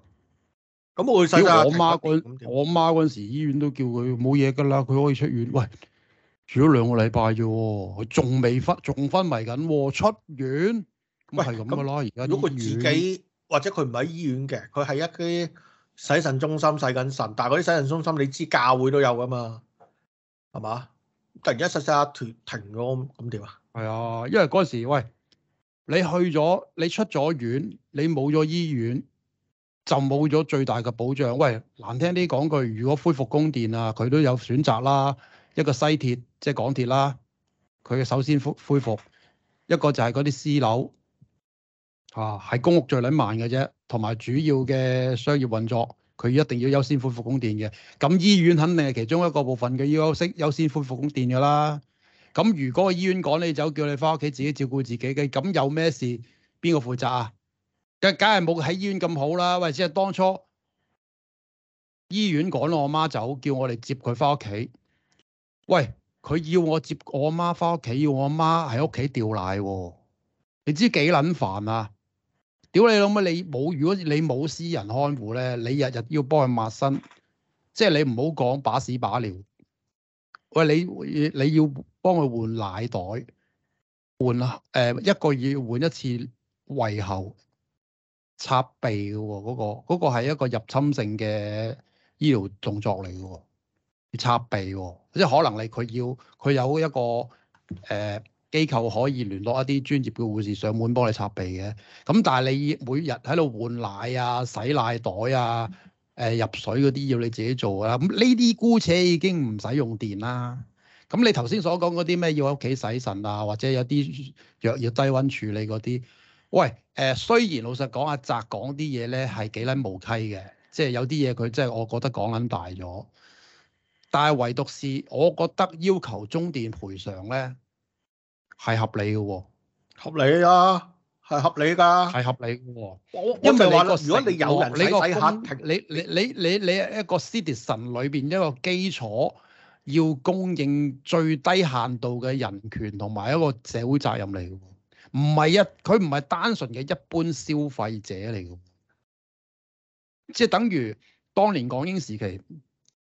[SPEAKER 1] 咁我去洗啊！我媽嗰
[SPEAKER 2] 我媽嗰陣時，醫院都叫佢冇嘢噶啦，佢可以出院。喂，住咗兩個禮拜啫喎，仲未分仲昏迷緊，出院。
[SPEAKER 1] 喂，係咁啊！而家如果佢自己或者佢唔喺醫院嘅，佢係一啲洗腎中心洗緊腎，但係嗰啲洗腎中心你知教會都有噶嘛，係嘛？突然間霎霎斷停咗，咁點啊？係啊，因為嗰陣時喂。你
[SPEAKER 2] 去咗，你出咗院，你冇咗醫院，就冇咗最大嘅保障。喂，難聽啲講句，如果恢復供電啊，佢都有選擇啦。一個西鐵，即係港鐵啦，佢首先復恢復；一個就係嗰啲私樓啊，係公屋最捻慢嘅啫。同埋主要嘅商業運作，佢一定要優先恢復供電嘅。咁醫院肯定係其中一個部分嘅，要優優先恢復供電嘅啦。咁如果個醫院趕你走，叫你翻屋企自己照顧自己嘅，咁有咩事？邊個負責啊？梗係冇喺醫院咁好啦。喂，即係當初醫院趕我媽走，叫我哋接佢翻屋企。喂，佢要我接我媽翻屋企，要我媽喺屋企吊奶喎、啊。你知幾撚煩啊？屌你老母！你冇，如果你冇私人看護咧，你日日要幫佢抹身，即係你唔好講把屎把尿。喂，你你要，幫佢換奶袋，換誒、呃、一個月換一次胃喉插鼻嘅喎，嗰、嗰個、嗰個係一個入侵性嘅醫療動作嚟嘅喎，要插鼻喎，即係可能你佢要佢有一個誒、呃、機構可以聯絡一啲專業嘅護士上門幫你插鼻嘅，咁但係你每日喺度換奶啊、洗奶袋啊、誒、呃、入水嗰啲要你自己做啦，咁呢啲姑且已經唔使用，用電啦。咁、嗯、你頭先所講嗰啲咩要喺屋企洗腎啊，或者有啲藥要低溫處理嗰啲，喂誒、呃，雖然老實講，阿澤講啲嘢咧係幾撚無稽嘅，即係有啲嘢佢即係我覺得講撚大咗，但係唯獨是，我覺得要求中電賠償咧係合理嘅喎、啊，合理啊，
[SPEAKER 1] 係合理㗎、啊，係合理嘅喎、啊。我因為話
[SPEAKER 2] 如果你有人洗洗客，你公你你你你一個 citizen 裏邊一個基礎。你你要供應最低限度嘅人權同埋一個社會責任嚟嘅，唔係一，佢唔係單純嘅一般消費者嚟嘅，即係等於當年港英時期，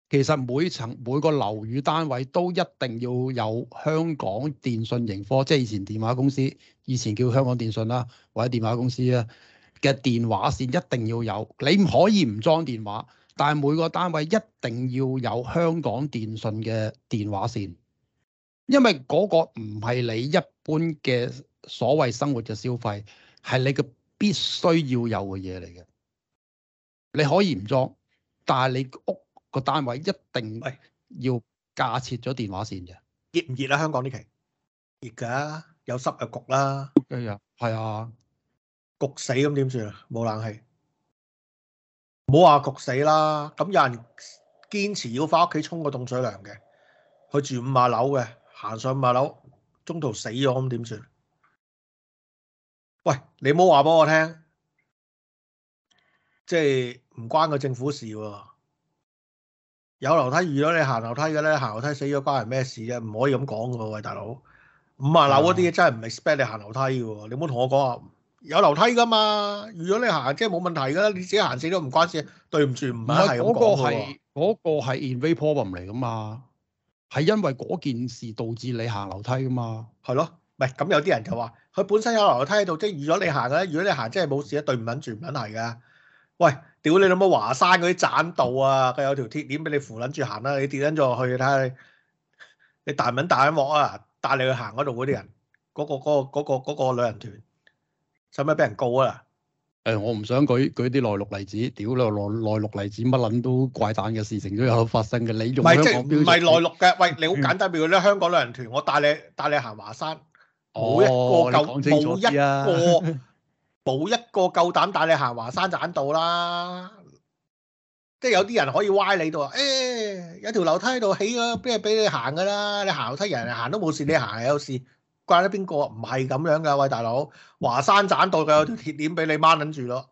[SPEAKER 2] 其實每層每個樓宇單位都一定要有香港電訊盈科，即係以前電話公司，以前叫香港電訊啦，或者電話公司啊嘅電話線一定要有，你唔可以唔裝電話。但係每個單位一定要有香港電信嘅電話線，因為嗰個唔係你一般嘅所謂生活嘅消費，係你嘅必須要有嘅嘢嚟嘅。你可以唔裝，但係你屋個單位一定要架設咗電話線嘅。
[SPEAKER 1] 熱唔熱啊？香港呢期熱噶，有濕又焗啦。係、哎、呀，係啊，焗死咁點算啊？冇冷氣。唔好話焗死啦，咁有人堅持要翻屋企沖個凍水涼嘅，去住五馬樓嘅，行上五馬樓，中途死咗咁點算？喂，你唔好話俾我聽，即係唔關個政府的事喎。有樓梯遇到你行樓梯嘅咧，行樓梯死咗關人咩事啫？唔可以咁講噶，喂大佬，五馬樓嗰啲嘢真係唔 expect 你行樓梯噶，你唔好同我講啊！有樓梯噶嘛？如果你行，即係冇問題噶啦。你自己行死都唔關事。對唔住，唔揀係咁講嘅。嗰個係嗰、那個係 i n v a problem 嚟噶嘛？係因為嗰件事導致你行樓梯噶嘛？係 咯，唔、嗯、咁有啲人就話佢本身有樓梯喺度，即係預咗你行嘅咧。如果你行，即係冇事啊。對唔緊住唔揀係噶。喂，屌你老母華山嗰啲棧道啊！佢有條鐵鏈俾你扶撚住行啦，你跌緊咗落去睇下你，你大揾大鑊啊！帶你去行嗰度嗰啲人，嗰、那個嗰、那個嗰、那個嗰、那個那個那個那個、旅行團。使咪俾人告啊？誒，我唔想舉舉啲內陸例子，屌你個內內陸例子，
[SPEAKER 2] 乜撚都怪誕嘅事情都有發生嘅。你用香港標準，唔係內陸
[SPEAKER 1] 嘅。喂，你好簡單譬如咧，香港旅行團，我帶你帶你行華山，冇一個
[SPEAKER 2] 夠，冇一
[SPEAKER 1] 個冇一個夠膽帶你行華山棧道啦。即係有啲人可以歪你度話，誒，有條樓梯喺度起啊，邊係俾你行噶啦？你行樓梯人行都冇事，你行有事。怪得邊個啊？唔係咁樣噶，喂，大佬華山棧道有條鐵鏈俾你掹撚住咯。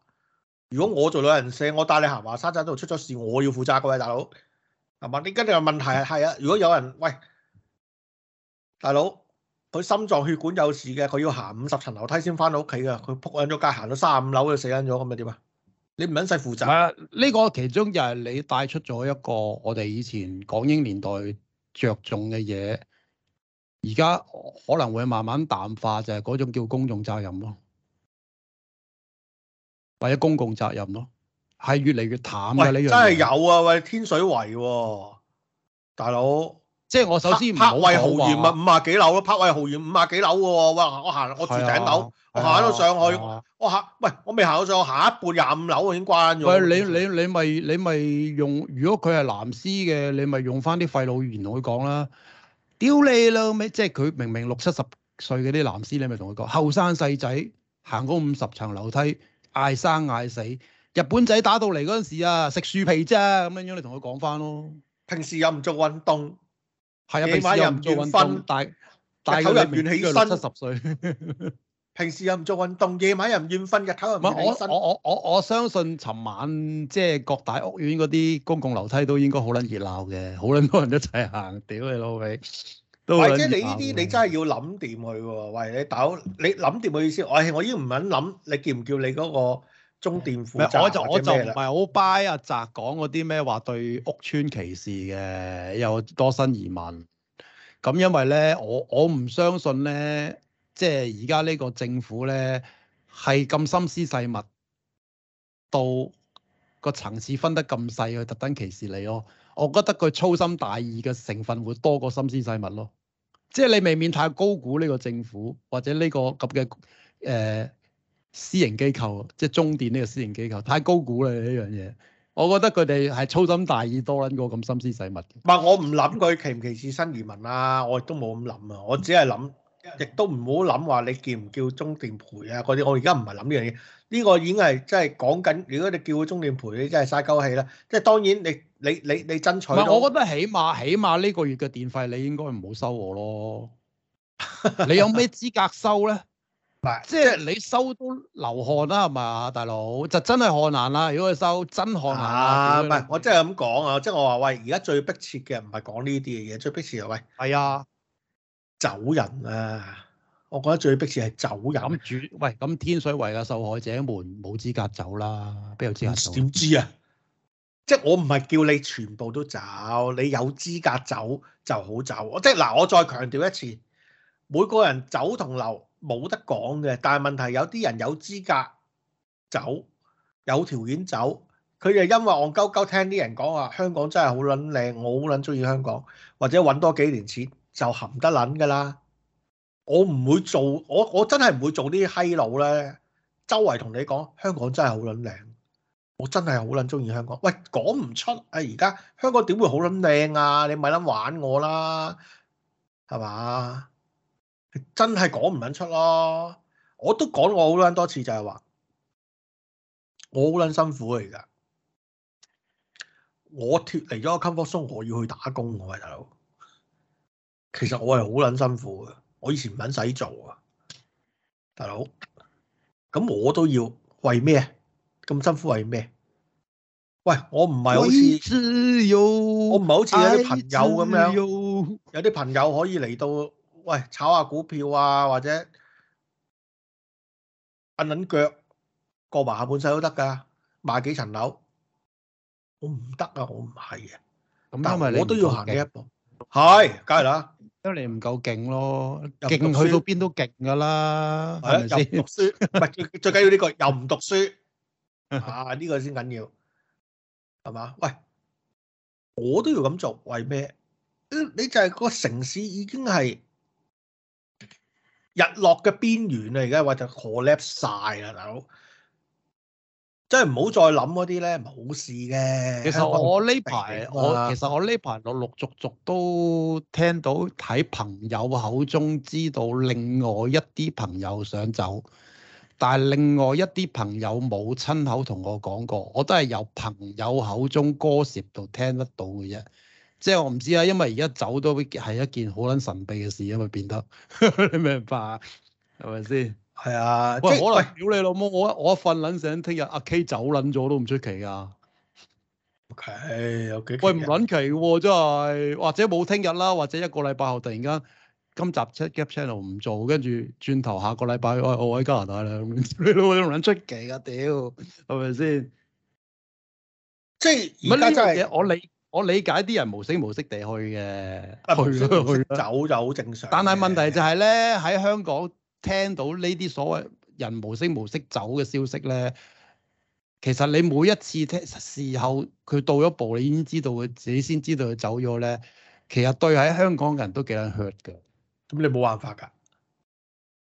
[SPEAKER 1] 如果我做旅行社，我帶你行華山棧道。出咗事，我要負責各位大佬係嘛？點解你話問題係啊？如果有人喂，大佬佢心臟血管有事嘅，佢要行五十層樓梯先翻到屋企嘅，佢仆緊咗街行到三五樓佢死緊咗，咁咪點啊？你唔使負責。啊，呢個其中
[SPEAKER 2] 就係你帶出咗一個我哋以前港英年代着重嘅嘢。而家可能會慢慢淡化，就係嗰種叫公眾責任咯，或者公共責任咯，係越嚟越淡嘅，你真係
[SPEAKER 1] 有啊！喂，天水圍喎，大佬，即係我首先唔好話。泊位豪苑物五廿幾樓咯泊位豪苑五廿幾樓嘅喎，我行，我住頂樓，我行到上去，我嚇，喂，我未行到上去，下一半廿五樓已經關咗。喂，你你
[SPEAKER 2] 你咪你咪用，如果佢係藍絲嘅，你咪用翻啲廢老語言同佢講啦。屌你老味，即係佢明明六七十歲嗰啲男師，你咪同佢講，後生細仔行過五十層樓梯，嗌生嗌死，日本仔打到嚟嗰陣時啊，食樹皮
[SPEAKER 1] 啫，咁樣樣你同佢講翻咯。平時又唔做運動，係啊，平時又唔做運動，大大口入怨起身，佢明明佢七十歲。 平時又唔做運動，夜晚又唔願瞓，嘅。日頭又唔熱身。唔係我
[SPEAKER 2] 我我我我相信，尋晚即係各大屋苑嗰啲公共樓梯都應該好撚熱鬧嘅，好撚多人一齊行。屌你老味，
[SPEAKER 1] 都或者你呢啲，你真係要諗掂佢喎。喂你大佬，你諗掂嘅意思，我係我已經唔肯諗。你叫唔叫你嗰個中電負責？我就我就唔係好 buy 阿澤講
[SPEAKER 2] 嗰啲咩話對屋村歧視嘅，又多新移民。咁因為咧，我我唔相信咧。即係而家呢個政府咧，係咁心思細密，到個層次分得咁細去特登歧視你咯。我覺得佢粗心大意嘅成分會多過心思細密咯。即係你未免太高估呢個政府或者呢個咁嘅誒私營機構，即係中電呢個私營機構太高估啦呢樣嘢。我覺得佢哋
[SPEAKER 1] 係粗心大意多撚過咁心思細密嘅。唔係我唔諗佢歧唔歧視新移民啊，我亦都冇咁諗啊，我只係諗。 亦都唔好諗話你叫唔叫中電賠啊嗰啲，我而家唔係諗呢樣嘢。呢、這個已經係真係講緊，如果你叫佢中電賠，你真係嘥鳩氣啦。即係當然你，你你你你爭取。我覺
[SPEAKER 2] 得起碼起碼呢個月嘅電費，你應該唔好收我咯。你有咩資格收咧？唔 即係是你收
[SPEAKER 1] 都流汗啦，係咪啊，大佬？就真係汗難啦，如果佢收真難、啊、汗難唔係，我真係咁講啊，即係我話喂，而家最迫切嘅唔係講呢啲嘅嘢，最迫切嘅喂。係啊。人人走人啊！我覺得最迫切係走人、啊。住、嗯、喂，咁天水圍嘅受害者們冇資格走啦，邊有資格走？點知啊？知即係我唔係叫你全部都走，你有資格走就好走。即係嗱，我再強調一次，每個人走同留冇得講嘅。但係問題，有啲人有資格走，有條件走，佢就因為戇鳩鳩聽啲人講話，香港真係好撚靚，我好撚鍾意香港，或者搵多幾年錢。就含得撚㗎啦！我唔會做，我我真係唔會做啲閪佬咧。周圍同你講，香港真係好撚靚，我真係好撚鍾意香港。喂，講唔出啊！而家香港點會好撚靚啊？你咪撚玩我啦，係嘛？真係講唔撚出咯，啊！我都講我好撚多次就，就係話我好撚辛苦嚟㗎。我脫離咗 comfort zone，我要去打工我㗎，大佬。其實我係好撚辛苦嘅，我以前唔撚使做啊，大佬。咁我都要為咩？咁辛苦為咩？喂，我唔係好似我唔係好似有啲朋友咁樣，有啲朋友可以嚟到喂炒下股票啊，或者摁撚腳過埋下半世都得㗎、啊，買幾層樓。我唔得啊，我唔係啊。咁但係我都要行呢一步，係，梗係啦。因為你唔夠勁咯，勁去到
[SPEAKER 2] 邊都勁㗎啦，係咪先？讀書
[SPEAKER 1] 最最緊要呢，呢個，又唔讀書 啊！呢、呢個先緊要係嘛？喂，我都要咁做，為咩？你就係個城市已經係日落嘅邊緣啦，而家或就 collapse 曬啦，大真係唔好再諗嗰啲咧，冇事嘅。其實我呢排、嗯、我其實我呢排陸陸續續都聽到喺
[SPEAKER 2] 朋友口中知道，另外一啲朋友想走，但係另外一啲朋友冇親口同我講過，我都係由朋友口中 gossip 到聽得到嘅啫。即係我唔知啊，因為而家走都係一件好捻神秘嘅事，因為變得 你明白係咪先？是係啊，喂，即我可能屌你老母，我我瞓撚醒，聽日阿 K 走撚咗都唔出奇啊。O K，
[SPEAKER 1] 有幾？喂，唔
[SPEAKER 2] 撚奇喎，真係，或者冇聽日啦，或者一個禮拜後突然間今集出，cap channel 唔做，跟住轉頭下個禮拜，哎，我喺加拿大啦，咁你老母仲撚出奇啊？屌、 就是，係咪先？即係乜呢？個嘢我理我理解啲人無聲無息地去嘅，無色無色去去 走就好正常。但係問題就係咧喺香港。聽到呢啲所謂人無聲無息走嘅消息咧，其實你每一次聽事後，佢到咗步，你已經知道佢自己先知道佢走咗咧，其實對喺香港人都幾難 hurt
[SPEAKER 1] 嘅，咁你冇辦法噶。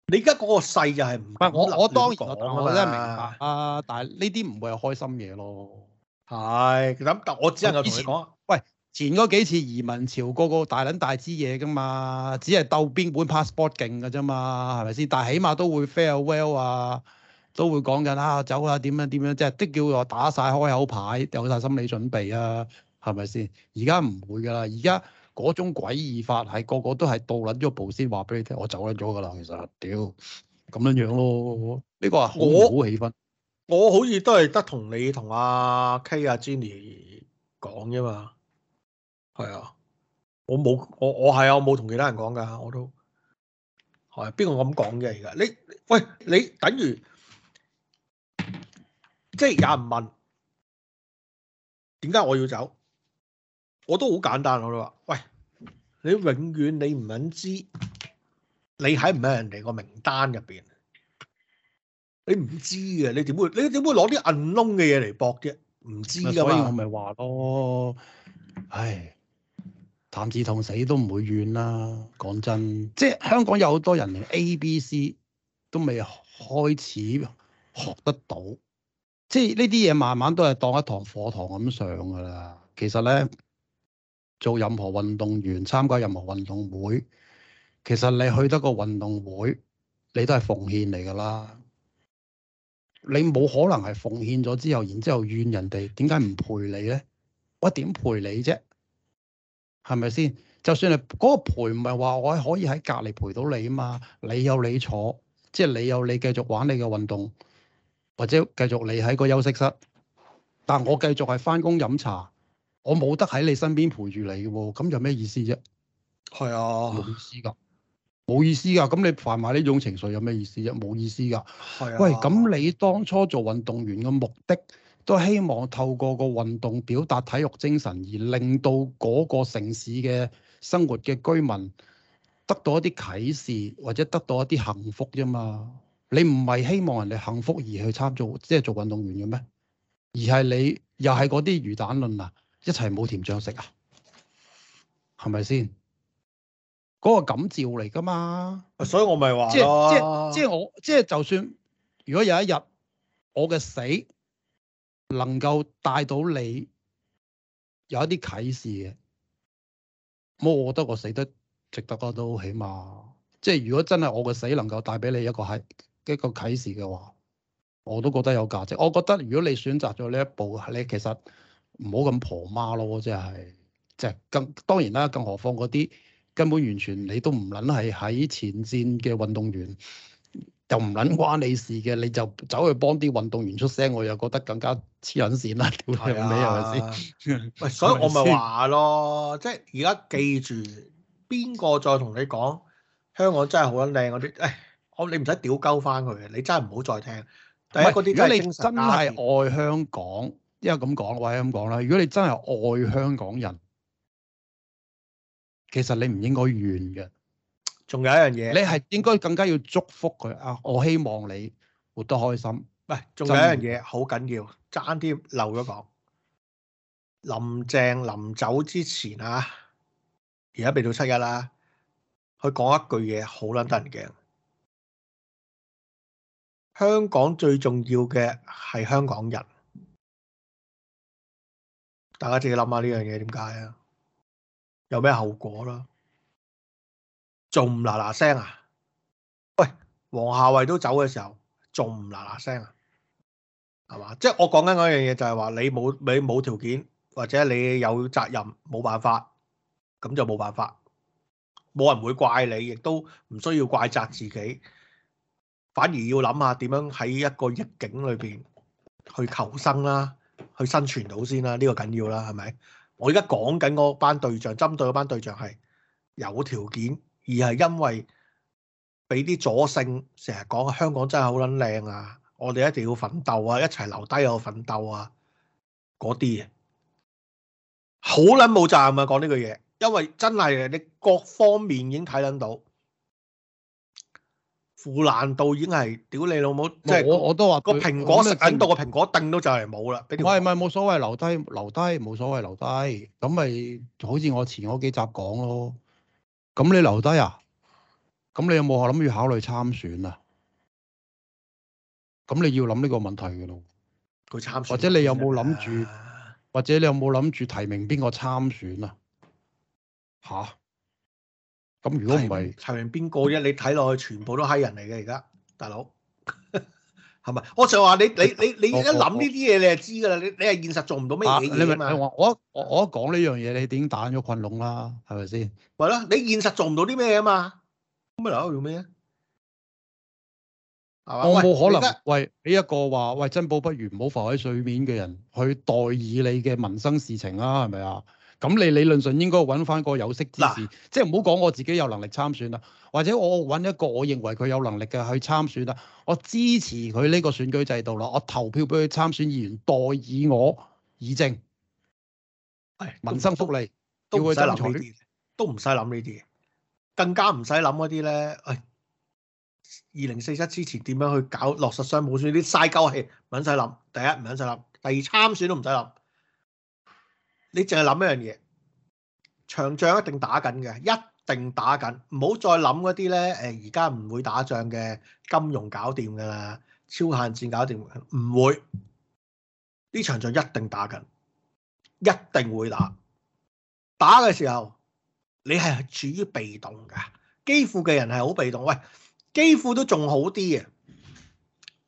[SPEAKER 1] 你而家嗰個勢就係唔係我我，我當然我我得明白啊，
[SPEAKER 2] 但係呢啲唔會有開心嘢咯。係咁，但我只能同你講啊。前喂。前嗰幾次移民潮，個個大撚大枝嘢噶嘛，只係鬥邊本 passport 勁嘅啫嘛，係咪先？但係起碼都會 farewell 啊，都會講緊啊走啊點樣點樣，即係的叫我打晒開口牌，有晒心理準備啊，係咪先？而家唔會噶啦，而家嗰種詭異法係個個都係到撚咗步先話俾你聽，我走撚咗噶啦，其實屌咁樣樣咯，呢個好好氣氛？
[SPEAKER 1] 我好似都係得同你同阿 K 阿 Jenny 講啫嘛。係啊，我冇我我係啊，我冇同其他人講噶，我都係邊個咁講嘅而家？你喂你等於即係有人問，點解我要走？我都好簡單，我都話喂，你永遠你唔肯知，你喺唔喺人哋個名單入邊？你唔知嘅，你點會？你點會攞啲銀窿嘅嘢嚟搏啫？唔知噶我咪話咯，唉。談字痛死都唔會怨啦，
[SPEAKER 2] 講真，即係香港有好多人連 A、B、C 都未開始學得到，即係呢啲嘢慢慢都係當一堂課堂咁上㗎啦。其實咧，做任何運動員參加任何運動會，其實你去得個運動會，你都係奉獻嚟㗎啦。你冇可能係奉獻咗之後，然之後怨人哋點解唔陪你咧？我點陪你啫？係咪先？就算你嗰個陪唔係話我可以喺隔籬陪到你啊嘛，你有你坐，即係你有你繼續玩你嘅運動，或者繼續你喺個休息室，但我繼續係翻工飲茶，我冇得喺你身邊陪住你，咁有咩意思啫？係啊，冇意思噶，冇意思噶，咁你販賣呢種情緒有咩意思啫？冇意思噶。係啊。喂，咁你當初做運動員嘅目的？都希望透過個運動表達體育精神，而令到嗰個城市嘅生活嘅居民得到一啲啟示，或者得到一啲幸福啫嘛。你唔係希望人哋幸福而去參與，即係做運動員嘅咩？而係你又係嗰啲魚蛋論啊，一齊冇甜醬食啊，係咪先？嗰個感召嚟噶嘛。
[SPEAKER 1] 所以我，我咪話咯，即係即係
[SPEAKER 2] 即係我即係就算，如果有一日我嘅死。能夠帶到你有一啲啟示嘅，我覺得我死得值得啊！都起碼，即係如果真係我嘅死能夠帶俾你一個係一個啟示嘅話，我都覺得有價值。我覺得如果你選擇咗呢一步，你其實唔好咁婆媽咯，即係即係更當然啦，更何況嗰啲根本完全你都唔撚係喺前線嘅運動員。又唔撚關你事嘅，你就走去幫啲運動員出聲，我又覺得更加黐撚線啦，屌你係咪先？喂，
[SPEAKER 1] 所以我咪話咯， 即係而家記住邊個 再同你講香港真係好撚靚啲，誒，我你唔使屌鳩翻佢嘅，你真係唔好再聽。第一，是如果你真係
[SPEAKER 2] 愛香港，因為咁講，我係咁講啦，如果你真係愛香港人，其實你唔應該怨嘅。
[SPEAKER 1] 仲有一樣嘢，你係應該更加要祝福佢啊！我希望你活得開心。喂、哎，仲有一樣嘢好緊要，爭啲漏咗講。林鄭臨走之前啊，而家未到七日七一啦，佢講一句嘢好撚得人驚。香港最重要嘅係香港人，大家自己諗下呢樣嘢點解啊？有咩後果啦？仲唔嗱嗱聲啊！喂，黃夏慧都走嘅時候，仲唔嗱嗱聲啊，係嘛？即係我講緊嗰樣嘢就係話，你冇你冇條件或者你有責任冇辦法，咁就冇辦法，冇人會怪你，亦都唔需要怪責自己，反而要諗下點樣喺一個逆境裏邊去求生啦，去生存到先啦，呢個緊要啦，係咪？我而家講緊嗰班對象，針對嗰班對象係有條件。而係因為俾啲左性成日講香港真係好撚靚啊！我哋一定要奮鬥啊！一齊留低我奮鬥啊！嗰啲嘢好撚冇責任啊！講呢句嘢，因為真係你各方面已經睇撚到腐爛到已經係屌你老母！即係我，我都話個蘋果食緊到個蘋果定都就係冇啦！唔係唔係冇所謂留低留低冇
[SPEAKER 2] 所謂留低咁咪好似我前嗰幾集講咯。咁你留低啊？咁你有冇諗住考慮參選啊？咁你要諗呢個問題嘅咯，佢參選，啊、或者你有冇諗住，或者你有冇諗
[SPEAKER 1] 住提名邊個參選啊？吓、啊？咁如果唔係提名邊個啫？你睇落去全部都係人嚟嘅而家，大佬。 係咪？我就話你你你你一諗呢啲嘢，你就知噶啦。你你係現實做唔到咩嘢，啊？你咪你我我我講呢樣嘢，你點打咗困籠啦？係咪先？係咯，你現實做唔到啲咩嘢嘛？咁咪留喺度做咩啊？係我冇可能
[SPEAKER 2] 喂俾一個話喂珍寶不如唔好浮喺水面嘅人去代議你嘅民生事情啦，係咪啊？咁你理論上應該揾翻個有識之士，喏即係唔好講我自己有能力參選啦。或者我揾一個我認為佢有能力嘅去參選啦，我支持佢呢個選舉制度啦，我投票俾佢參選議員代以我議政，係民生福利都唔使諗
[SPEAKER 1] 呢啲，都唔使諗呢啲，更加唔使諗嗰啲咧。喂，二零四七之前點樣去搞落實雙普選？啲嘥鳩氣，唔使諗。第一唔使諗，第二參選都唔使諗。你淨係諗一樣嘢，場仗一定打緊嘅一。一定打緊，唔好再諗嗰啲咧。誒，而家唔會打仗嘅金融搞掂噶啦，超限戰搞掂唔會。呢場仗一定打緊，一定會打。打嘅時候，你係處於被動嘅，基輔嘅人係好被動。喂，基輔都仲好啲嘅，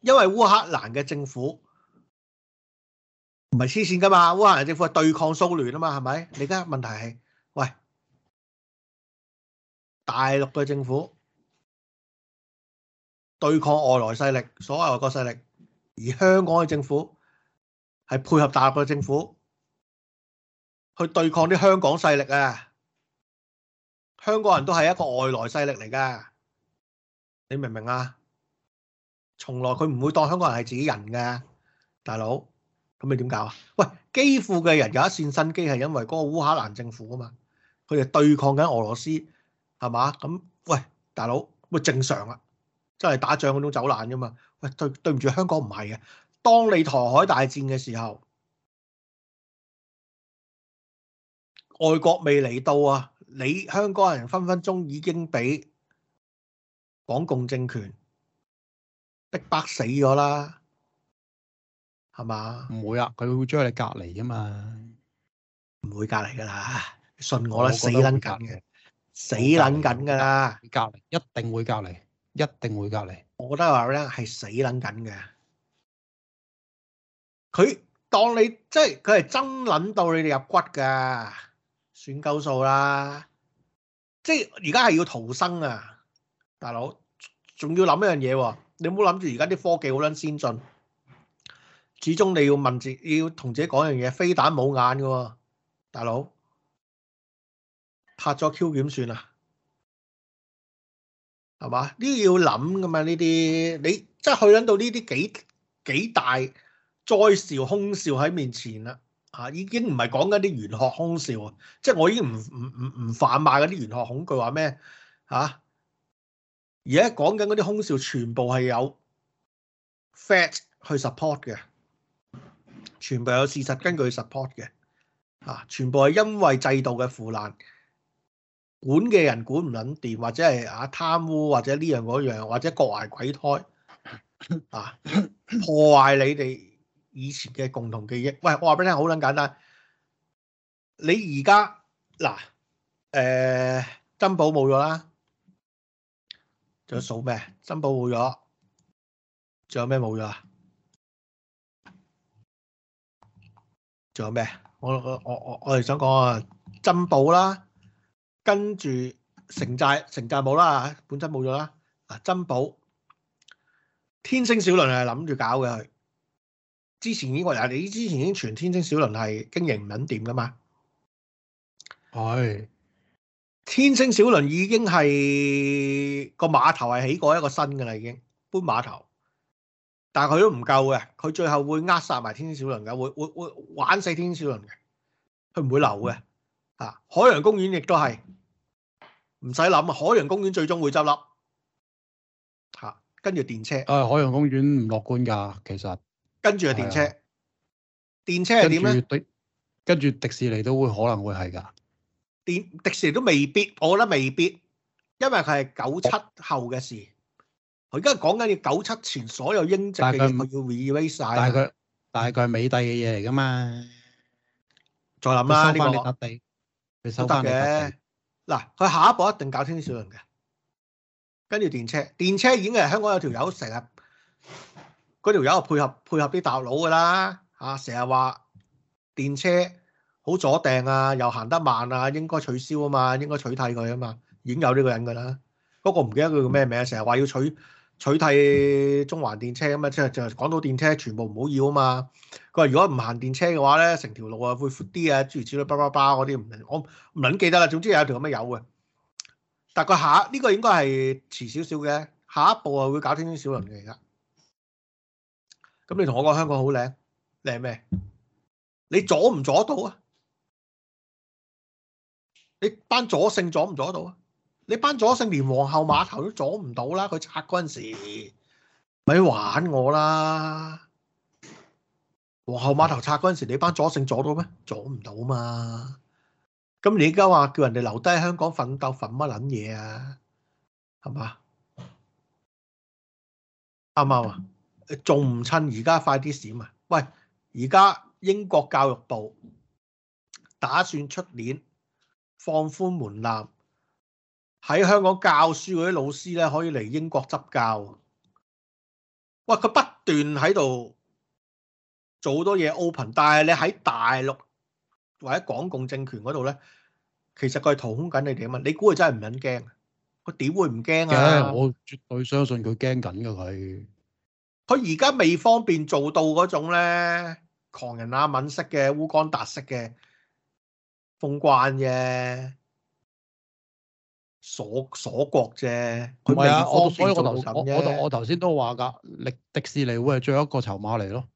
[SPEAKER 1] 因為烏克蘭嘅政府唔係黐線噶嘛，烏克蘭政府係對抗蘇聯啊嘛，係咪？你而家問題係。大陸嘅政府對抗外來勢力，所謂外國勢力；而香港嘅政府係配合大陸嘅政府去對抗啲香港勢力啊！香港人都係一個外來勢力嚟㗎，你明唔明啊？從來佢唔會當香港人係自己人嘅，大佬，咁你點搞啊？喂，基輔嘅人有一線生機係因為嗰個烏克蘭政府啊嘛，佢哋對抗緊俄羅斯。係嘛？咁喂，大佬，喂，正常啊，真係打仗嗰種走難咋嘛？喂，對對唔住，香港唔係嘅。當你台海大戰嘅時候，外國未嚟到啊，你香港人分分鐘已經俾港共政權逼白死咗啦，係嘛？唔會啊，佢會將你隔離噶嘛？唔、嗯、會隔離噶啦，你信我啦，隔死撚梗嘅。死撚緊噶啦，教你，一定會教你，一定會教你。我覺得話咧係死撚緊嘅，佢當你即係佢係真撚到你哋入骨噶，算夠數啦。即係而家係要逃生啊，大佬，仲要諗一樣嘢。你唔好諗住而家啲科技好捻先進，始終你要問自己，要同自己講一樣嘢，飛彈冇眼噶，大佬。拍咗 Q 點算啊？係嘛？呢啲要諗噶嘛？呢啲你即係去到呢啲幾幾大災兆、凶兆喺面前啦。啊，已經唔係講緊啲玄學凶兆啊，即係我已經唔唔唔唔販賣嗰啲玄學恐懼話咩啊？而家講緊嗰啲凶兆全部係有 fact 去 support 嘅，全部有事實根據去 support 嘅。啊，全部係因為制度嘅腐爛。管嘅人管唔撚掂，或者係啊貪污，或者呢樣嗰樣，或者各懷鬼胎啊，破壞你哋以前嘅共同記憶。喂，我話俾你聽，好撚簡單。你而家嗱誒珍寶冇咗啦，仲有數咩？珍寶冇咗，仲有咩冇咗啊？仲有咩？我我我我我哋想講啊珍寶啦。跟住城寨，城寨冇啦，本身冇咗啦。啊，珍寶天星小輪係諗住搞嘅，佢之前已經話，你之前已經全天星小輪係經營唔撚掂噶嘛？係是天星小輪已經係個碼頭係起過一個新噶啦，已經搬碼頭，但係佢都唔夠嘅，佢最後會扼殺埋天星小輪嘅，會會會玩死天星小輪嘅，佢唔會留嘅。嗯吓，海洋公園亦都係唔使諗啊！海洋公園最終會執笠吓，跟住電車。
[SPEAKER 2] 誒，海洋公園唔樂觀噶，
[SPEAKER 1] 其實。跟住電車，啊、電車係點咧？跟住迪士尼都會可能會係噶。電迪士尼都未必，我覺得未必，因為佢係九七後嘅事。佢而家講緊要九七前所有英殖嘅嘢，我要 review 晒。但係佢，但係佢係美帝嘅嘢嚟噶嘛？再
[SPEAKER 2] 諗啦，呢個。
[SPEAKER 1] 得嘅，嗱，佢下一步一定搞輕小輪嘅，跟住電車，電車已經係香港有條友成日嗰條友配合配合啲大佬噶啦，啊，成日話電車好阻定啊，又行得慢啊，應該取消啊嘛，應該取締佢啊嘛，已經有呢個人噶啦，不過唔記得佢叫咩名，成日話要取。取締中環電車咁啊，即係就港島電車全部唔好要啊嘛。佢話如果唔行電車嘅話咧，成條路啊會闊啲啊，諸如此類巴巴巴嗰啲唔我唔撚記得啦。總之有一條咁嘅有嘅。但佢下呢個應該係遲少少嘅，下一步啊會搞天星小輪嘅而家。咁你同我講香港好靚，靚咩？你阻唔阻到啊？你班阻性阻唔阻到啊？你班左剩連皇后碼頭都阻唔到啦！佢拆嗰陣時，咪玩我啦！皇后碼頭拆嗰陣時，你班左剩阻到咩？阻唔到嘛！咁你而家話叫人哋留低香港奮鬥，奮乜撚嘢啊？係嘛？啱唔啱啊？仲唔趁而家快啲閃啊！喂，而家英國教育部打算出年放寬門檻。喺香港教書嗰啲老師咧，可以嚟英國執教。哇！佢不斷喺度做好多嘢 open，但係你喺大陸或者港共政權嗰度咧，其實佢係掏空緊你哋啊！你估佢真係唔肯驚？佢點會唔驚啊？我絕對相信佢驚緊㗎佢。佢而家未方便做到嗰種咧，狂人阿敏式嘅烏干達式嘅封冠嘅。鎖鎖國啫，唔係啊，所以我頭我我頭先都話噶，
[SPEAKER 2] 力迪士尼會係最後一個籌碼嚟咯。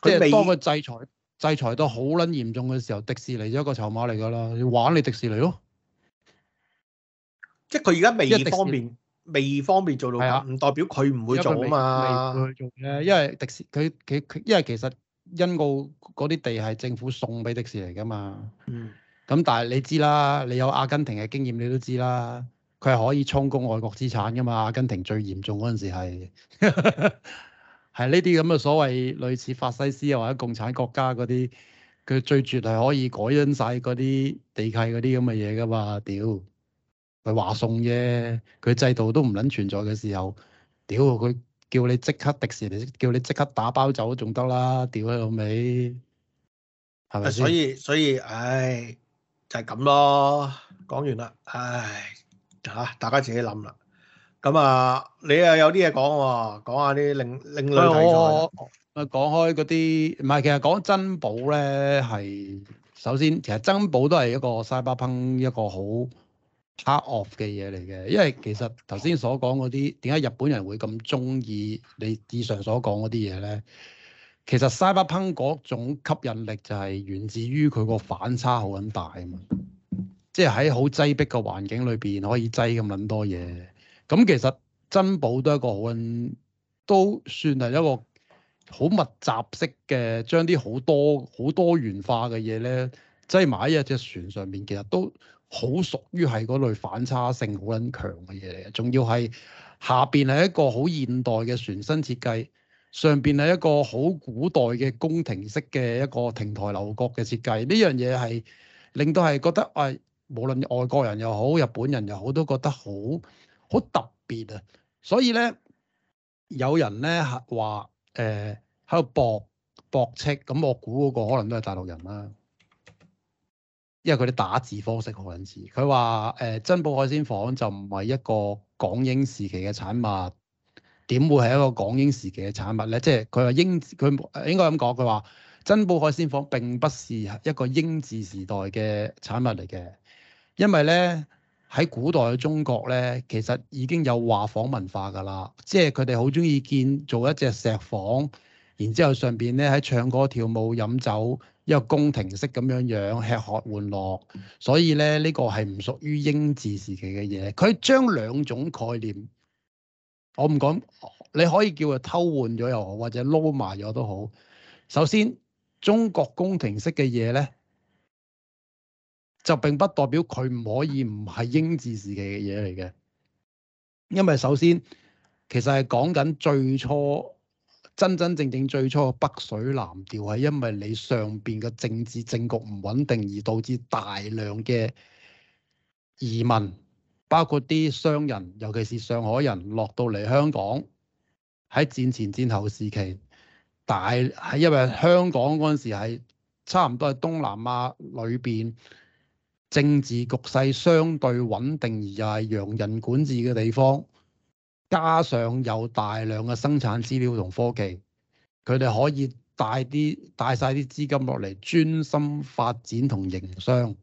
[SPEAKER 2] 即係當佢制裁制裁到好撚嚴重嘅時候，迪士尼就一個籌碼嚟噶啦，玩你迪士尼咯。
[SPEAKER 1] 即係佢而家未方便未方便做到假，唔、啊、代表佢唔會做啊嘛未未。未會做啫，因為
[SPEAKER 2] 迪士佢佢因為其實因奧嗰啲地係政府送俾迪士尼噶嘛。嗯。咁但係你知啦，你有阿根廷嘅經驗，你都知啦，佢係可以充公外國資產噶嘛。阿根廷最嚴重嗰陣時係係呢啲咁嘅所謂類似法西斯呀或者共產國家嗰啲，佢最絕係可以改恩晒嗰啲地契嗰啲咁嘅嘢噶嘛。屌，佢話送啫，佢制度都唔撚存在嘅時候，屌佢叫你即刻迪士尼，叫你即刻打包走仲得啦，屌喺老尾，
[SPEAKER 1] 係咪？所以所以，唉。哎就係咁咯，講完啦，唉嚇，大家自己諗啦。咁啊，你又有啲嘢講喎，講下啲另另類題材，啊。講開嗰啲，唔係其實講珍寶咧，
[SPEAKER 2] 係首先其實珍寶都係一個 cyberpunk 一個好 part of 嘅嘢嚟嘅，因為其實頭先所講嗰啲，點解日本人會咁鍾意你以上所講嗰啲嘢咧？其實 Cyberpunk 嗰種吸引力就係源自於佢個反差好撚大啊嘛，即係喺好擠迫嘅環境裏邊可以擠咁撚多嘢。咁其實珍寶都係一個好撚，都算係一個好密集式嘅，將啲好多好多元化嘅嘢咧，擠埋喺一隻船上面。其實都好屬於係嗰類反差性好撚強嘅嘢嚟嘅。仲要係下邊係一個好現代嘅船身設計。上邊係一個好古代嘅宮廷式嘅一個亭台樓閣嘅設計，呢樣嘢係令到係覺得誒、哎，無論外國人又好，日本人又好，都覺得好好特別啊！所以咧，有人咧話，誒，喺度駁駁斥，咁我估嗰個可能都係大陸人啦，因為佢啲打字方式好陣時，佢話誒珍寶海鮮舫就唔係一個港英時期嘅產物。點會係一個港英時期嘅產物咧？即係佢話英，佢應該咁講，佢話珍寶海鮮舫並不是一個英治時代嘅產物嚟嘅，因為咧喺古代嘅中國咧，其實已經有畫舫文化㗎啦。即係佢哋好中意見做一隻石舫，然之後上邊咧喺唱歌跳舞飲酒，一個宮廷式咁樣樣吃喝玩樂，所以咧呢個係唔屬於英治時期嘅嘢。佢將兩種概念。我唔講，你可以叫佢偷換咗又好，或者撈埋咗都好。首先，中國宮廷式嘅嘢咧，就並不代表佢唔可以唔係英治時期嘅嘢嚟嘅。因為首先，其實係講緊最初真真正正最初嘅北水南調，係因為你上邊嘅政治政局唔穩定，而導致大量嘅移民。包括啲商人，尤其是上海人落到嚟香港，喺戰前戰後時期，大係因為香港嗰陣時係差唔多係東南亞裏邊政治局勢相對穩定，而又係洋人管治嘅地方，加上有大量嘅生產資料同科技，佢哋可以帶啲帶晒啲資金落嚟，專心發展同營商。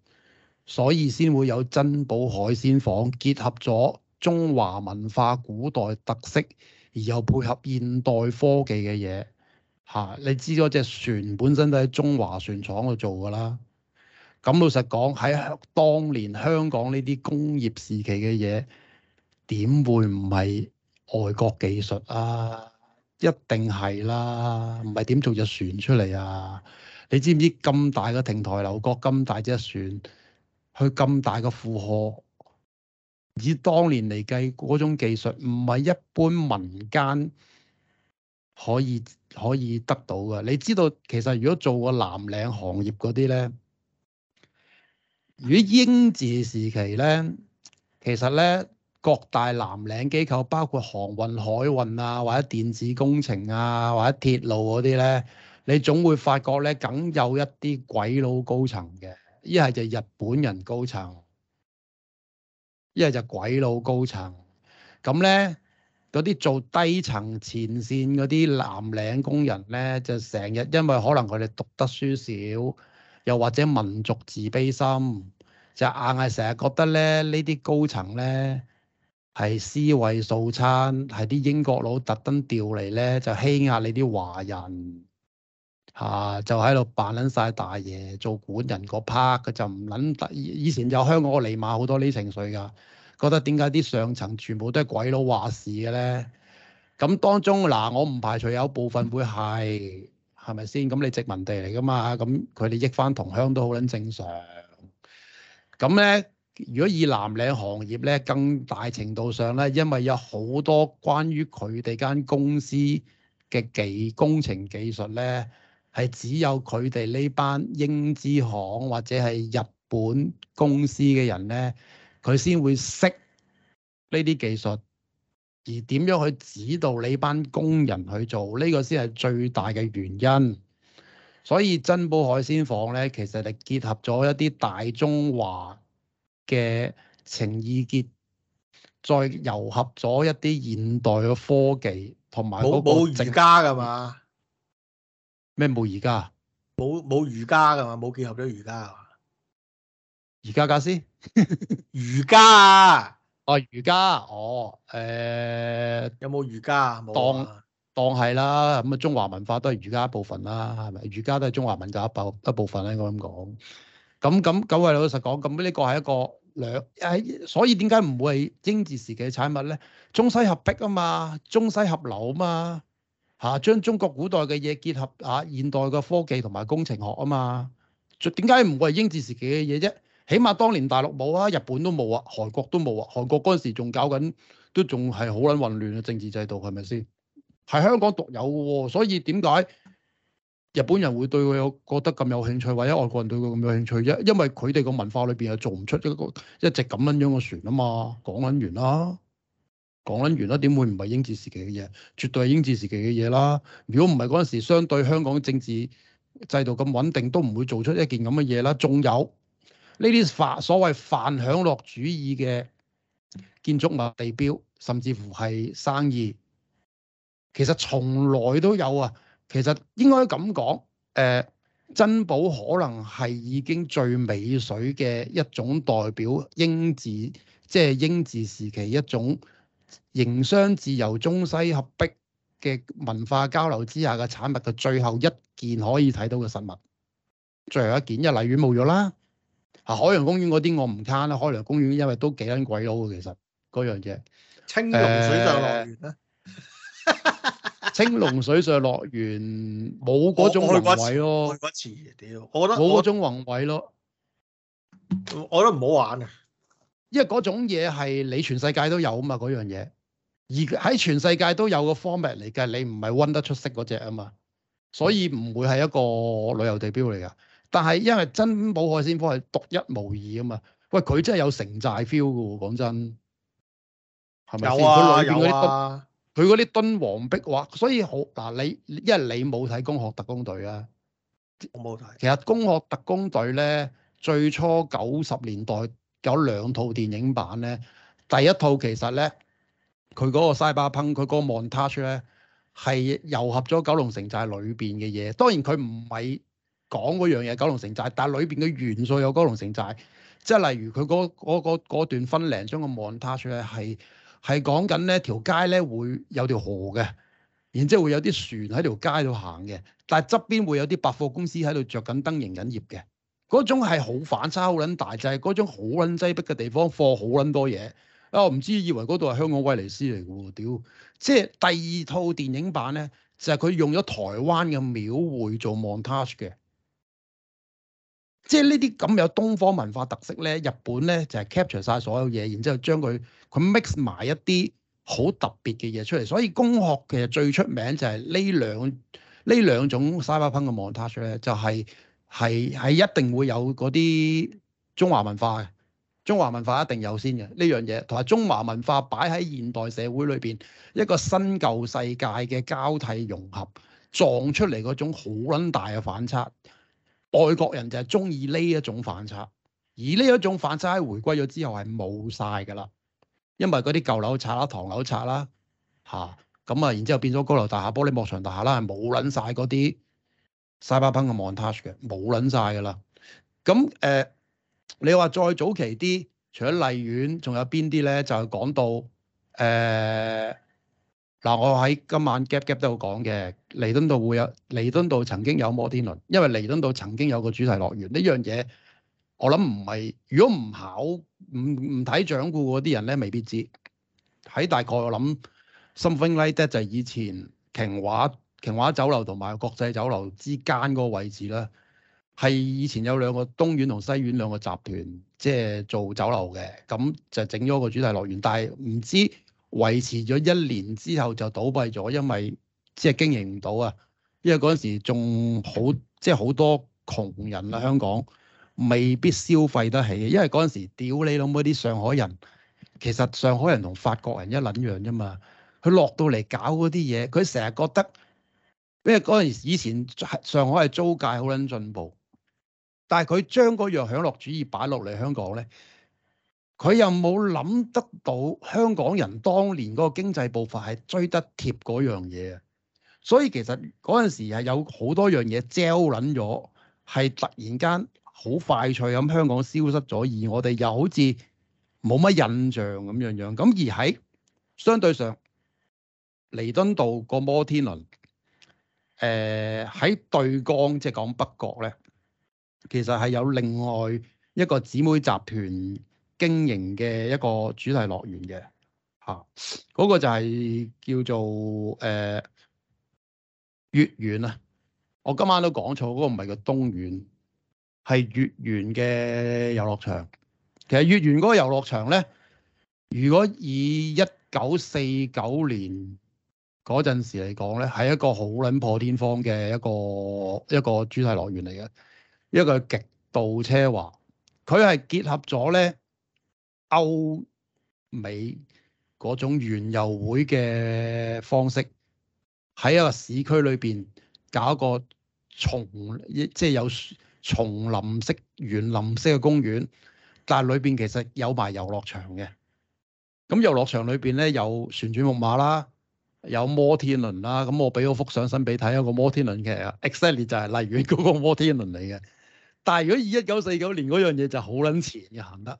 [SPEAKER 2] 所以先會有珍寶海鮮舫，結合咗中華文化古代特色，而又配合現代科技嘅嘢。嚇、啊，你知嗰隻船本身都喺中華船廠度做㗎啦。咁老實講，喺當年香港呢啲工業時期嘅嘢，點會唔係外國技術啊？一定係啦，唔係點做隻船出嚟啊？你知唔知咁大個亭台樓閣，咁大隻船？佢咁大嘅負荷，以當年嚟計嗰種技術，唔係一般民間可以可以得到嘅。你知道，其實如果做個藍領行業嗰啲咧，如果英治時期咧，其實咧各大藍領機構，包括航運、海運啊，或者電子工程啊，或者鐵路嗰啲咧，你總會發覺咧，梗有一啲鬼佬高層嘅。一係就日本人高層，一係就鬼佬高層，咁咧嗰啲做低層前線嗰啲藍領工人咧，就成日因為可能佢哋讀得書少，又或者民族自卑心，就硬係成日覺得咧呢啲高層咧係思維素餐，係啲英國佬特登調嚟咧就欺壓你啲華人。啊！就喺度扮撚晒大爺，做管人個 part，佢就唔撚以前有香港個離馬好多呢情緒㗎，覺得點解啲上層全部都係鬼佬話事嘅咧？咁當中嗱、啊，我唔排除有部分會係係咪先？咁你殖民地嚟㗎嘛？咁佢哋益翻同鄉都好撚正常。咁咧，如果以藍領行業咧，更大程度上咧，因為有好多關於佢哋間公司嘅技工程技術咧。係只有佢哋呢班英資行或者係日本公司嘅人咧，佢先會識呢啲技術，而點樣去指導呢班工人去做呢、呢個先係最大嘅原因。所以珍寶海鮮舫咧，其實係結合咗一啲大中華嘅情意結，再糅合咗一啲現代嘅科技同埋嗰個。冇
[SPEAKER 1] 冇瑜㗎嘛？咩冇瑜伽冇冇瑜伽噶嘛？冇結合咗瑜伽啊？瑜伽、哦、家師？瑜伽
[SPEAKER 2] 啊？哦，瑜伽哦，誒有冇瑜伽啊？當當係啦，咁、嗯、啊，中華文化都係瑜伽一部分啦，係咪？瑜伽都係中華文化一包一部分啦，應該咁講。咁咁九位老實講，咁呢個係一個兩誒，所以點解唔會係英治時期嘅產物咧？中西合璧啊嘛，中西合流啊嘛。嚇、啊，將中國古代嘅嘢結合嚇、啊、現代嘅科技同埋工程學啊嘛，點解唔會係英治時期嘅嘢啫？起碼當年大陸冇啊，日本都冇啊，韓國都冇啊，韓國嗰陣時仲搞緊，都仲係好撚混亂嘅政治制度，係咪先？係香港獨有喎、啊，所以點解日本人會對佢有覺得咁有興趣，或者外國人對佢咁有興趣啫？因為佢哋個文化裏邊係做唔出一個一直咁樣樣嘅船啊嘛，講緊完啦。講撚完啦，點會唔係英治時期嘅嘢？絕對係英治時期嘅嘢啦。如果唔係嗰陣時，相對香港政治制度咁穩定，都唔會做出一件咁嘅嘢啦。仲有呢啲所謂泛享樂主義嘅建築物、地標，甚至乎係生意，其實從來都有啊。其實應該咁講，誒、呃、珍寶可能係已經最尾水嘅一種代表英治，即、就、係、是、英治時期一種。營商自由、中西合璧嘅文化交流之下嘅產物嘅最後一件可以睇到嘅實物，最後一件就荔園冇咗啦。啊，海洋公園嗰啲我唔談啦，海洋公園因為都幾撚鬼佬嘅其實嗰樣嘢。
[SPEAKER 1] 青龍水上樂園咧，
[SPEAKER 2] 青龍水上樂園冇嗰種宏偉咯，去過屌，我
[SPEAKER 1] 覺得冇嗰種
[SPEAKER 2] 宏偉咯，
[SPEAKER 1] 我覺得唔好玩
[SPEAKER 2] 啊。因為嗰種嘢係你全世界都有啊嘛，嗰樣嘢而喺全世界都有個 format 嚟嘅，你唔係溫得出色嗰隻啊嘛，所以唔會係一個旅遊地標嚟噶。但係因為珍寶海鮮舫係獨一無二啊嘛，喂，佢真係有城寨 feel 噶喎、啊，講真，
[SPEAKER 1] 係咪？有啊，有啊，
[SPEAKER 2] 佢嗰啲敦煌壁畫，所以好嗱你，因為你冇睇《攻殼特工隊》啊，我冇睇。其實《攻殼特工隊》咧，最初九十年代。有兩套電影版咧，第一套其實咧，佢嗰個 cyberpunk，佢嗰個 montage 咧，係糅合咗九龍城寨裏邊嘅嘢。當然佢唔係講嗰樣嘢九龍城寨，但係裏邊嘅元素有九龍城寨。即係例如佢嗰、嗰個嗰個嗰個、段分零鐘嘅 montage 咧，係係講緊咧條街咧會有條河嘅，然之後會有啲船喺條街度行嘅，但係側邊會有啲百貨公司喺度着緊燈營緊業嘅。嗰種係好反差好撚大，就係、是、嗰種好撚擠迫嘅地方，貨好撚多嘢。啊，我唔知以為嗰度係香港威尼斯嚟嘅喎，屌！即係第二套電影版咧，就係、是、佢用咗台灣嘅廟會做 montage 嘅，即係呢啲咁有東方文化特色咧，日本咧就係、是、capture 晒所有嘢，然之後將佢佢 mix 埋一啲好特別嘅嘢出嚟。所以攻殼其實最出名就係呢兩呢兩種 Cyberpunk 嘅 montage 咧，就係、是。係係一定會有嗰啲中華文化嘅，中華文化一定有先嘅呢樣嘢，同埋中華文化擺喺現代社會裏邊一個新舊世界嘅交替融合，撞出嚟嗰種好撚大嘅反差，外國人就係中意呢一種反差，而呢一種反差喺回歸咗之後係冇晒㗎啦，因為嗰啲舊樓拆啦，唐樓拆啦，吓咁啊，然之後變咗高樓大廈、玻璃幕牆大廈啦，係冇撚晒嗰啲。晒白噴個 Montage 嘅，冇捻晒噶啦。咁、呃、誒，你話再早期啲，除咗荔園，仲有邊啲咧？就講、是、到誒、嗱、呃，我喺今晚 gap gap 都有講嘅，彌敦道會有，彌敦道曾經有摩天輪，因為彌敦道曾經有一個主題樂園呢樣嘢，我諗唔係，如果唔考，唔唔睇掌故嗰啲人咧，未必知。喺大概我諗 something like that 就係以前瓊華，瓊華酒樓同埋國際酒樓之間嗰個位置咧，係以前有兩個東苑同西苑兩個集團，即係做酒樓嘅，咁就整咗個主題樂園。但係唔知維持咗一年之後就倒閉咗，因為即係經營唔到啊！因為嗰陣時仲好，即係好多窮人啦，香港未必消費得起。因為嗰陣時屌你老母啲上海人，其實上海人同法國人一撚樣啫嘛。佢落到嚟搞嗰啲嘢，佢成日覺得。因為嗰陣時以前上海係租界好捻進步，但係佢將嗰樣享樂主義擺落嚟香港咧，佢又冇諗得到香港人當年嗰個經濟步伐係追得貼嗰樣嘢啊，所以其實嗰陣時係有好多樣嘢招捻咗，係突然間好快脆咁香港消失咗，而我哋又好似冇乜印象咁樣樣，咁而喺相對上，彌敦道個摩天輪。誒喺、呃、對江，即、就、係、是、講北角咧，其實係有另外一個姊妹集團經營嘅一個主題樂園嘅嚇，嗰、啊那個就係叫做誒月園啊！我今晚都講錯，嗰、那個唔係叫東苑」，係月園嘅遊樂場。其實月園嗰個遊樂場咧，如果以一九四九年，嗰陣時嚟講咧，係一個好撚破天荒嘅一個一個主題樂園嚟嘅，一個極度奢華。佢係結合咗咧歐美嗰種園遊會嘅方式，喺一個市區裏邊搞一個叢，即係有叢林式、園林式嘅公園，但係裏邊其實有埋遊樂場嘅。咁遊樂場裏邊咧有旋轉木馬啦。有摩天輪啦，啊，咁我俾嗰幅相身俾睇，一個摩天輪嘅 exactly 就係荔園嗰個摩天輪嚟嘅。但係如果以一九四九年嗰樣嘢就好撚前嘅行得，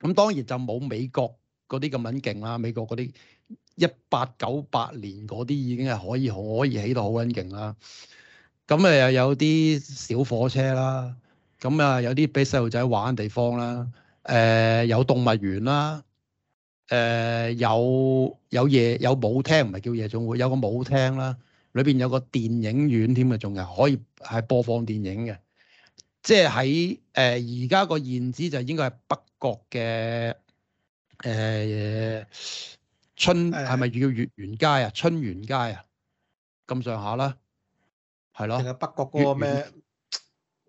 [SPEAKER 2] 咁 當然就冇美國嗰啲咁撚勁啦。美國嗰啲一八九八年嗰啲已經係可以可以起到好撚勁啦。咁啊又有啲小火車啦，咁啊有啲俾細路仔玩地方啦，誒、呃、有動物園啦。誒、呃，有有夜有舞廳，唔係叫夜總會，有個舞廳啦，裏邊有個電影院添啊，仲有可以係播放電影嘅，即係喺誒而家個現址就應該係北角嘅誒、呃、春，係咪、哎、呀叫月園街啊？春園街啊，咁上下啦，係咯，定係北角嗰個咩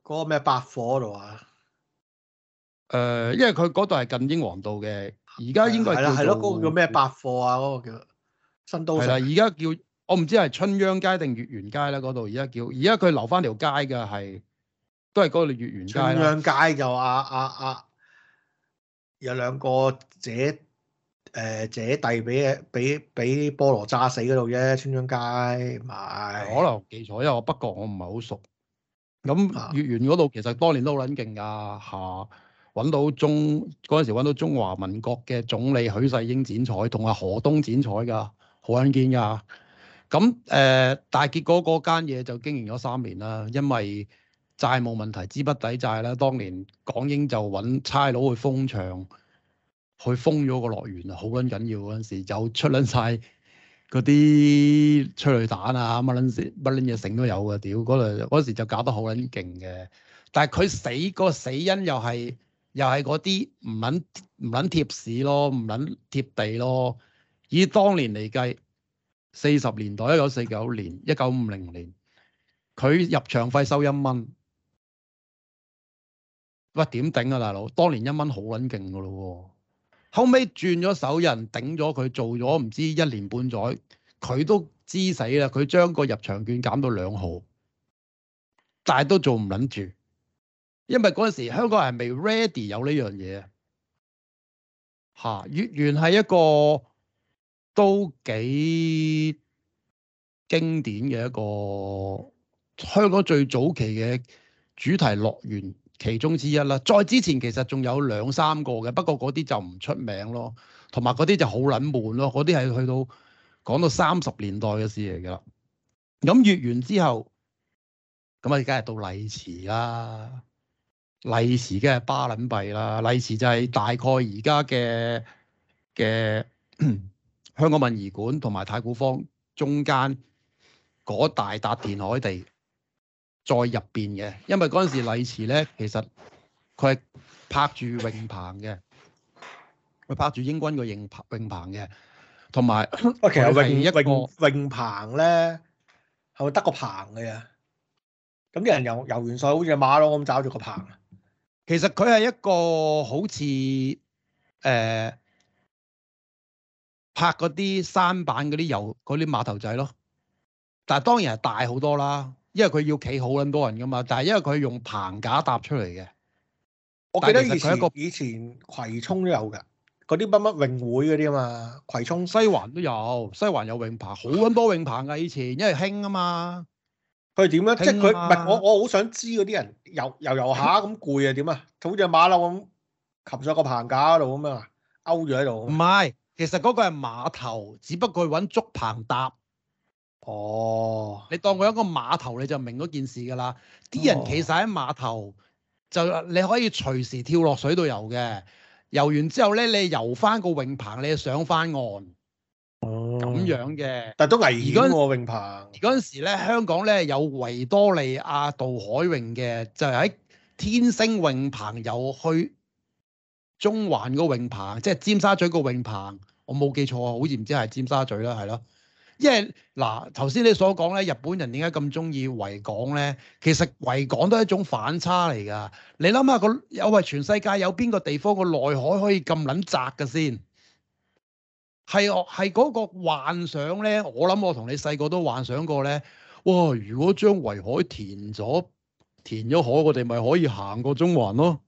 [SPEAKER 2] 嗰圓個咩百貨度啊？誒、呃，因為佢嗰度係近英皇道嘅。而家應該係啦係咯，嗰個叫咩？百貨啊，嗰個叫新都市。係啊，而家叫我唔知係春秧街定月圓街咧。嗰度而家叫，而家佢留翻條街㗎，係都
[SPEAKER 1] 係嗰個月圓街啦。春秧街就啊啊啊，有兩個姐誒、呃、姐弟俾俾俾菠蘿炸死嗰度啫。春秧街買可能記錯，因為我北角我唔係好熟。咁月圓嗰
[SPEAKER 2] 度其實當年都好撚勁㗎嚇揾到中嗰陣時揾到中華民國嘅總理許世英剪彩，同阿何東剪彩㗎，好撚堅㗎。咁誒但結果嗰間嘢就經營咗三年啦，因為債務問題資不抵債啦。當年港英就揾差佬去封場，去封咗個樂園啊，好撚緊要嗰陣時，就出撚晒嗰啲催淚彈啊，乜撚事乜撚嘢繩都有㗎，屌嗰陣時就搞得好撚勁嘅。但係佢死、個死因又係。又係嗰啲唔撚唔撚貼士咯，唔撚貼地咯。以當年嚟計，四十年代、一九四九年、一九五零年，佢入場費收一蚊，喂，點頂啊，大佬！當年一蚊好撚勁㗎咯喎。後尾轉咗手，有人頂咗佢做咗唔知一年半載，佢都知死啦。佢將個入場券減到兩毫，但係都做唔撚住。因為嗰陣時香港人未 ready 有呢樣嘢嚇。月園係一個都幾經典嘅一個香港最早期嘅主題樂園其中之一啦。再之前其實仲有兩三個嘅，不過嗰啲就唔出名咯，同埋嗰啲就好撚悶咯。嗰啲係去到講到三十年代嘅事嚟嘅啦。咁月園之後，咁啊，梗係到麗池啦。麗池嘅巴倫幣啦，麗池就係大概而家嘅嘅香港殯儀館同埋太古坊中間嗰大笪填海地再入邊嘅，因為嗰陣時麗池咧，其實佢係拍住泳棚嘅，佢
[SPEAKER 1] 拍住英軍個泳泳棚嘅，同埋其實泳泳泳，泳棚咧係咪得個棚嘅呀？咁啲人游游完水，好似馬騮咁揸住個棚。其實佢係一個好似誒、呃、
[SPEAKER 2] 拍嗰啲山板嗰啲遊嗰啲碼頭仔咯，但係當然係大好多啦，因為佢要企好撚多人噶嘛。但係因為佢係用棚架搭出嚟嘅，
[SPEAKER 1] 我記得其以前佢係一個以前葵涌都有嘅嗰啲乜乜泳會嗰啲啊嘛。葵涌西環都有，西環有泳棚，好撚多泳棚噶以前，因為興啊嘛。佢係點咧？樣下即係佢唔係我，我好想知嗰啲人游游游下咁攰啊點啊？好似馬騮咁，擒咗個棚架嗰度咁樣，勾住喺度。唔係，其實嗰個係碼頭，只不過搵竹棚搭。
[SPEAKER 2] 哦，你當佢一個碼頭，你就明嗰件事噶啦。啲人其實喺碼頭，哦、就你可以隨時跳落水度游嘅。游完之後咧，你游翻個泳棚，你上翻岸。哦，咁樣嘅，
[SPEAKER 1] 但都危險喎、啊、泳棚。
[SPEAKER 2] 而嗰陣時咧，香港咧有維多利亞渡海泳嘅，就係、是、喺天星泳棚，又去中環個泳棚，即係尖沙咀個泳棚。我冇記錯啊，好似唔知係尖沙咀啦，係咯。因為嗱，頭先你所講咧，日本人點解咁中意維港咧？其實維港都係一種反差嚟噶。你諗下個，啊喂，全世界有邊個地方個內海可以咁撚窄嘅先？係哦，係嗰個幻想咧。我諗我同你細個都幻想過咧。哇！如果將維海填咗，填咗海，我哋咪可以行過中環咯。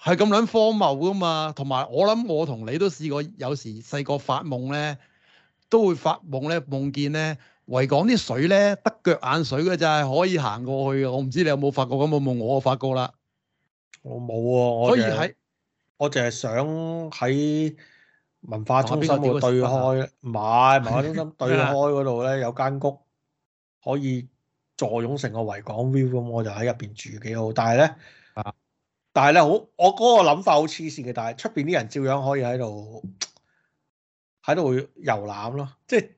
[SPEAKER 2] 係咁撚荒謬噶嘛？同埋我諗我同你都試過，有時細個發夢咧，都會發夢咧，夢見咧，維港啲水咧，得腳眼水嘅咋，可以行過去嘅。我唔知你有冇發過咁嘅
[SPEAKER 1] 夢，我就發過啦。我冇啊，我所以喺我淨係想喺。啊、文化中心對開，唔係文化中心對開嗰度咧，有間屋可以坐擁成個維港 view，咁我就喺入邊住幾好，但係咧、啊，但係咧好，我嗰個諗法好黐線嘅，但係出邊啲人照樣可以喺度喺度會遊覽咯，即係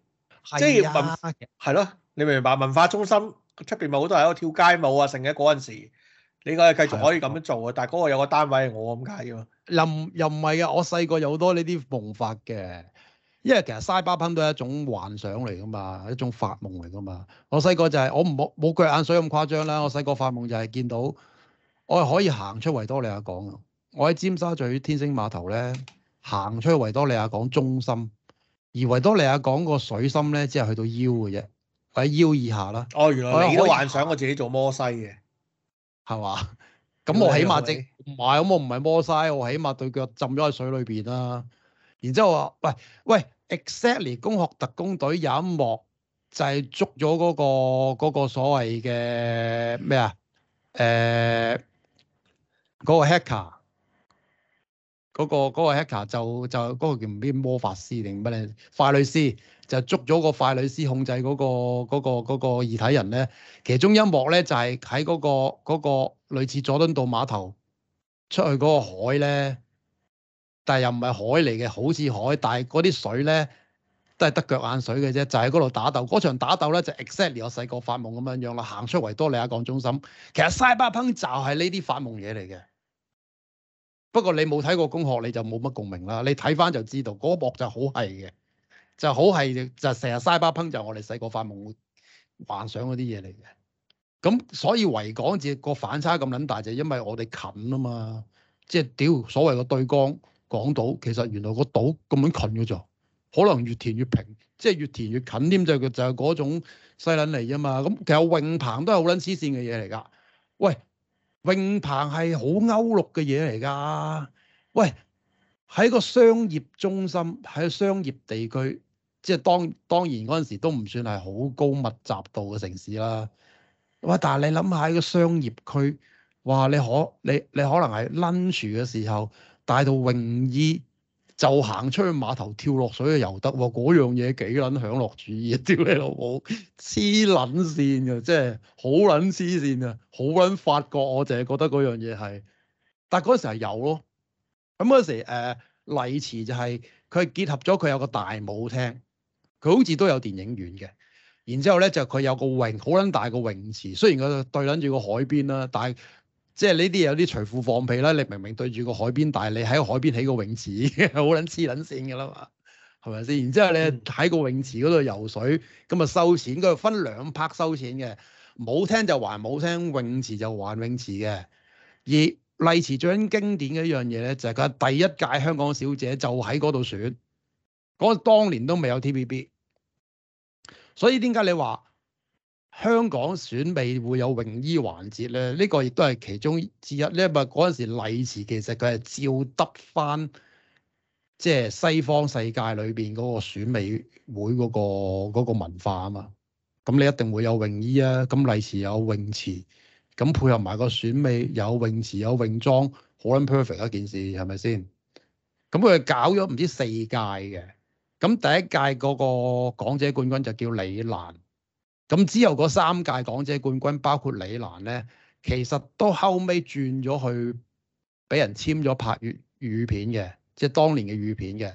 [SPEAKER 1] 即係文係咯、啊，你明唔明白？文化中心出邊咪好多人喺度跳街舞啊，成嘅嗰陣時。你嘅繼續可以咁樣做啊，的但係嗰個有個單位我咁解嘅，又又唔係啊！我細
[SPEAKER 2] 個有好多呢啲夢法嘅，因為其實西巴噴都係一種幻想嚟噶嘛，一種發夢嚟噶嘛。我細個就係、是、我唔冇冇腳眼水咁誇張啦。我細個發夢就係見到我係可以行出維多利亞港，我喺尖沙咀天星碼頭咧行出去維多利亞港中心，而維多利亞港個水深咧只係去到腰嘅啫，或者腰以下啦。哦，原來你都可幻
[SPEAKER 1] 想我自己做摩西嘅。
[SPEAKER 2] 係嘛？咁我起碼即唔係咁， 我唔係摩西，我起碼對腳浸咗喺水裏邊啦。然之後話，喂喂，Exactly 工學特工隊有一幕就係、是、捉咗嗰、那個那個所謂嘅咩啊？誒嗰、呃那個黑客、那個，嗰、那個嗰個黑客就就嗰、那個叫唔知魔法師定乜咧？法律師。就捉咗個快女屍控制嗰個嗰個嗰個異體人咧。其中一幕咧就係喺嗰個嗰個類似佐敦道碼頭出去嗰個海咧，但係又唔係海嚟嘅，好似海，但係嗰啲水咧都係得腳眼水嘅啫，就喺嗰度打鬥。嗰場打鬥咧就 exactly 我細個發夢咁樣樣啦，行出維多利亞港中心。其實 Cyberpunk 就係呢啲發夢嘢嚟嘅。不過你冇睇過工學，你就冇乜共鳴啦。你睇翻就知道嗰幕就好係嘅。就好係就成日嘥巴噏，就係我哋細個發夢幻想嗰啲嘢嚟嘅，咁所以維港自個反差咁撚大就係、是、因為我哋近啊嘛，即係屌所謂個對江港島，其實原來個島咁樣近咗，啫，可能越填越平，即係越填越近添、就是，就就係嗰種西撚嚟啫嘛。咁其實泳棚都係好撚黐線嘅嘢嚟噶，喂，泳棚係好歐陸嘅嘢嚟噶，喂，喺個商業中心，喺商業地區。即係當當然嗰陣時都唔算係好高密集度嘅城市啦。哇！但係你諗下喺個商業區，哇！你可你你可能係 lunch 嘅時候帶套泳衣就行出去碼頭跳落水啊，遊得喎，嗰樣嘢幾撚享樂主義啊！屌你老母黐撚線㗎，即係好撚黐線啊，好撚發覺我淨係覺得嗰樣嘢係，但係嗰陣時係有咯。咁嗰陣時誒麗池就係佢係結合咗佢有個大舞廳。佢好似都有電影院嘅，然之後咧就佢有個泳好撚大個泳池，雖然佢對撚住個海邊啦，但係即係呢啲有啲除褲放屁啦！你明明對住個海邊，但係你喺海邊起個泳池，好撚黐撚線嘅啦嘛，係咪先？然之後你喺個泳池嗰度游水，咁啊收錢，佢分兩 part 收錢嘅，冇廳就還冇廳，泳池就還泳池嘅。而麗池最經典嘅一樣嘢咧，就係佢係第一屆香港小姐就喺嗰度選。嗰當年都未有 TVB 所以點解你話香港選美會有泳衣環節咧？呢、呢個亦都係其中之一。因為嗰陣時禮池其實佢係照得翻，即係西方世界裏邊嗰個選美會嗰個嗰個文化啊嘛。咁你一定會有泳衣啊，咁禮池有泳池，咁配合埋個選美有泳池有泳裝，好撚 perfect 一件事係咪先？咁佢搞咗唔知四屆嘅。咁第一屆嗰個港姐冠軍就叫李蘭，咁之後嗰三屆港姐冠軍包括李蘭咧，其實都後尾轉咗去俾人簽咗拍粵語片嘅，即係當年嘅粵語片嘅，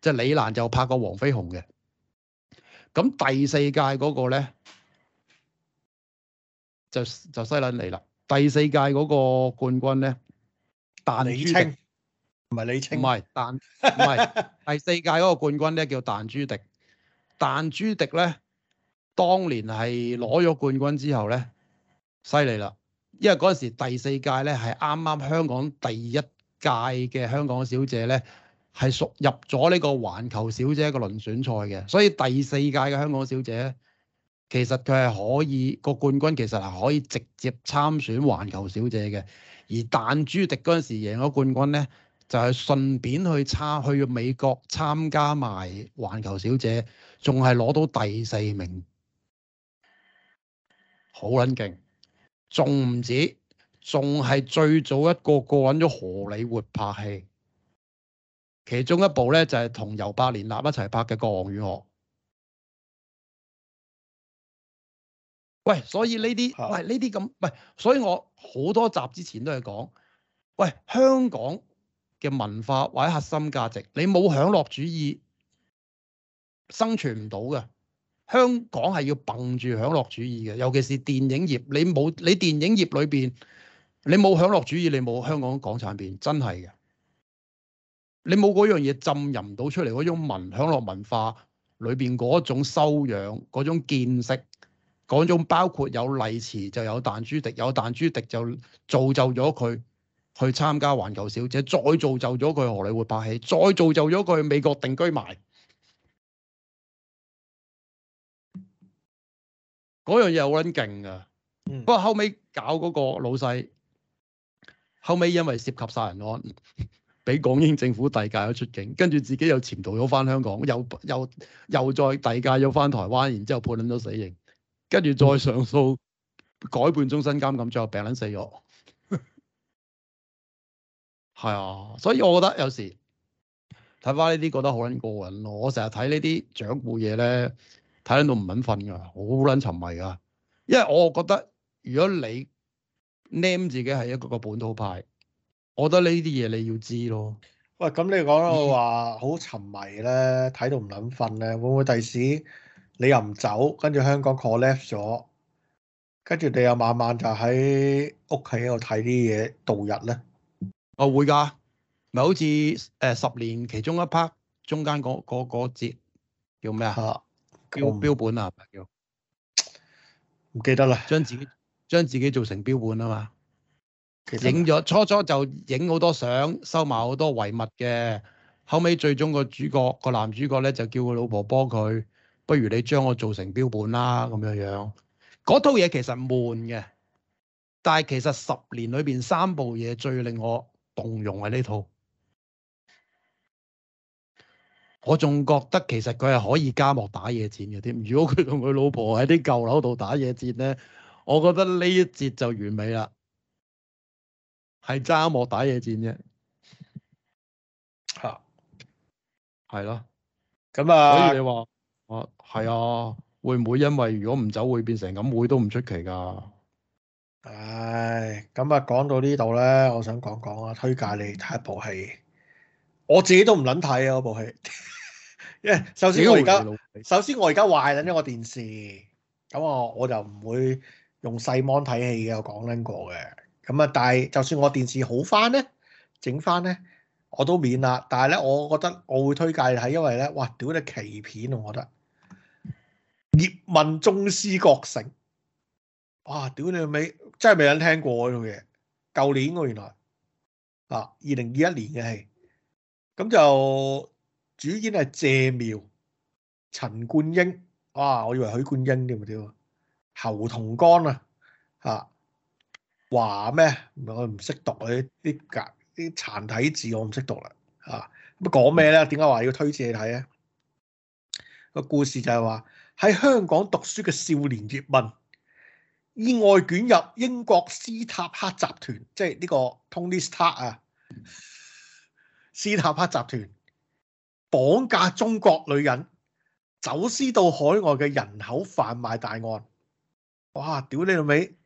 [SPEAKER 2] 即、就、係、是、李蘭就拍過黃飛鴻嘅。咁第四屆嗰個咧，就就犀撚嚟啦，第四屆嗰個冠軍咧，李清。唔係李清，唔係，但唔係 第四屆嗰個冠軍咧叫但朱迪，但朱迪咧當年係攞咗冠軍之後咧，犀利啦，因為嗰陣時第四屆咧係啱啱香港第一屆嘅香港小姐咧係屬入咗呢個環球小姐嘅輪選賽嘅，所以第四屆嘅香港小姐其實佢係可以個冠軍，其實係可，可以直接參選環球小姐嘅，而但朱迪嗰陣時贏咗冠軍咧。就係順便去參去美國參加埋環球小姐，仲係攞到第四名，好撚勁！仲唔止，仲係最早一個過緊咗荷里活拍戲，其中一部咧就係同尤伯連納一齊拍嘅《國王與我》。喂，所以呢啲喂呢啲咁，的喂，所以我好多集之前都係講，喂香港。嘅文化，或者核心價值，你冇享樂主義生存唔到嘅。香港係要蹦住享樂主義嘅，尤其是電影業。你冇，你電影業裏邊，你冇享樂主義，你冇香港港產片真係嘅。你冇嗰樣嘢浸淫到出嚟嗰種文享樂文化裏邊嗰種修養，嗰種見識，嗰種包括有麗池就有彈珠迪，有彈珠迪就造就咗佢。去參加環球小姐，再造就咗佢，荷里活拍戲，再造就咗佢，美國定居埋嗰樣嘢好撚勁噶。嗯、不過後尾搞嗰個老細，後尾因為涉及殺人案，俾港英政府遞解咗出境，跟住自己又潛逃咗翻香港，又又又再遞解咗翻台灣，然之後判撚咗死刑，跟住再上訴、嗯、改判終身監禁，最後病撚死咗。係啊，所以我覺得有時睇翻呢啲覺得好撚過癮咯。我成日睇呢啲掌故嘢咧，睇到唔撚瞓噶，好撚沉迷噶。因為我覺得如果你 name 自己係一個個本土派，我覺得呢啲嘢你要知咯。
[SPEAKER 1] 喂，咁你講到話好沉迷咧，睇到唔撚瞓咧，會唔會第時你又唔走，跟住香港 collapse 咗，跟住你又晚晚就喺屋企度睇啲嘢度日咧？
[SPEAKER 2] 我會噶，咪好似誒、呃、十年其中一 part 中間嗰嗰嗰節叫咩啊？嗯、標標本啊，叫、唔記得啦。將自己將自己做成標本啊嘛。影咗初初就影好多相，收埋好多遺物嘅。後尾最終個主角個男主角咧就叫個老婆幫佢，不如你將我做成標本啦、啊、咁樣樣。嗰、嗯、套嘢其實悶嘅，但係其實十年裏邊三部嘢最令我。動容係呢套，我仲覺得其實佢係可以加幕打野戰嘅添。如果佢同佢老婆喺啲舊樓度打野戰咧，我覺得呢一節就完美啦，係加幕打野戰啫。吓，係咯。咁啊，啦啊所以你話，啊係啊，會唔會
[SPEAKER 1] 因為如果唔走會變成咁？會都唔出奇噶。唉，咁啊，講到呢度咧，我想講講啊，推介你睇一部戲，我自己都唔捻睇啊，部戲。 因為首先我而家，首先我而家壞緊一個電視，咁我我就唔會用細芒睇戲嘅，我講捻過嘅。咁啊，但係就算我電視好翻咧，整翻咧，我都免啦。但係咧，我覺得我會推介你睇，因為咧，哇，屌你，奇片啊，我覺得《葉問宗師覺醒》。哇！屌你未，真係未有人聽過呢套嘢，舊年喎、啊、原來啊，二零二一年嘅戲，咁就主演係謝苗、陳冠英，哇、啊！我以為許冠英添啊，侯同光啊，吓話咩？唔係我唔識讀，讀，啊。啲啲格啲殘體字我唔識讀啦，吓咁講咩咧？點解話要推薦你睇咧？個故事就係話喺香港讀書嘅少年葉問。意外捲入英國斯塔克集團，即係呢個 Tony Stark 啊，斯塔克集團綁架中國女人，走私到海外嘅人口販賣大案。哇！屌你老味！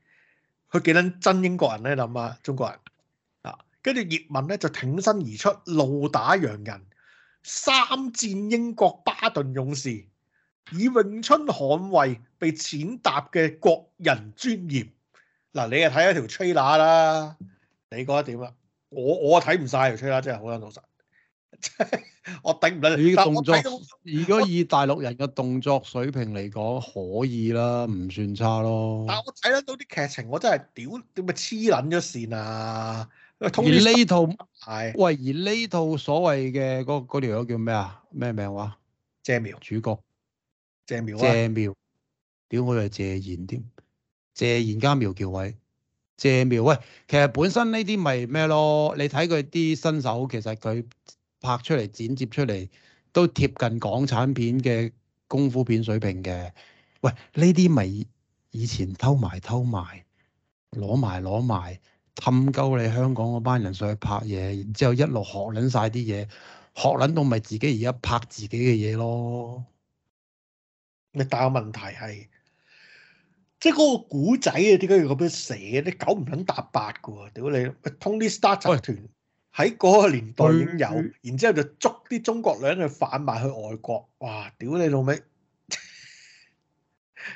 [SPEAKER 1] 佢幾撚真英國人呢？諗下中國人啊，跟住葉問咧就挺身而出，怒打洋人，三戰英國巴頓勇士。以詠春捍衛被踐踏嘅國人尊嚴，嗱、啊、你又睇一條吹喇啦，你覺得點啊？我我睇唔晒條吹喇，真係好捻老實，我頂唔甩。呢個動作如果以大陸人嘅動作水平嚟講，我可
[SPEAKER 2] 以啦，唔算差咯。但我睇得到啲劇情，我真係屌，點咪黐捻咗線啊！而呢套係的喂，而呢套所謂嘅嗰嗰條友叫咩啊？咩名話？謝苗主角。主角謝苗啊！謝苗，屌佢係謝賢添，謝賢家苗僑偉，謝苗喂，其實本身呢啲咪咩咯？你睇佢啲新手，其實佢拍出嚟剪接出嚟，都貼近港產片嘅功夫片水平嘅。喂，呢啲咪以前偷埋偷埋，攞埋攞埋，氹鳩你香港嗰班人上去拍嘢，然之後一路學捻晒啲嘢，學捻
[SPEAKER 1] 到咪自己而家拍自己嘅嘢咯。咪但係問題係，即係嗰個古仔啊，點解要咁樣寫？啲狗唔肯搭八嘅喎，屌你、哎！Tony Star 集團喺嗰、哎、個年代已經有，主然之後就捉啲中國女人去販賣去外國，哇！屌你老味！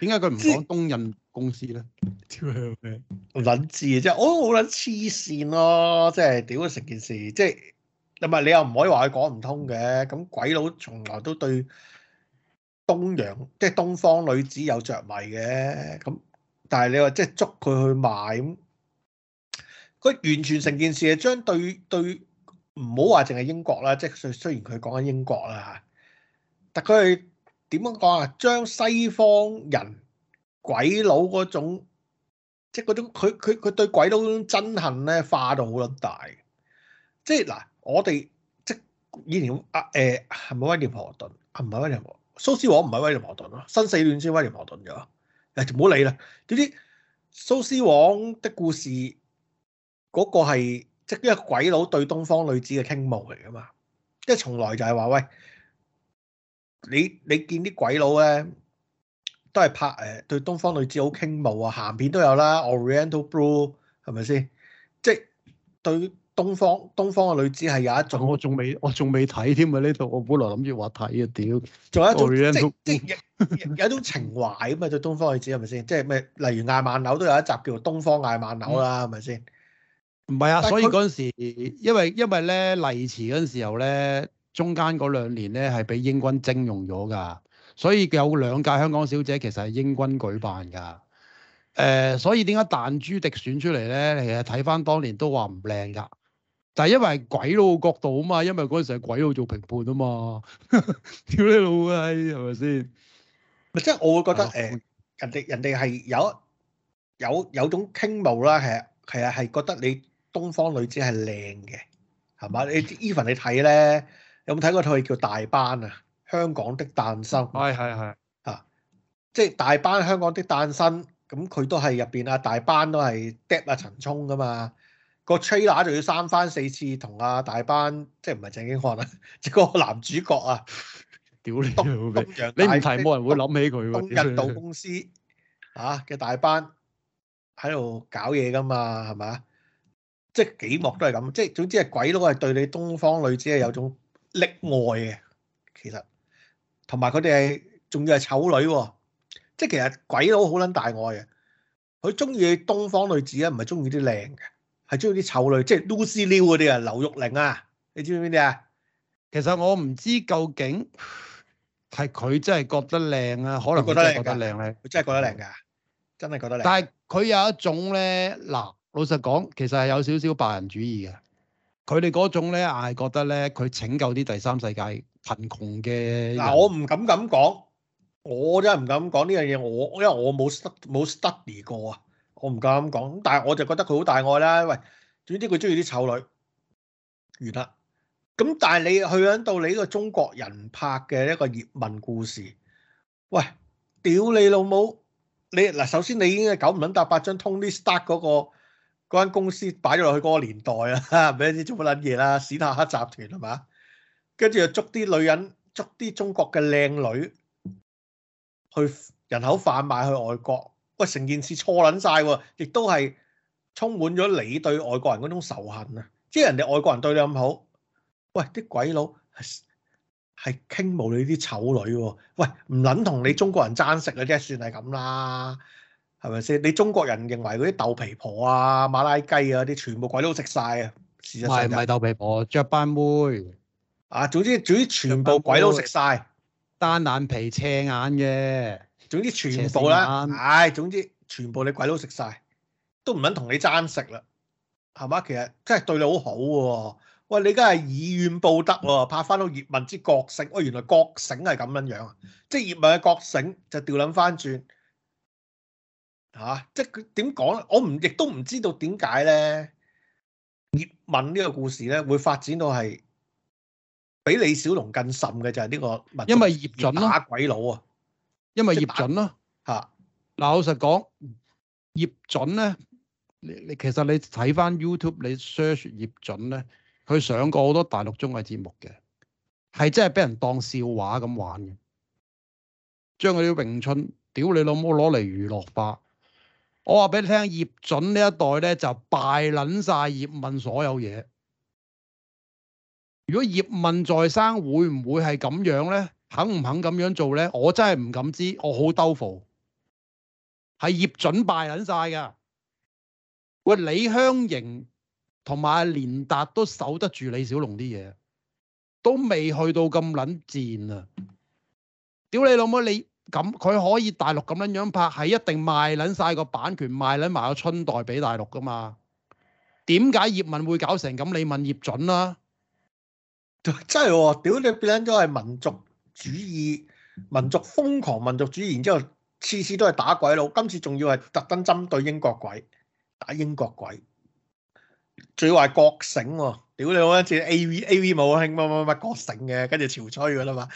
[SPEAKER 1] 點解佢唔講東印公司咧？
[SPEAKER 2] 屌你老
[SPEAKER 1] 味， 哦、啊！即係我都好撚黐線咯，即係屌成件事，即係唔係你又唔可以話佢講唔通嘅？咁鬼佬從來都對。東洋，即係東方女子有着迷嘅，咁但係你話即係捉佢去賣咁，佢完全成件事係將對對唔好話淨係英國啦，即係雖然佢講緊英國啦嚇，但佢係點樣講啊？將西方人鬼佬嗰種即係嗰種佢佢佢對鬼佬嗰種憎恨咧，化到好大。即係嗱，我哋即係以前啊，誒係咪威廉婆頓啊？唔係威廉伯。蘇斯王唔係威廉摩頓咯，生死戀先威廉摩頓嘅，誒唔好理啦。總之，蘇斯王的故事嗰、嗰個係即係一個鬼佬對東方女子嘅傾慕嚟噶嘛，即係從來就係話喂，你你見啲鬼佬咧都係拍誒對東方女子好傾慕啊，鹹片都有啦，Oriental Blue 係咪先？即係對。東方東方嘅女子係有一種，我仲未我仲未睇添㗎呢套我本來諗住話睇嘅，屌仲有一種、oh, 即係即係有一種情懷咁啊！就 東方女子係咪先？即係咩？例如亞萬樓都有一集叫做《東方亞萬樓》啦，係咪先？唔係啊，他所以嗰陣時，因為
[SPEAKER 2] 因為咧麗池嗰陣時候咧，中間嗰兩年咧係俾英軍徵用咗㗎，所以有兩屆香港小姐其實係英軍舉辦㗎。誒、呃，所以點解彈珠迪選出嚟咧？其實睇翻當年都話唔靚㗎。但係因為係鬼佬嘅角度啊嘛，因為嗰陣時係鬼佬做評判
[SPEAKER 1] 啊嘛，屌你老細，係咪先？唔係即係我會覺得誒，人哋人哋係有有有種傾慕啦，係係啊係覺得你東方女子係靚嘅，係嘛？你 even 你睇咧，有冇睇過套戲叫大班啊？香港的誕生係係係啊，即係大班香港的誕生，咁佢都係入邊啊，大班都係 drop 啊陳沖噶嘛。個 trailer 就要三番四次同阿大班，即係唔係鄭經翰啊？即係個男主角啊！屌你，咁樣你唔提冇人會諗起佢喎、啊。東印度公司啊嘅大班喺度搞嘢㗎嘛，係咪？即係幾幕都係咁，即係總之係鬼佬係對你東方女子係有種溺愛嘅，其實同埋佢哋係仲要係醜女喎、哦，即係其實鬼佬好撚大愛嘅，佢中意東方女子咧，唔係中意啲靚嘅。係中意啲醜女，即係 Lucy Liu 嗰啲啊，劉玉玲啊，你知唔知邊啲啊？其實我唔知究竟係佢真係覺得靚啊，可能覺得靚咧，佢真係覺得靚㗎，真係覺得靚。但
[SPEAKER 2] 係佢有一種咧，嗱，老實講，其實係有少少白人主義嘅。佢哋嗰種硬係覺得咧，佢拯救啲第三世界
[SPEAKER 1] 貧窮嘅。嗱，我唔敢咁講，我真係唔敢講呢樣嘢。我因為我冇 stud 冇 study 過啊。我唔敢咁講，但係我就覺得佢好大愛啦。喂，總之佢中意啲醜女，完啦。咁但係你去緊到你呢個中國人拍嘅一個葉問故事，喂，屌你老母！你嗱，首先你已經係九唔撚搭八張通啲 Stark 嗰個嗰間公司擺咗落去嗰個年代啊，唔知做乜撚嘢啦，史塔克集團係嘛？跟住就捉啲女人，捉啲中國嘅靚女去人口販賣去外國。喂，成件事錯撚晒喎，亦都係充滿咗你對外國人嗰種仇恨啊！即係人哋外國人對你咁好，喂，啲鬼佬係傾慕你啲醜女喎！喂，唔撚同你中國人爭食啊，即係算係咁啦，係咪先？你中國人認為嗰啲豆皮婆啊、馬拉雞啊啲，全部鬼佬食晒啊！事實係唔係，唔係豆皮婆，雀斑妹啊，總之總之全部鬼佬食晒，單眼皮斜眼嘅。總之全部啦，唉、哎，總之全部你鬼佬食晒，都唔肯同你爭食啦，係嘛？其實真係對你好好、哦、喎。喂，你家係以怨報德喎、哦，拍翻到葉問之覺醒。哦、哎，原來覺醒係咁樣樣啊！即係葉問嘅覺醒就調捻翻轉，吓，即係佢點講咧？我唔亦都唔知道點解咧？葉問呢個故事咧，會發展到係比李小龍更甚嘅就係呢個，因為葉準打鬼佬啊！因為葉準咯、啊、嚇，嗱
[SPEAKER 2] 的老實講，葉準咧，你你其實你睇翻 YouTube，你 search 葉準咧，佢上過好多大陸綜藝節目嘅，係真係俾人當笑話咁玩嘅，將佢啲詠春屌你老母攞嚟娛樂化。我話俾你聽，葉準呢一代咧就敗撚晒葉問所有嘢。如果葉問在生會會，會唔會係咁樣咧？肯唔肯咁樣做咧？我真係唔敢知，我好兜火，係葉準敗捻晒噶。喂，李香瑩同埋阿連達都守得住李小龍啲嘢，都未去到咁捻賤啊！屌你老母，你咁佢可以大陸咁樣樣拍，係一定賣捻晒個版權，賣捻埋個春袋俾大陸噶嘛？點解葉問會搞成咁？你問葉準啦、啊， 真係喎、哦！屌你
[SPEAKER 1] 變咗係民族。，主義民族瘋狂民族主義，然之後次次都係打鬼佬，今次仲要係特登針對英國鬼打英國鬼，最要話國醒喎，屌 你好似 A V A V 冇興乜乜乜國醒嘅，跟住潮吹嘅啦嘛，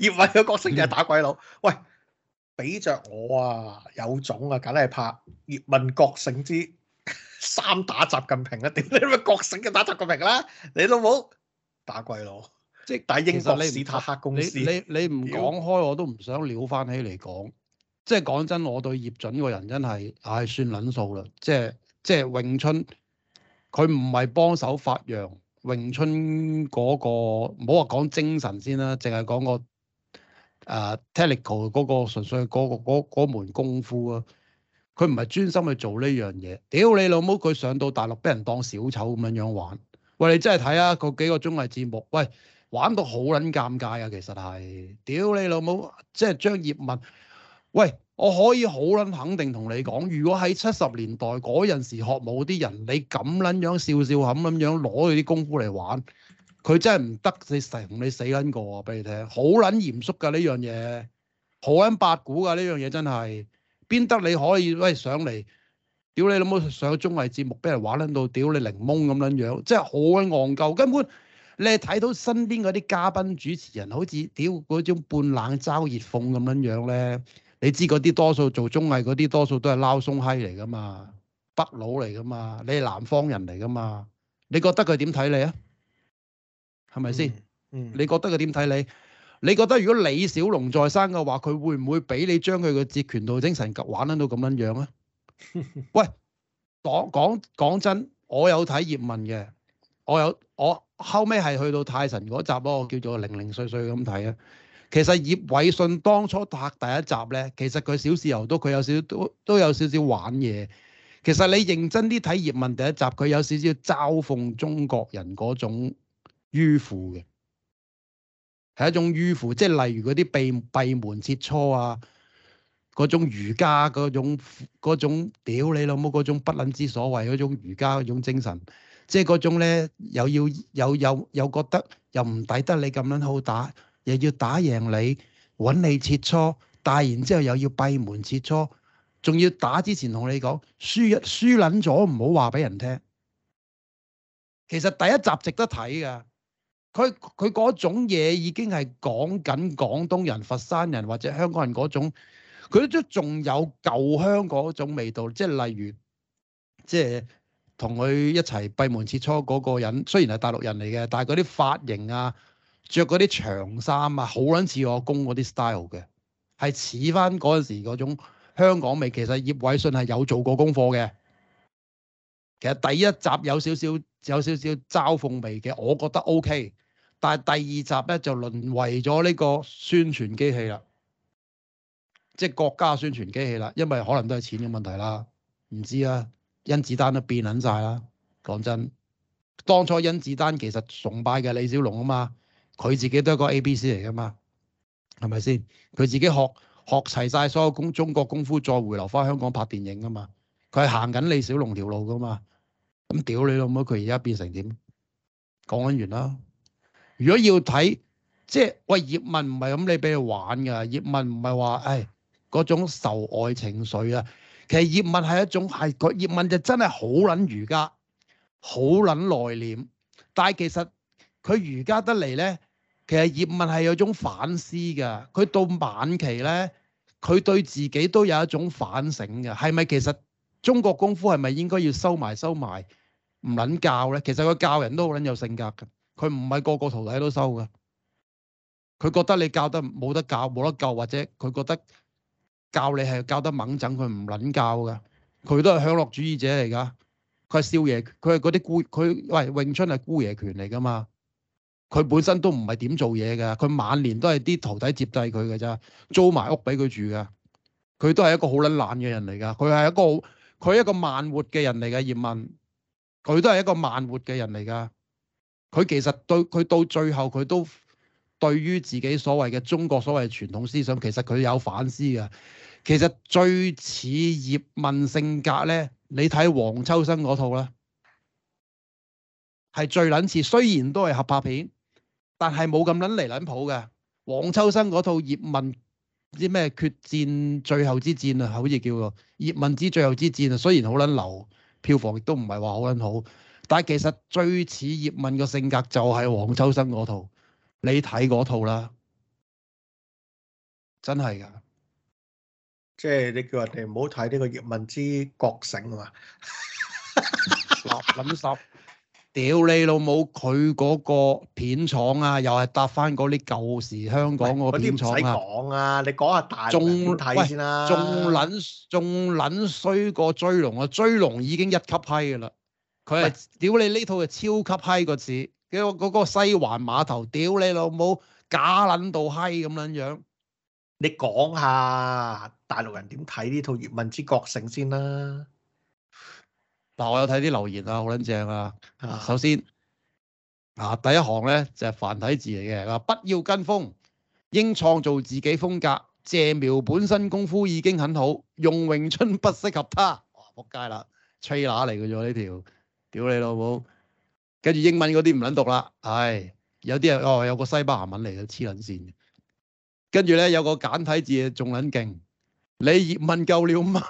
[SPEAKER 1] 你葉問嘅國醒就係打鬼佬， 喂，比着我啊有種啊，梗係拍葉問國醒之三打習近平啊，屌你乜國醒就打習近平啦？你老母打鬼佬！即係底英國史
[SPEAKER 2] 塔克公司，你你唔講你你開我，要我都唔想撩翻起嚟講。即係講真，我對葉準呢個人真係，唉，算捻數啦。即係即係詠春，佢唔係幫手發揚詠春嗰個，唔好話講精神先啦，淨係講個啊 technical 嗰個純粹嗰個嗰門功夫啊。佢唔係專心去做呢樣嘢，屌你老母！佢上到大陸俾人當小丑咁樣樣玩。喂，你真係睇下嗰幾個綜藝節目，喂。玩到好撚尷尬啊！其實係，屌你老母，即係張葉問。喂，我可以好撚肯定同你講，如果喺七十年代嗰陣時學武啲人，你咁撚樣笑笑冚咁樣攞佢啲功夫嚟玩，佢真係唔得你成你死撚過啊！俾你聽，好撚嚴肅㗎呢樣嘢，好撚八股㗎呢樣嘢，這個、真係邊得你可以喂上嚟？屌你老母上個綜藝節目俾人玩撚到，屌你檸檬咁撚樣，真係好撚戇鳩，根本。你睇到身邊嗰啲嘉賓主持人，好似屌嗰種半冷嘲熱諷咁樣樣咧，你知嗰啲多數做綜藝嗰啲多數都係撈鬆閪嚟噶嘛，北佬嚟噶嘛，你係南方人嚟噶嘛？你覺得佢點睇你啊？係咪先？嗯，你覺得佢點睇你？你覺得如果李小龍在生嘅話，佢會唔會俾你將佢嘅截拳道精神玩得到咁樣樣啊？ 喂，講講講真，我有睇葉問嘅，我有我。我後尾係去到泰臣嗰集咯，我叫做零零碎碎咁睇啊。其實葉偉信當初拍第一集咧，其實佢小時候都佢有少少都都有少少玩嘢。其實你認真啲睇葉問第一集，佢有少少嘲諷中國人嗰種迂腐嘅，係一種迂腐，即係例如嗰啲閉閉門切磋啊，嗰種儒家嗰種屌你老母嗰種不撚之所謂嗰種儒家嗰種精神。即係嗰種咧，又要有有又，又，又覺得又唔抵得你咁樣好打，又要打贏你，揾你切磋，但係然之後又要閉門切磋，仲要打之前同你講輸一輸撚咗唔好話俾人聽。其實第一集值得睇㗎，佢佢嗰種嘢已經係講緊廣東人、佛山人或者香港人嗰種，佢都仲有舊香嗰種味道，即係例如即係。同佢一齊閉門切磋嗰個人，雖然係大陸人嚟嘅，但係嗰啲髮型啊，着嗰啲長衫啊，好撚似我公嗰啲 style 嘅，係似翻嗰陣時嗰種香港味。其實葉偉信係有做過功課嘅。其實第一集有少少有少少嘲諷味嘅，我覺得 OK。但係第二集咧就淪為咗呢個宣傳機器啦，即係國家宣傳機器啦，因為可能都係錢嘅問題啦，唔知啊。甄子丹都變撚晒啦！講真，當初甄子丹其實崇拜嘅李小龍啊嘛，佢自己都係一個 A B C 嚟噶嘛，係咪先？佢自己學學齊晒所有中中國功夫，再回流翻香港拍電影啊嘛，佢係行緊李小龍條路噶嘛。咁屌你老母！佢而家變成點？講緊完啦。如果要睇，即係喂葉問唔係咁，你俾佢玩㗎。葉問唔係話誒嗰種仇愛情緒啊。其實葉問係一種係佢葉問就真係好撚儒家，好撚內斂。但係其實佢儒家得嚟咧，其實葉問係有一種反思㗎。佢到晚期咧，佢對自己都有一種反省㗎。係咪其實中國功夫係咪應該要收埋收埋唔撚教咧？其實佢教人都好撚有性格㗎。佢唔係個個徒弟都收㗎。佢覺得你教得冇得教冇得教，或者佢覺得。教你係教得猛整，佢唔撚教噶，佢都係享樂主義者嚟噶。佢係少爺，佢係嗰啲姑，佢喂詠春係姑爺權嚟噶嘛。佢本身都唔係點做嘢噶，佢晚年都係啲徒弟接濟佢嘅咋，租埋屋俾佢住噶。佢都係一個好撚懶嘅人嚟噶，佢係一個佢係一個慢活嘅人嚟噶葉問，佢都係一個慢活嘅人嚟噶。佢其實對佢到最後佢都對於自己所謂嘅中國所謂傳統思想，其實佢有反思噶。其實最似葉問性格咧，你睇黃秋生嗰套啦，係最捻似。雖然都係合拍片，但係冇咁捻離捻譜嘅。黃秋生嗰套葉問啲咩決戰最後之戰啊，好似叫做《葉問之最後之戰》啊。雖然好捻流，票房亦都唔係話好捻好，但係其實最似葉問個性格就係黃秋生嗰套，你
[SPEAKER 1] 睇嗰套啦，真係噶。即係你叫人哋唔好睇呢個葉問之覺醒啊嘛，
[SPEAKER 2] 諗十，屌你老母！佢嗰個片廠啊，又係搭翻嗰啲舊時香港嗰啲片廠啊，使講
[SPEAKER 1] 啊，你講下大眾睇先啦，啊，仲撚
[SPEAKER 2] 仲撚衰過追龍啊！追龍已經一級嗨㗎啦，佢係屌你呢套係超級嗨個字，嗰、嗰、嗰、嗰個西環碼頭，屌你老母
[SPEAKER 1] 假撚到嗨咁樣樣，你講下。大陸人點睇呢套《葉問之國性》先啦？嗱，我有睇啲留言啊，
[SPEAKER 2] 好撚正啊！首先，啊第一行咧就係、是、繁體字嚟嘅，話不要跟風，應創造自己風格。謝苗本身功夫已經很好，用詠春不適合他。我話撲街啦，吹乸嚟嘅咗呢條，屌你老母！跟住英文嗰啲唔撚讀啦，唉、哎，有啲人哦，有個西班牙文嚟嘅，黐撚線。跟住咧有個簡體字仲撚勁。你
[SPEAKER 1] 葉問夠了嗎？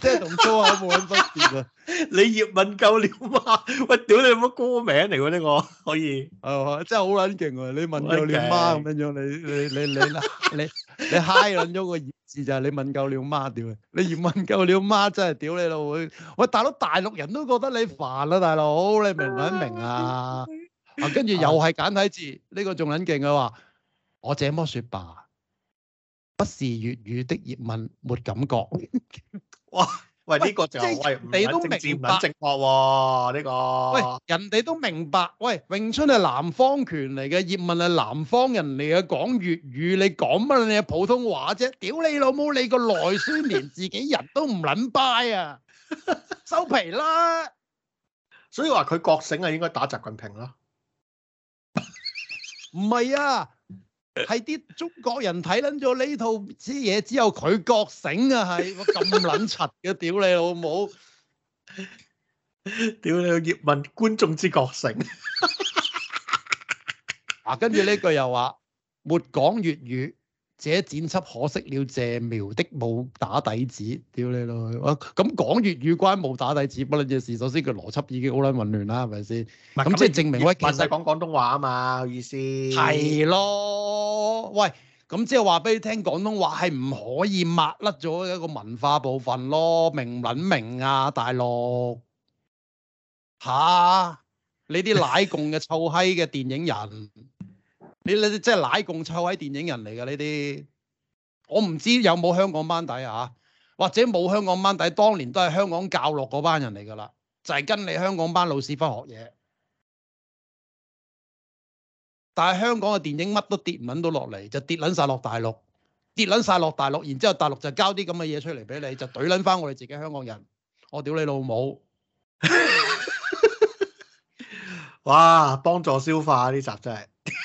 [SPEAKER 1] 即係同粗口冇分別啊！你葉問夠了嗎？喂，屌你乜歌名嚟㗎呢個？可以，係啊，真係好撚勁啊！你問夠了嗎？咁樣樣，你你你
[SPEAKER 2] 你啦，你你嗨撚咗個字就係你問夠了嗎？屌你！你葉問夠了嗎？真係屌你老母！喂，大佬，大陸人都覺得你煩啦，大佬，你明唔明啊？啊，跟住又係簡體字，呢個仲撚勁啊！話。我這麼說吧，不是粵語的葉問沒感覺。
[SPEAKER 1] 哇！喂，呢喂個就係、是、你都明白，明白喎呢個。喂，人哋都
[SPEAKER 2] 明白。喂，詠春係南方拳嚟嘅，葉問係南方人嚟嘅，講粵語，你講乜？你係普通話啫。屌你老母，你個內孫連自己人都唔撚
[SPEAKER 1] 拜啊，收皮啦！所以話佢覺醒係應該打習近平咯，唔係 啊？係啲中
[SPEAKER 2] 國人睇捻咗呢套啲嘢，只有佢覺醒啊！係我咁撚柒嘅，
[SPEAKER 1] 屌 你老母！屌你個葉問，觀眾之覺醒。嗱，跟住呢句話又話，沒講粵
[SPEAKER 2] 語。寫剪輯可惜了謝苗的武打，啊啊、打底子，屌你老！咁講粵語關武打底子不論嘅事，首先佢邏輯已經好撚混亂啦，係咪先？咁但即係證明喂，限制講
[SPEAKER 1] 廣東話啊嘛，好意思係咯？
[SPEAKER 2] 喂，咁即係話俾你聽，廣東話係唔可以抹甩咗一個文化部分咯，明唔明，明啊？大陸吓、啊？你啲奶共嘅臭閪嘅電影人！你你啲真係奶共臭閪電影人嚟噶呢啲，我唔知有冇香港班底啊？或者冇香港班底，當年都係香港教落嗰班人嚟噶啦，就係、是、跟你香港班老師翻學嘢。但係香港嘅電影乜都跌唔撚到落嚟，就跌撚晒落大陸，跌撚晒落大陸，然之後大陸就交啲咁嘅嘢出嚟俾你，就懟撚翻我哋自己
[SPEAKER 1] 香港人。我屌你老母！ 哇，幫助消化呢、啊、集真係～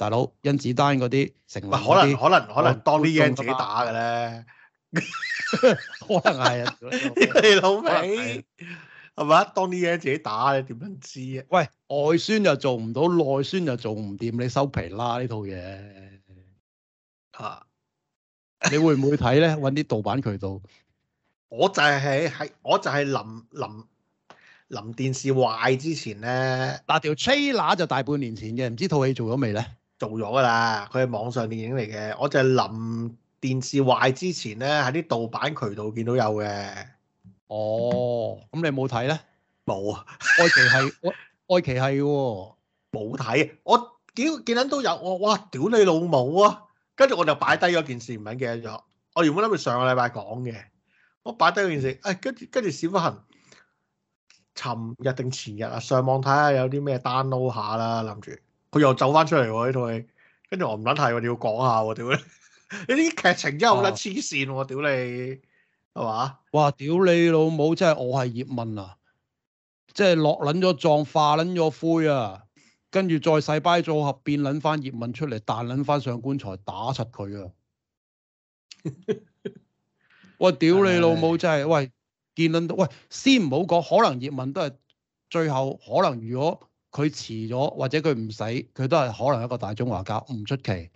[SPEAKER 2] 大佬，甄子丹嗰啲
[SPEAKER 1] 成，可能可能，反 discretion 可能當啲樣自己打嘅咧，可能係啊，你老味係嘛？當啲樣自己打你點樣知
[SPEAKER 2] 啊？喂，外宣又做唔到，內宣又做唔掂，你收皮啦呢套嘢
[SPEAKER 1] 嚇！ 你會唔會睇咧？揾啲盜版渠道 我、就是，我就係喺，我就係臨臨臨電視壞之前咧，嗱條吹 h 就大半年前嘅，唔知套戲做咗未咧？做咗㗎喇，佢係網上電影嚟嘅。我就係臨電視壞之前咧，喺啲盜版渠道見到有嘅。哦，咁、哦嗯、你冇睇咧？冇沒有，啊， 愛奇係、哦，愛奇係喎。冇睇，我屌見到都有，我哇屌你老母啊！跟住我就擺低嗰件事，唔係記得咗。我原本諗住上個禮拜講嘅，我擺低嗰件事。誒、哎，跟住跟住小恆尋日定前日啊，上網睇下有啲咩 download 下啦，諗住。佢又走翻出嚟喎呢套戲，跟住我唔捻係喎，你要講下喎，屌你！呢啲劇情真係好捻黐線喎，屌你，係嘛？
[SPEAKER 2] 哇，屌你老母，真係我係葉問啊！即係落捻咗葬，化捻咗灰啊！跟住再細胞組合變捻翻葉問出嚟，彈捻翻上棺材，打實佢啊！我 屌你老母，真係喂見捻到喂，先唔好講，可能葉問都係最後，可能如果。佢遲咗或者佢唔使，佢都係可能一個大中華教唔出奇。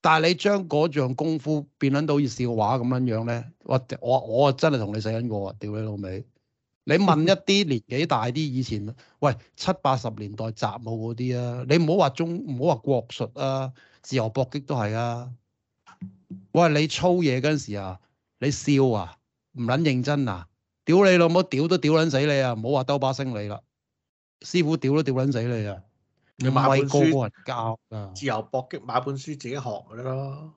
[SPEAKER 2] 但係你將嗰樣功夫變撚到似笑話咁樣樣咧，我我我真係同你死緊過啊！屌你老味。你問一啲年紀大啲以前，喂七八十年代習武嗰啲啊，你唔好話中唔好話國術啊，自由搏擊都係啊！喂你粗嘢嗰陣時啊，你笑啊唔撚認真啊，屌你老母，屌都屌撚死你啊！唔好話兜巴星你啦～師傅屌都屌撚死你啊！
[SPEAKER 1] 你買位高人教啊，自由搏擊買本書自己學咪啦！咯。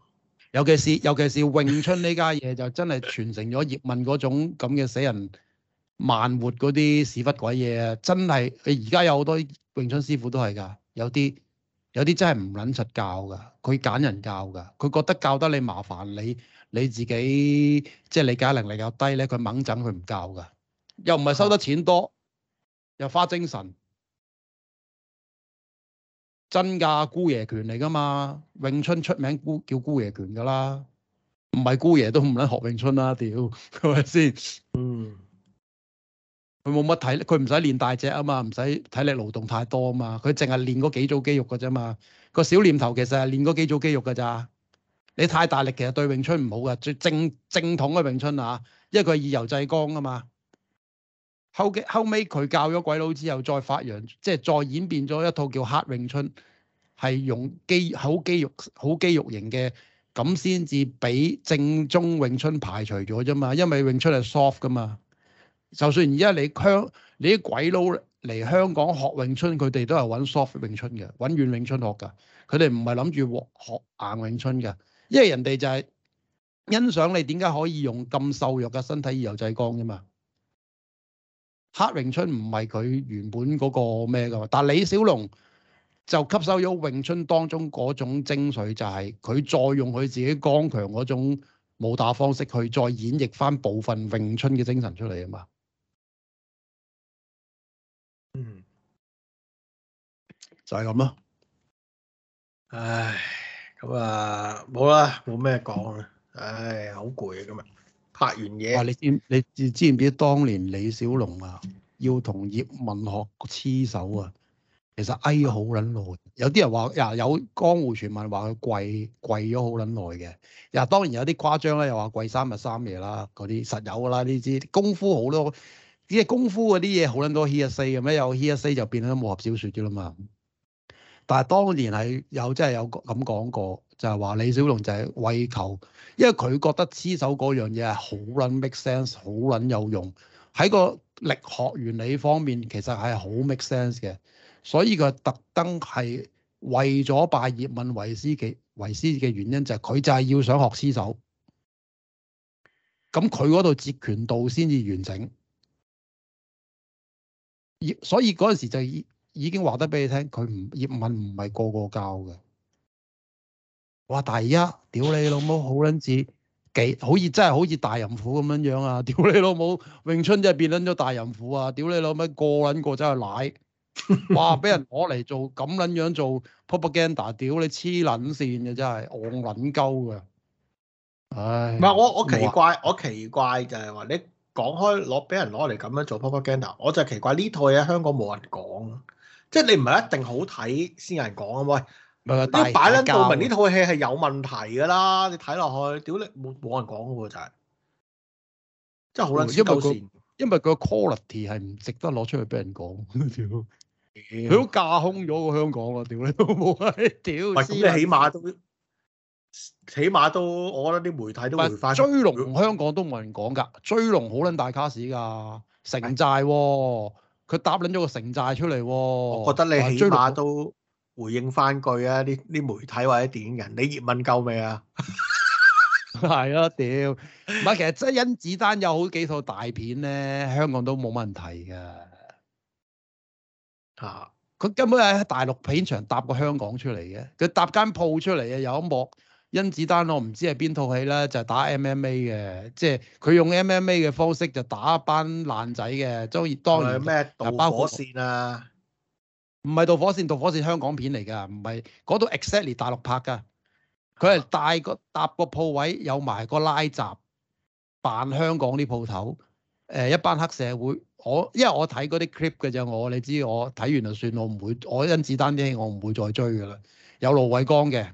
[SPEAKER 2] 尤其是尤其是詠春呢家嘢，就真係傳承咗葉問嗰種咁嘅死人慢活嗰啲屎忽鬼嘢啊！真係而家有好多詠春師傅都係噶，有啲有啲真係唔撚柒教噶，佢揀人教噶，佢覺得教得你麻煩你你自己即係理解能力又低咧，佢掹震佢唔教噶，又唔係收得錢多。又花精神，真噶姑爺拳嚟噶嘛。詠春出名姑叫姑爺拳噶啦，唔係姑爺都唔捻學詠春啦，啊，屌佢咪先。嗯，佢冇乜體力，佢唔使練大隻啊嘛，唔使體力勞動太多啊嘛，佢淨係練嗰幾組肌肉噶啫嘛。那個小念頭其實係練嗰幾組肌肉噶咋，你太大力其實對詠春唔好噶，最正正統嘅詠春啊，因為佢係以柔制剛啊嘛。後後尾佢教咗鬼佬之後，再發揚，即係再演變咗一套叫黑詠春，係用肌好肌肉好肌肉型嘅，咁先至俾正宗詠春排除咗啫嘛。因為詠春係 soft 噶嘛，就算而家你香你啲鬼佬嚟香港學詠春，佢哋都係揾 soft 詠春嘅，揾軟詠春學噶。佢哋唔係諗住學硬詠春嘅，因為人哋就係欣賞你點解可以用咁瘦弱嘅身體以柔制剛啫嘛。黑詠春唔係佢原本嗰個咩噶嘛，但係李小龍就吸收咗詠春當中嗰種精髓，就係佢再用佢自己剛強嗰種武打方式去再演繹翻部分
[SPEAKER 1] 詠春嘅精神出嚟啊嘛。嗯，就係咁咯。唉，咁啊，冇啦，冇咩講啦。唉，好攰啊，今日。拍完嘢，哇！
[SPEAKER 2] 你知，你知唔知當年李小龍啊，要同葉問學黐手啊，其實哎，好撚耐。有啲人話，呀，有江湖傳聞話佢貴貴咗好撚耐嘅。呀，當然有啲誇張咧，又話貴三日三夜啦，嗰啲實有噶啦，呢啲功夫好多，因為功夫嗰啲嘢好撚多 hearsay 嘅咩，有 hearsay 就變咗武俠小説噶啦嘛。但係當年係有真係有咁講過。就係話李小龍就係為求，因為佢覺得黐手嗰樣嘢係好撚 make sense，好撚有用。喺個力學原理方面，其實係好 make sense 嘅。所以佢特登係為咗拜葉問為師嘅為師嘅原因，就係佢就係要想學黐手。咁佢嗰度截拳道先至完整。葉所以嗰陣時就已已經話得俾你聽，佢唔葉問唔係個個教嘅。哇！大一，屌你老母，好撚似幾好似真係好似大人婦咁樣樣啊！屌你老母，詠春真係變撚咗大人婦啊！屌你老母，個撚個真係奶， 哇！俾人攞嚟做咁撚樣做 propaganda，屌你黐撚線嘅真
[SPEAKER 1] 係戇撚鳩嘅。唉，唔係我我奇怪，哇 我奇怪，我奇怪就係話你講開攞俾人攞嚟咁樣做 propaganda，我就奇怪呢套嘢香港冇人講，即係你唔係一定好睇先有人講啊喂。
[SPEAKER 2] 唔係，擺撚杜明呢套戲
[SPEAKER 1] 係有問題㗎啦！你睇落去，屌你冇冇人講喎，就係真
[SPEAKER 2] 係好撚黐，因為佢 quality 係唔值得攞出去俾人講，屌佢都架空咗個香港啊！屌 你沒有 都冇啊！屌，你起碼都起碼都，我覺得啲媒體都追龍香港都冇人講㗎，追龍好撚大卡士㗎，城寨喎、哦，佢的搭撚咗個城寨出嚟喎、哦，我
[SPEAKER 1] 覺得你起碼、啊、都。回應翻句啊！啲啲媒體或者電影人，你葉問夠未啊？
[SPEAKER 2] 係咯，屌！唔係，其實真甄子丹有好幾套大片咧，香港都冇問題噶。吓，佢根本係喺大陸片場搭過香港出嚟嘅，佢搭間鋪出嚟嘅。有一幕甄子丹，我唔知係邊套戲啦，就係、是、打 M M A 嘅，即係佢用 M M A 嘅方式就打班爛仔嘅。中意當然，咩 導火線啊？唔係導火線，導火線香港片嚟噶，唔係嗰度 exactly 大陸拍噶，佢係帶個搭個鋪位，有埋個拉閘扮香港啲鋪頭，誒、呃、一班黑社會，我因為我睇嗰啲 clip 嘅啫，我你知我睇完就算，我唔會我甄子丹啲戲我唔會再追噶啦，有盧偉光嘅。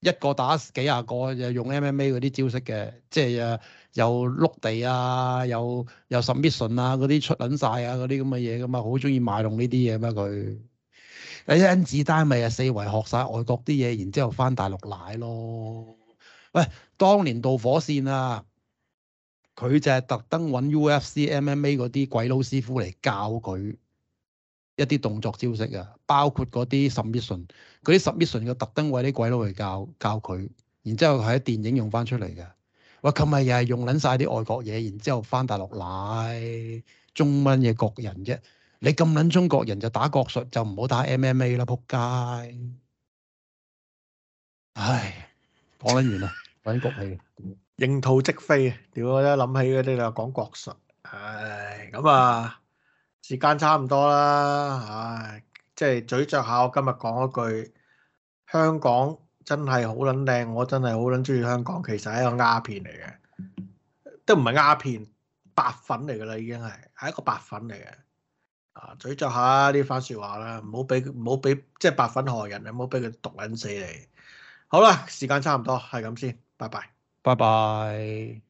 [SPEAKER 2] 一個打幾廿個就用 MMA 嗰啲招式嘅，即係有有碌地啊，又又 submission 啊嗰啲出撚晒啊嗰啲咁嘅嘢噶嘛，好中意賣弄呢啲嘢咩佢？阿甄子丹咪四圍學晒外國啲嘢，然之後翻大陸奶咯。喂，當年導火線啊，佢就係特登揾 UFC MMA 嗰啲鬼佬師傅嚟教佢。一啲動作招式啊，包括嗰啲 submission，嗰啲 submission 嘅特登為啲鬼佬嚟教教佢，然之後喺電影用翻出嚟嘅。哇，琴日又係用捻晒啲外國嘢，然之後翻大陸奶、哎、中文嘅國人啫。你咁捻中國人就打國術，就唔好打 MMA 啦，扑街！唉，講捻完啦，揾谷
[SPEAKER 1] 嚟，應兔 即飛啊！屌，一諗起嗰啲就講國術，唉，咁啊～時間差唔多啦，唉，即係咀嚼下，我今日講一句，香港真係好撚靚，我真係好撚鍾意香港。其實係一個鴉片嚟嘅，都唔係鴉片，白粉嚟噶啦，已經係係一個白粉嚟嘅。啊，咀嚼下呢番說話啦，唔好俾唔好俾即係白粉害人啊！唔好俾佢毒撚死你。好啦，時間差唔多，係咁先，拜拜，拜拜。